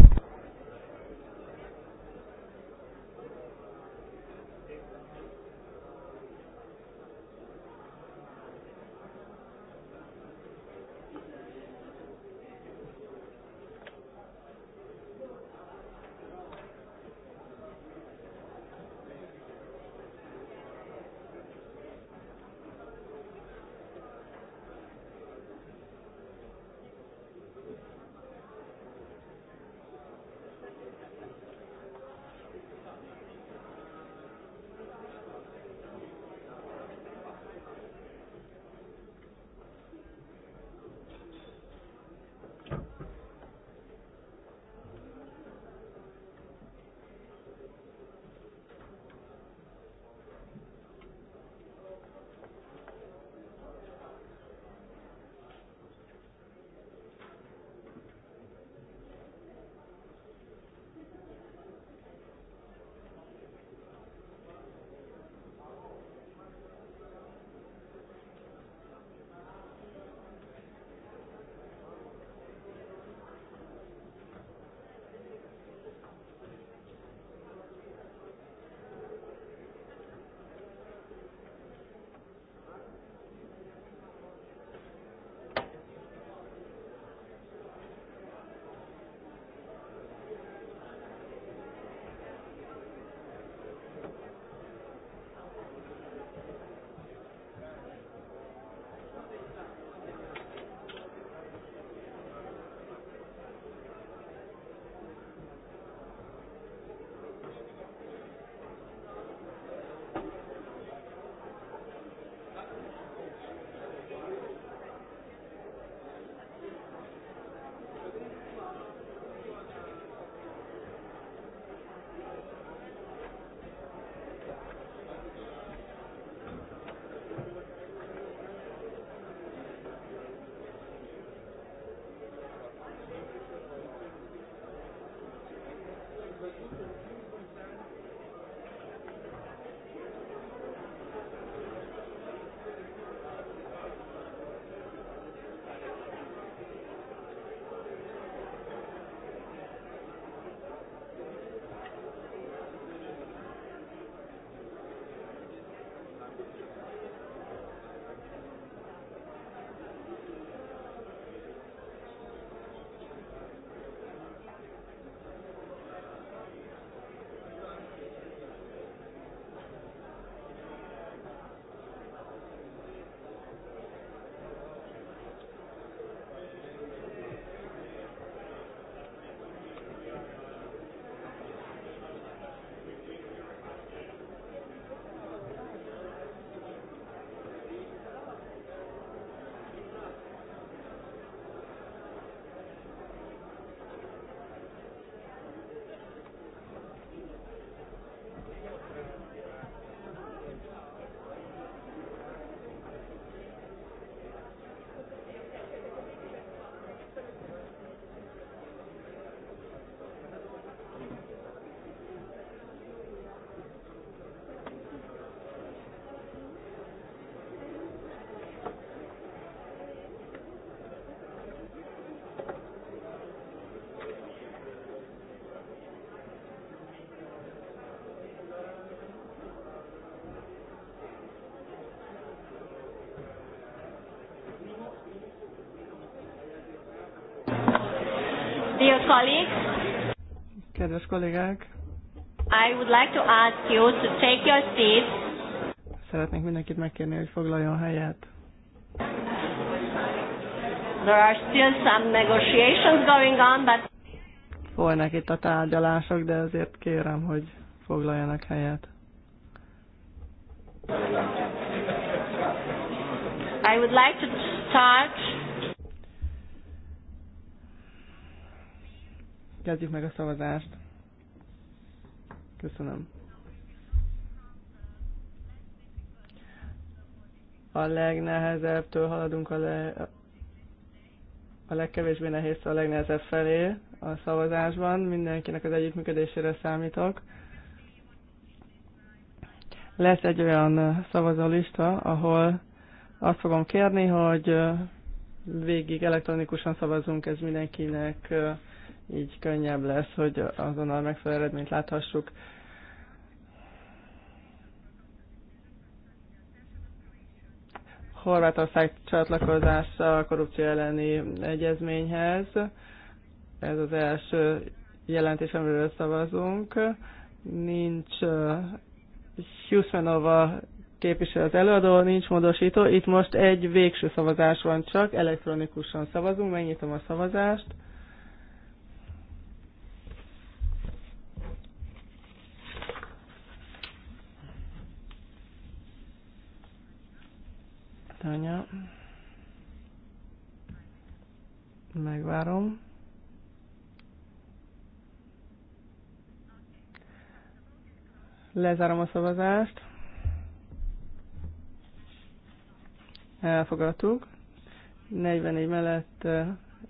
colleagues, kedves kollégák, I would like to ask you to take your seat. Szeretnék mindenkit megkérni, hogy foglaljon helyet. There are still some negotiations going on, but Folynak itt a tárgyalások, de azért kérem, hogy foglaljanak helyet. I would like to start Kezdjük meg a szavazást. Köszönöm. A legnehezebbtől haladunk a, le, a legkevésbé nehéz a legnehezebb felé a szavazásban. Mindenkinek az együttműködésére számítok. Lesz egy olyan szavazólista, ahol azt fogom kérni, hogy végig elektronikusan szavazunk, ez mindenkinek így könnyebb lesz, hogy azonnal megfelelő eredményt láthassuk. Horvátország csatlakozása a korrupció elleni egyezményhez. Ez az első jelentés, amiről szavazunk. Nincs Huszmanova képviselő az előadó, nincs módosító. Itt most egy végső szavazás van csak, elektronikusan szavazunk, megnyitom a szavazást. asszonya. Megvárom. Lezárom a szavazást. Elfogadtuk. 44 mellett eh,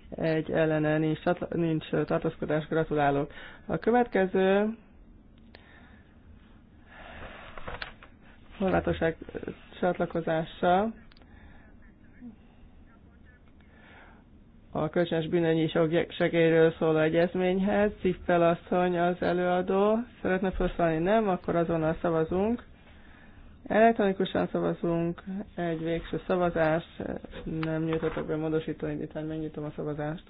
egy ellene nincs, nincs tartózkodás, gratulálok. A következő Horvátország csatlakozása a kölcsönös bűnönyi segélyről szóló egyezményhez. Cippel asszony az előadó. Szeretne felszólalni? Nem? Akkor azonnal szavazunk. Elektronikusan szavazunk. Egy végső szavazás. Nem nyújtottak be módosító indítvány. Megnyitom a szavazást.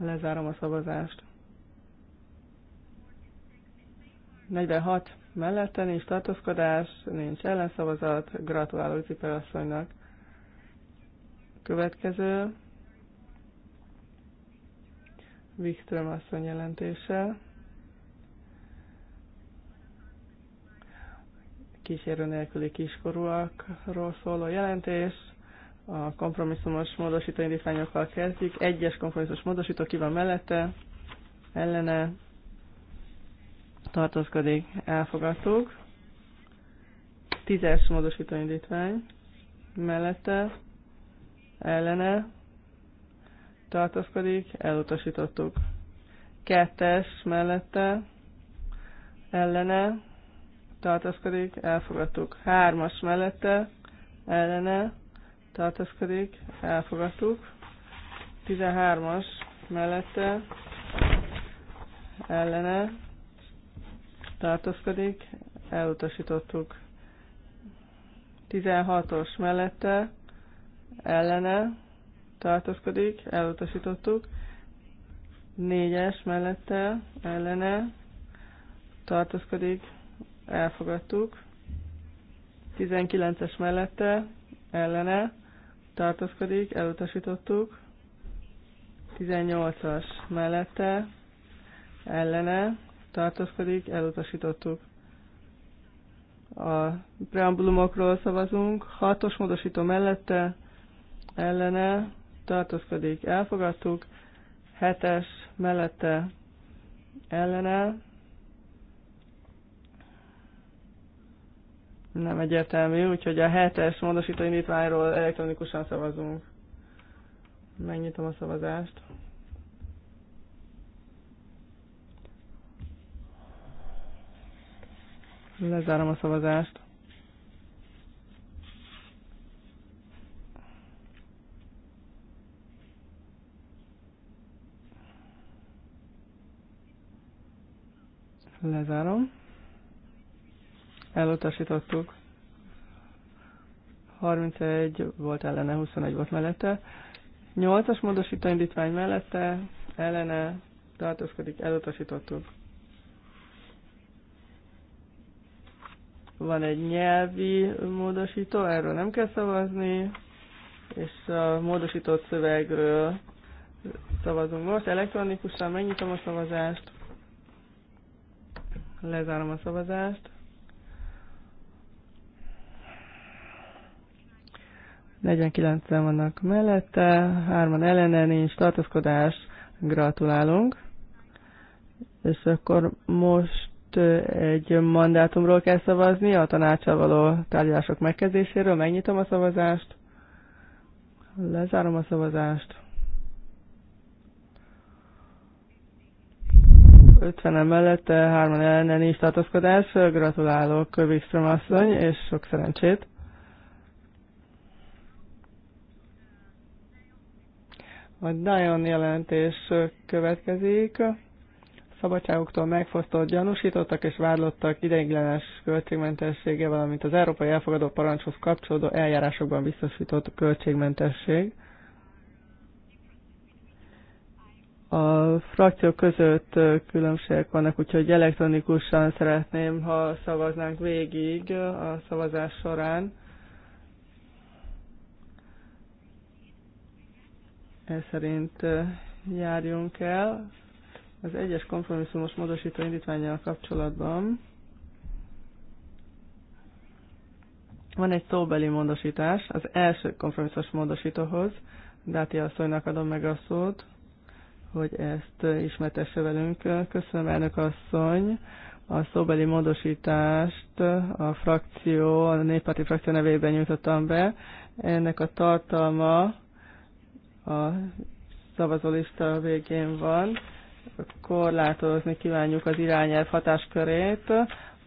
Lezárom a szavazást. 46 mellette nincs tartózkodás, nincs ellenszavazat. gratuláló Ciper asszonynak. Következő. Wikström asszony jelentése. Kísérő nélküli kiskorúakról szóló jelentés. A kompromisszumos módosító indítványokkal kezdjük. Egyes kompromisszumos módosító ki van mellette, ellene, tartózkodik, elfogadtuk. Tízes módosítóindítvány mellette, ellene, tartózkodik, elutasítottuk. Kettes mellette, ellene, tartózkodik, elfogadtuk. Hármas mellette, ellene, tartózkodik, elfogadtuk. tizenhármas mellette, ellene, tartózkodik, elutasítottuk. 16-os mellette, ellene, tartózkodik, elutasítottuk. 4-es mellette, ellene, tartózkodik, elfogadtuk. 19-es mellette, ellene, tartózkodik, elutasítottuk. 18-as mellette, ellene, tartózkodik, elutasítottuk. A preambulumokról szavazunk, hatos módosító mellette, ellene, tartózkodik, elfogadtuk, hetes mellette, ellene, nem egyértelmű, úgyhogy a hetes módosító indítványról elektronikusan szavazunk. Megnyitom a szavazást. Lezárom a szavazást. Lezárom. Elutasítottuk. 31 volt ellene, 21 volt mellette. 8-as módosító indítvány mellette, ellene, tartózkodik, elutasítottuk. Van egy nyelvi módosító, erről nem kell szavazni, és a módosított szövegről szavazunk most. Elektronikusan megnyitom a szavazást, lezárom a szavazást. 49-en vannak mellette, hárman ellene, nincs tartozkodás, gratulálunk. És akkor most egy mandátumról kell szavazni, a tanácsal való tárgyalások megkezdéséről. Megnyitom a szavazást, lezárom a szavazást. 50 mellette, 3-an ellene nincs tartozkodás. Gratulálok Wikström asszony, és sok szerencsét. A Dion jelentés következik szabadságoktól megfosztott gyanúsítottak és vádlottak ideiglenes költségmentessége, valamint az európai elfogadó parancshoz kapcsolódó eljárásokban biztosított költségmentesség. A frakciók között különbségek vannak, úgyhogy elektronikusan szeretném, ha szavaznánk végig a szavazás során. Ez szerint járjunk el. Az egyes kompromisszumos módosító indítványjal kapcsolatban van egy szóbeli módosítás az első kompromisszumos módosítóhoz. Dáti asszonynak adom meg a szót, hogy ezt ismertesse velünk. Köszönöm, elnök asszony. A szóbeli módosítást a frakció, a néppárti frakció nevében nyújtottam be. Ennek a tartalma a szavazólista végén van korlátozni kívánjuk az irányelv hatáskörét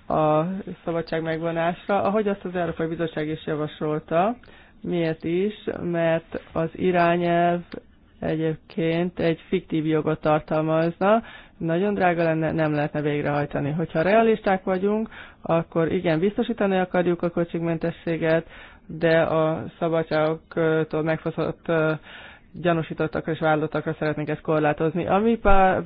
a szabadság megvonásra, ahogy azt az Európai Bizottság is javasolta. Miért is? Mert az irányelv egyébként egy fiktív jogot tartalmazna, nagyon drága lenne, nem lehetne végrehajtani. Hogyha realisták vagyunk, akkor igen, biztosítani akarjuk a költségmentességet, de a szabadságoktól megfoszott gyanúsítottakra és vállalatokra szeretnénk ezt korlátozni. Ami pár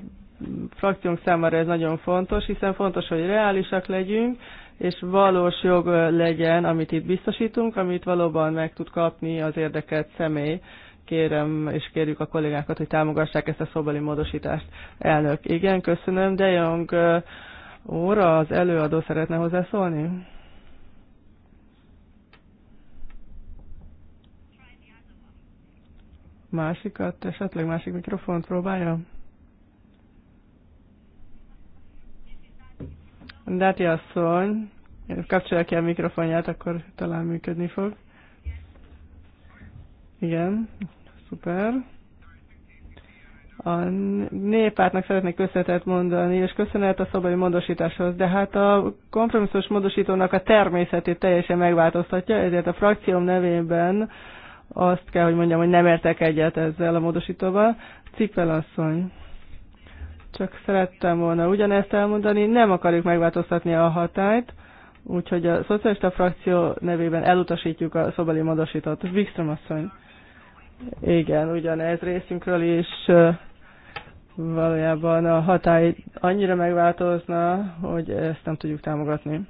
frakciónk számára ez nagyon fontos, hiszen fontos, hogy reálisak legyünk, és valós jog legyen, amit itt biztosítunk, amit valóban meg tud kapni az érdekelt személy. Kérem és kérjük a kollégákat, hogy támogassák ezt a szóbeli módosítást. Elnök, igen, köszönöm. De Jong óra az előadó szeretne hozzászólni? másikat, esetleg másik mikrofont próbálja? Dáti asszony, kapcsolja ki a mikrofonját, akkor talán működni fog. Igen, szuper. A néppártnak szeretnék köszönetet mondani, és köszönet a szobai módosításhoz, de hát a kompromisszus módosítónak a természetét teljesen megváltoztatja, ezért a frakcióm nevében azt kell, hogy mondjam, hogy nem értek egyet ezzel a módosítóval. Cipel asszony. Csak szerettem volna ugyanezt elmondani, nem akarjuk megváltoztatni a hatályt, úgyhogy a szocialista frakció nevében elutasítjuk a szobeli módosítót. Wikström asszony. Igen, ugyanez részünkről is valójában a hatály annyira megváltozna, hogy ezt nem tudjuk támogatni.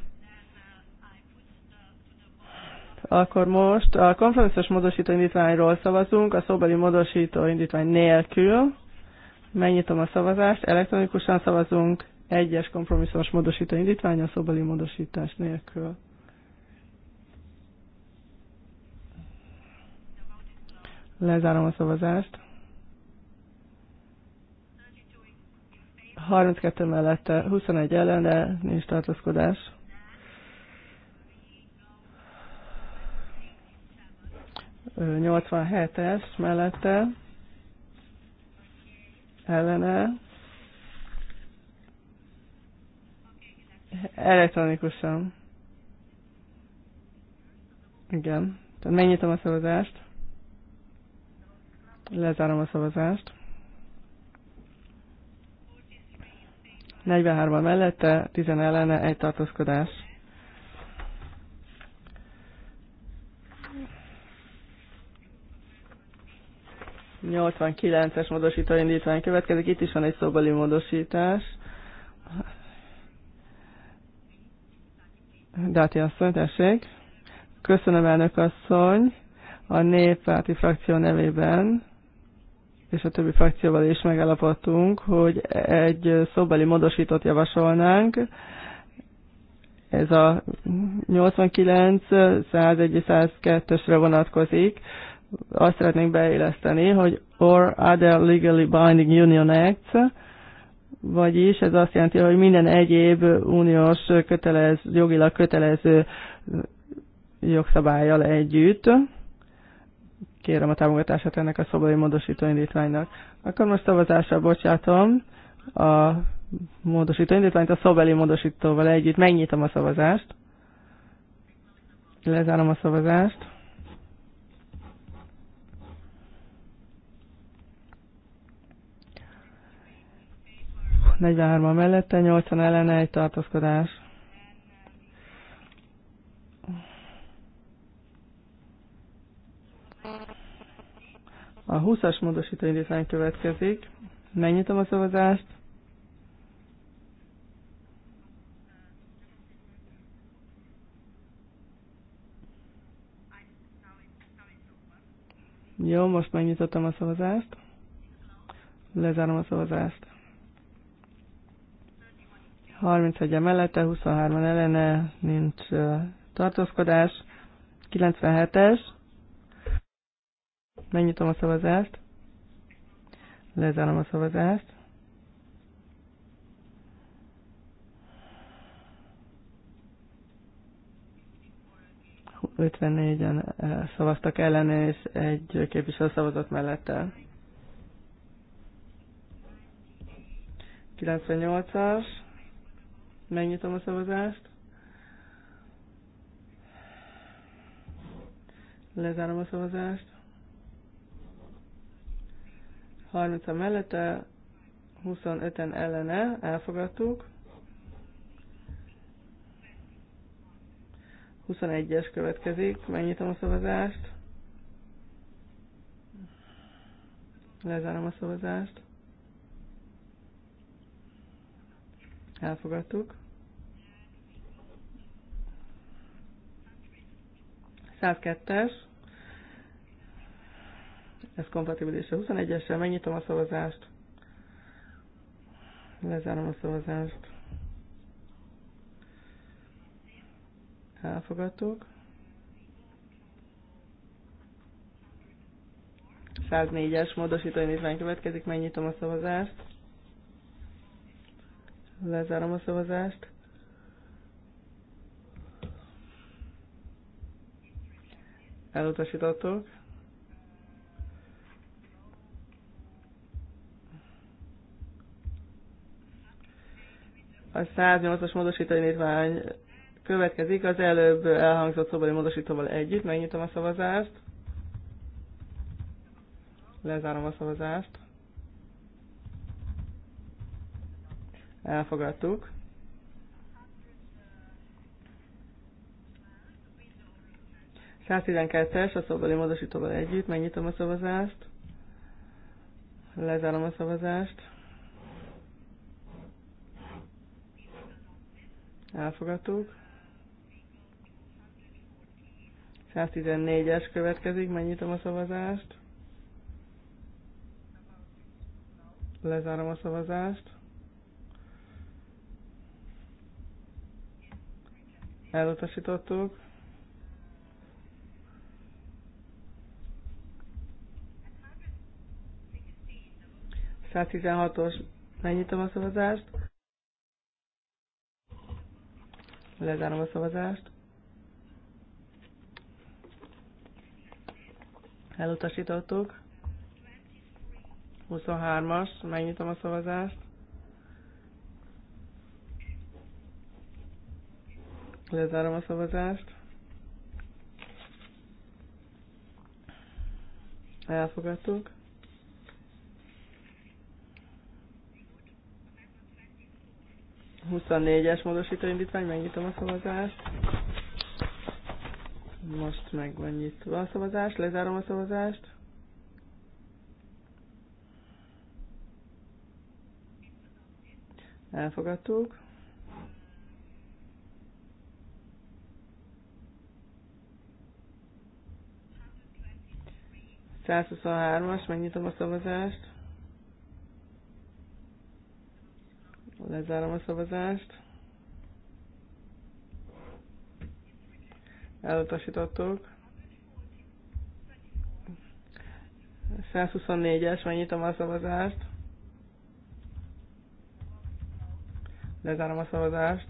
Akkor most a kompromisszus módosító indítványról szavazunk, a szóbeli módosító indítvány nélkül. Megnyitom a szavazást, elektronikusan szavazunk, egyes kompromisszumos módosító indítvány a szóbeli módosítás nélkül. Lezárom a szavazást. 32 mellette, 21 ellene, nincs tartózkodás. 87-es mellette ellene elektronikusan. Igen. Tehát megnyitom a szavazást. Lezárom a szavazást. 43 mellette, 10 ellene, egy tartózkodás. 89-es módosító indítvány következik. Itt is van egy szobali módosítás. Dáti asszony, tessék. Köszönöm, elnök asszony, a néppárti frakció nevében és a többi frakcióval is megállapodtunk, hogy egy szobeli módosítót javasolnánk. Ez a 89, 101 102-esre vonatkozik azt szeretnénk beilleszteni, hogy or other legally binding union acts, vagyis ez azt jelenti, hogy minden egyéb uniós kötelez, jogilag kötelező jogszabályjal együtt. Kérem a támogatását ennek a szobai módosító indítványnak. Akkor most szavazásra bocsátom a módosító indítványt a szobeli módosítóval együtt. Megnyitom a szavazást. Lezárom a szavazást. 43 mellette, 80 ellene egy tartózkodás. A 20-as módosító indítvány következik. Megnyitom a szavazást. Jó, most megnyitottam a szavazást. Lezárom a szavazást. 31 mellette, 23-an ellene nincs tartózkodás. 97-es. Megnyitom a szavazást. Lezárom a szavazást. Ötvennégyen szavaztak ellen, és egy képviselő szavazott mellette. 98-as. Megnyitom a szavazást. Lezárom a szavazást. 30 a mellette, 25-en ellene, elfogadtuk. 21-es következik, megnyitom a szavazást. Lezárom a szavazást. elfogadtuk. 102-es, ez kompatibilis a 21-essel, megnyitom a szavazást, lezárom a szavazást, elfogadtuk. 104-es módosítói nézvány következik, megnyitom a szavazást. Lezárom a szavazást. Elutasítottuk. A 108-as nyitvány következik az előbb elhangzott szobori módosítóval együtt. Megnyitom a szavazást. Lezárom a szavazást. elfogadtuk. es a szóbeli módosítóval együtt, megnyitom a szavazást, lezárom a szavazást, elfogadtuk. 114-es következik, megnyitom a szavazást. Lezárom a szavazást. elutasítottuk. os megnyitom a szavazást. Lezárom a szavazást. Elutasítottuk. 23-as, megnyitom a szavazást. Lezárom a szavazást. Elfogadtuk. es módosító indítvány, megnyitom a szavazást. Most meg van nyitva a szavazást, lezárom a szavazást. Elfogadtuk. 123-as, megnyitom a szavazást. Lezárom a szavazást. Elutasítottuk. 124-es, megnyitom a szavazást. Lezárom a szavazást.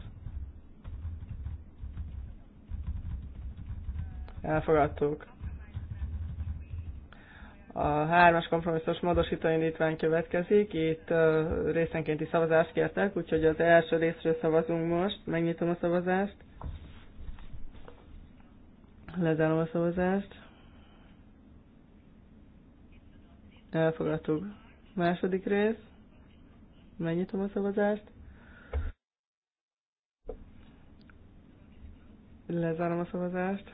Elfogadtuk. A hármas kompromisszos módosító indítvány következik, itt részenkénti szavazást kértek, úgyhogy az első részről szavazunk most, megnyitom a szavazást, lezárom a szavazást, elfogadtuk. Második rész, megnyitom a szavazást, lezárom a szavazást,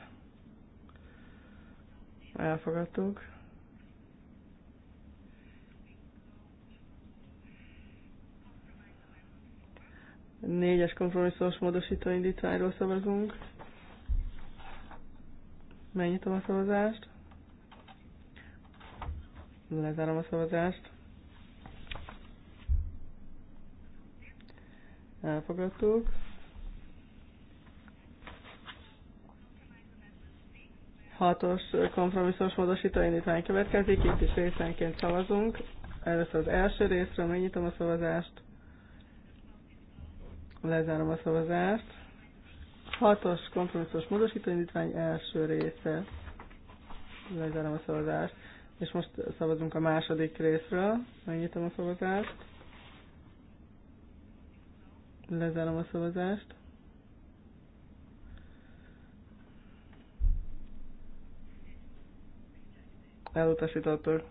elfogadtuk. Négyes kompromisszós módosító indítványról szavazunk. Megnyitom a szavazást. Lezárom a szavazást. Elfogadtuk. Hatos kompromisszós módosító indítvány következik, itt is részenként szavazunk. Először az első részről megnyitom a szavazást. Lezárom a szavazást. Hatos kompromisszós módosítóindítvány első része. Lezárom a szavazást. És most szavazunk a második részről. Megnyitom a szavazást. Lezárom a szavazást. Elutasítottuk.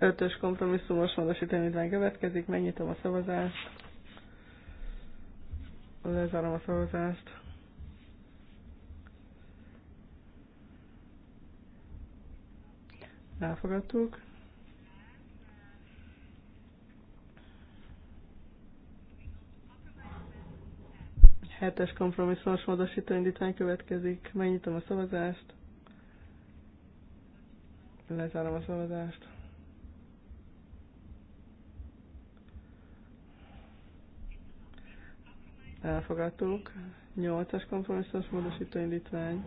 Ötös kompromisszumos módosítani következik, megnyitom a szavazást. Lezárom a szavazást. Elfogadtuk. Hetes kompromisszumos módosító indítvány következik. Megnyitom a szavazást. Lezárom a szavazást. elfogadtuk. 8-as kompromisszós módosító indítvány.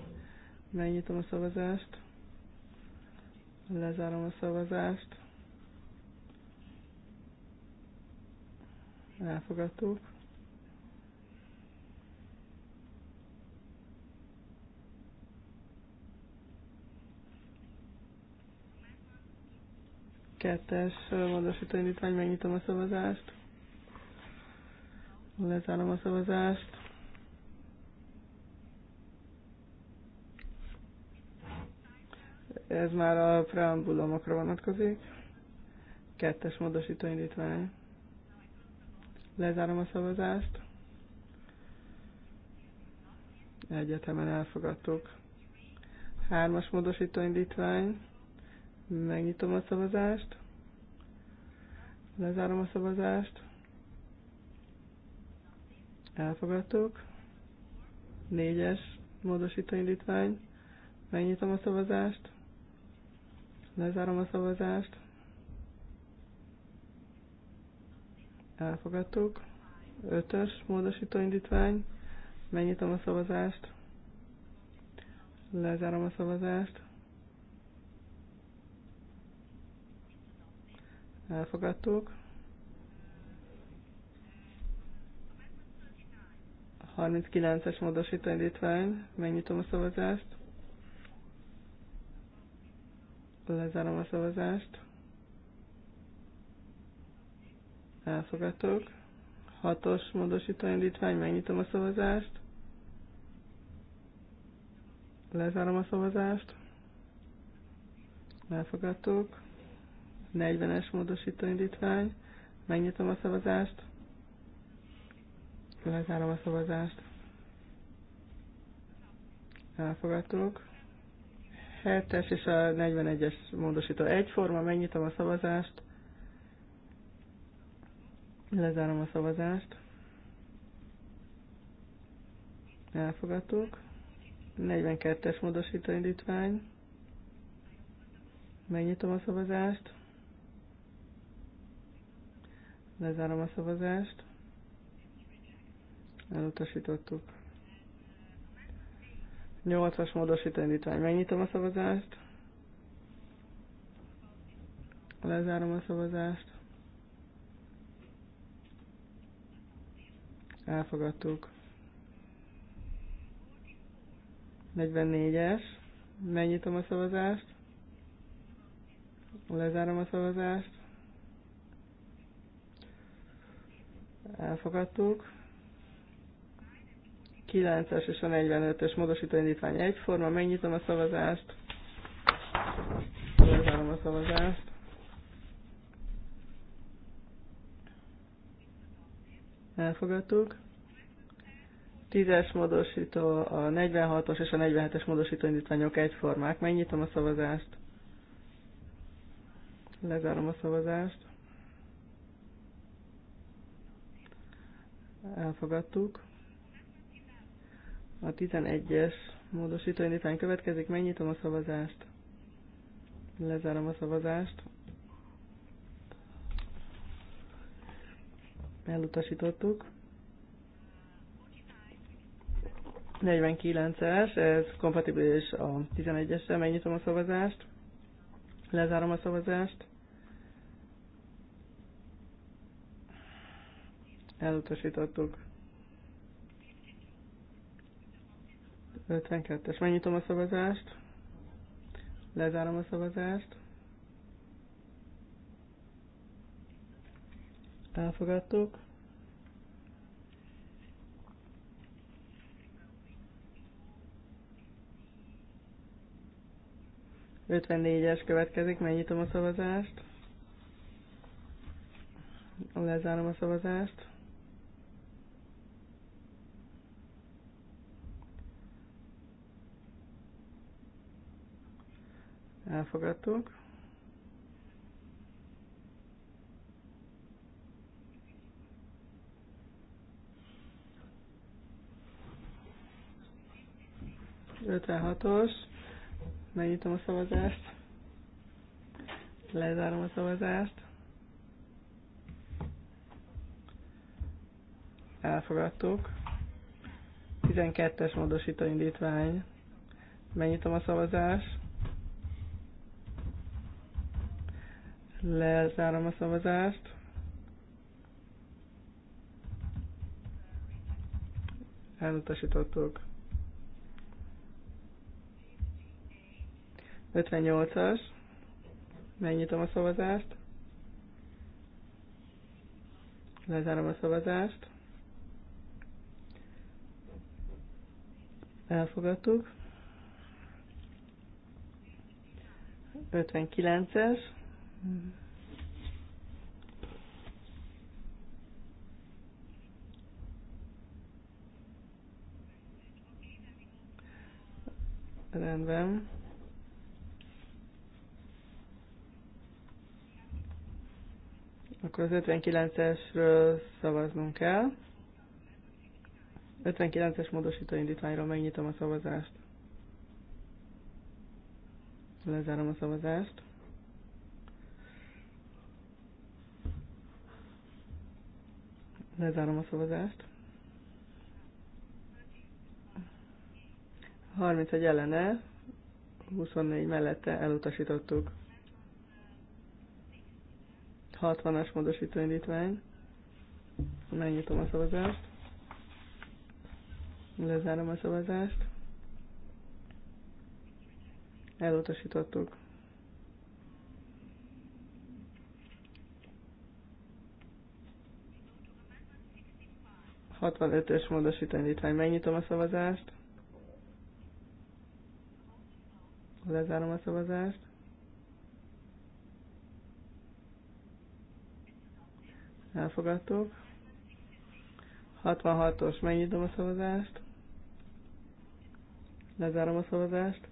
Megnyitom a szavazást. Lezárom a szavazást. Elfogadtuk. Kettes módosító indítvány, megnyitom a szavazást. Lezárom a szavazást. Ez már a preambulumokra vonatkozik. Kettes módosító indítvány. Lezárom a szavazást. Egyetemen elfogadtuk. Hármas módosító indítvány. Megnyitom a szavazást. Lezárom a szavazást. Elfogadtuk. Négyes indítvány, Megnyitom a szavazást. Lezárom a szavazást. Elfogadtuk. Ötös indítvány, Megnyitom a szavazást. Lezárom a szavazást. Elfogadtuk. 39-es módosító indítvány. Megnyitom a szavazást. Lezárom a szavazást. Elfogadok. 6-os módosító indítvány. Megnyitom a szavazást. Lezárom a szavazást. Elfogadok. 40-es módosító indítvány. Megnyitom a szavazást. Lezárom a szavazást. Elfogadtuk. 7-es és a 41-es módosító egyforma, megnyitom a szavazást. Lezárom a szavazást. Elfogadtuk. 42-es módosító indítvány. Megnyitom a szavazást. Lezárom a szavazást. Elutasítottuk. 8-as módosító indítvány. Megnyitom a szavazást. Lezárom a szavazást. Elfogadtuk. 44-es. Megnyitom a szavazást. Lezárom a szavazást. Elfogadtuk. 9-es és a 45-ös módosító indítvány egyforma. Megnyitom a szavazást. Lezárom a szavazást. Elfogadtuk. 10-es módosító, a 46-os és a 47-es módosító indítványok egyformák. Megnyitom a szavazást. Lezárom a szavazást. Elfogadtuk. A 11-es módosító indítvány következik, megnyitom a szavazást. Lezárom a szavazást. Elutasítottuk. 49-es, ez kompatibilis a 11-essel, megnyitom a szavazást. Lezárom a szavazást. Elutasítottuk. 52-es. Megnyitom a szavazást. Lezárom a szavazást. Elfogadtuk. Ötvennégyes következik, megnyitom a szavazást. Lezárom a szavazást. elfogadtuk. Ötvenhatos, megnyitom a szavazást, lezárom a szavazást, elfogadtuk. 12-es módosító indítvány, megnyitom a szavazást, Lezárom a szavazást. Elutasítottuk. 58-as. Megnyitom a szavazást. Lezárom a szavazást. Elfogadtuk. 59-es. Hmm. Rendben. Akkor az 59-esről szavaznunk kell. 59-es módosító indítványról megnyitom a szavazást. Lezárom a szavazást. Lezárom a szavazást. 31 ellene, 24 mellette elutasítottuk. 60-as módosítóindítvány. indítvány. Megnyitom a szavazást. Lezárom a szavazást. Elutasítottuk. 65-ös módosító indítvány. Megnyitom a szavazást. Lezárom a szavazást. Elfogadtuk. 66-os. Megnyitom a szavazást. Lezárom a szavazást.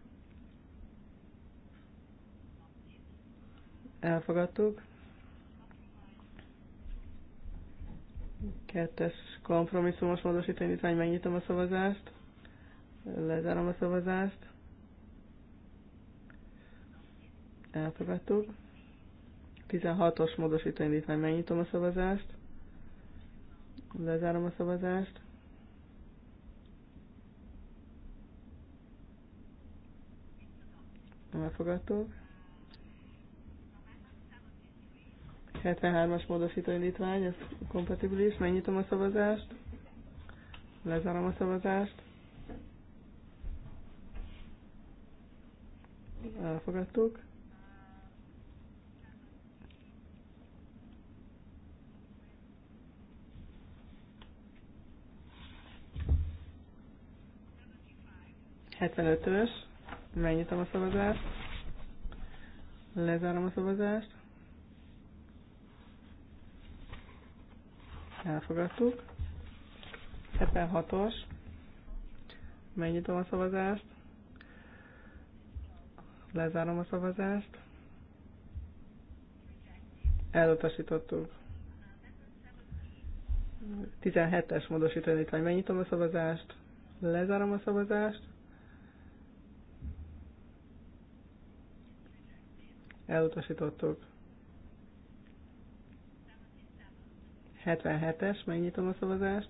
Elfogadtuk. Kettes Kompromisszumos módosító indítvány, megnyitom a szavazást. Lezárom a szavazást. Elfogadtuk. 16-os módosító indítvány, megnyitom a szavazást. Lezárom a szavazást. Elfogadtuk. 73-as módosító indítvány, ez kompatibilis. Megnyitom a szavazást. Lezárom a szavazást. Elfogadtuk. Hetvenötös. Megnyitom a szavazást. Lezárom a szavazást. Elfogadtuk. 76-os. Megnyitom a szavazást. Lezárom a szavazást. Elutasítottuk. 17-es módosítanítvány. Megnyitom a szavazást. Lezárom a szavazást. Elutasítottuk. 77-es, megnyitom a szavazást.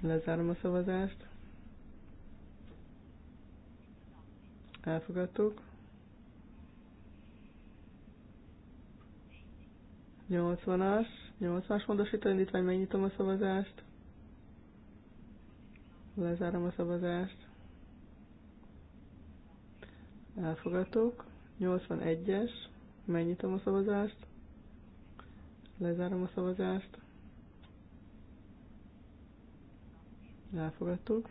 Lezárom a szavazást. Elfogadtuk. 80-as, 80-as módosító indítvány, megnyitom a szavazást. Lezárom a szavazást. Elfogadtuk. 81-es, megnyitom a szavazást. Lezárom a szavazást. Elfogadtuk.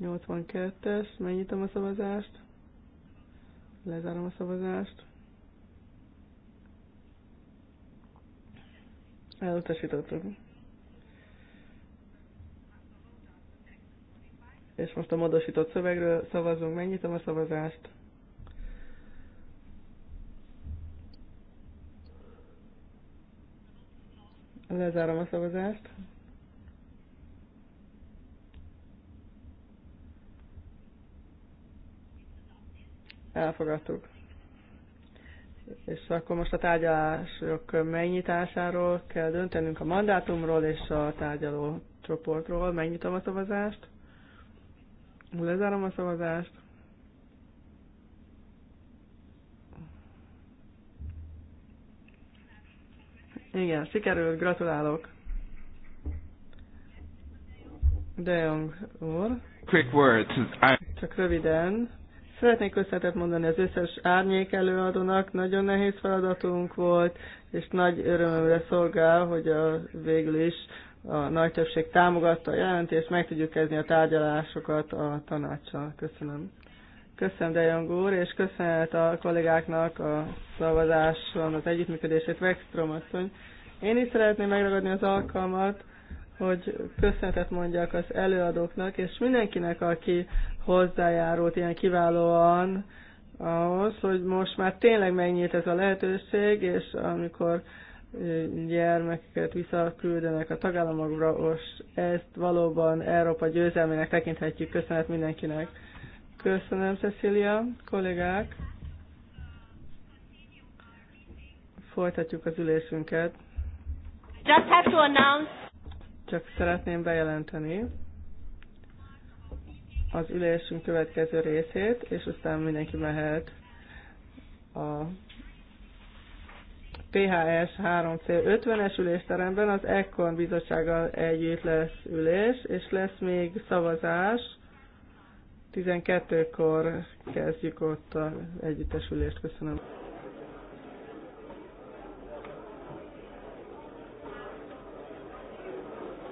82-es, megnyitom a szavazást. Lezárom a szavazást. Elutasítottuk. És most a módosított szövegről szavazunk, megnyitom a szavazást. Lezárom a szavazást. Elfogadtuk. És akkor most a tárgyalások megnyitásáról kell döntenünk a mandátumról és a tárgyaló csoportról. Megnyitom a szavazást. Lezárom a szavazást. Igen, sikerült, gratulálok. De Jong úr. Quick words. Csak röviden. Szeretnék köszönetet mondani az összes árnyék előadónak, nagyon nehéz feladatunk volt, és nagy örömömre szolgál, hogy a, végül is a nagy többség támogatta a jelentést, meg tudjuk kezdeni a tárgyalásokat a tanácssal. Köszönöm. Köszönöm, Dejong úr, és köszönet a kollégáknak a szavazáson az együttműködését, Vextrom asszony. Én is szeretném megragadni az alkalmat, hogy köszönetet mondjak az előadóknak, és mindenkinek, aki hozzájárult ilyen kiválóan ahhoz, hogy most már tényleg megnyílt ez a lehetőség, és amikor gyermekeket visszaküldenek a tagállamokra, most ezt valóban Európa győzelmének tekinthetjük. Köszönet mindenkinek! Köszönöm, Cecilia, kollégák. Folytatjuk az ülésünket. Just have to announce. Csak szeretném bejelenteni az ülésünk következő részét, és aztán mindenki mehet a PHS 3C50-es ülésteremben az Ekkon bizottsággal együtt lesz ülés, és lesz még szavazás 12-kor kezdjük ott az együttesülést. Köszönöm.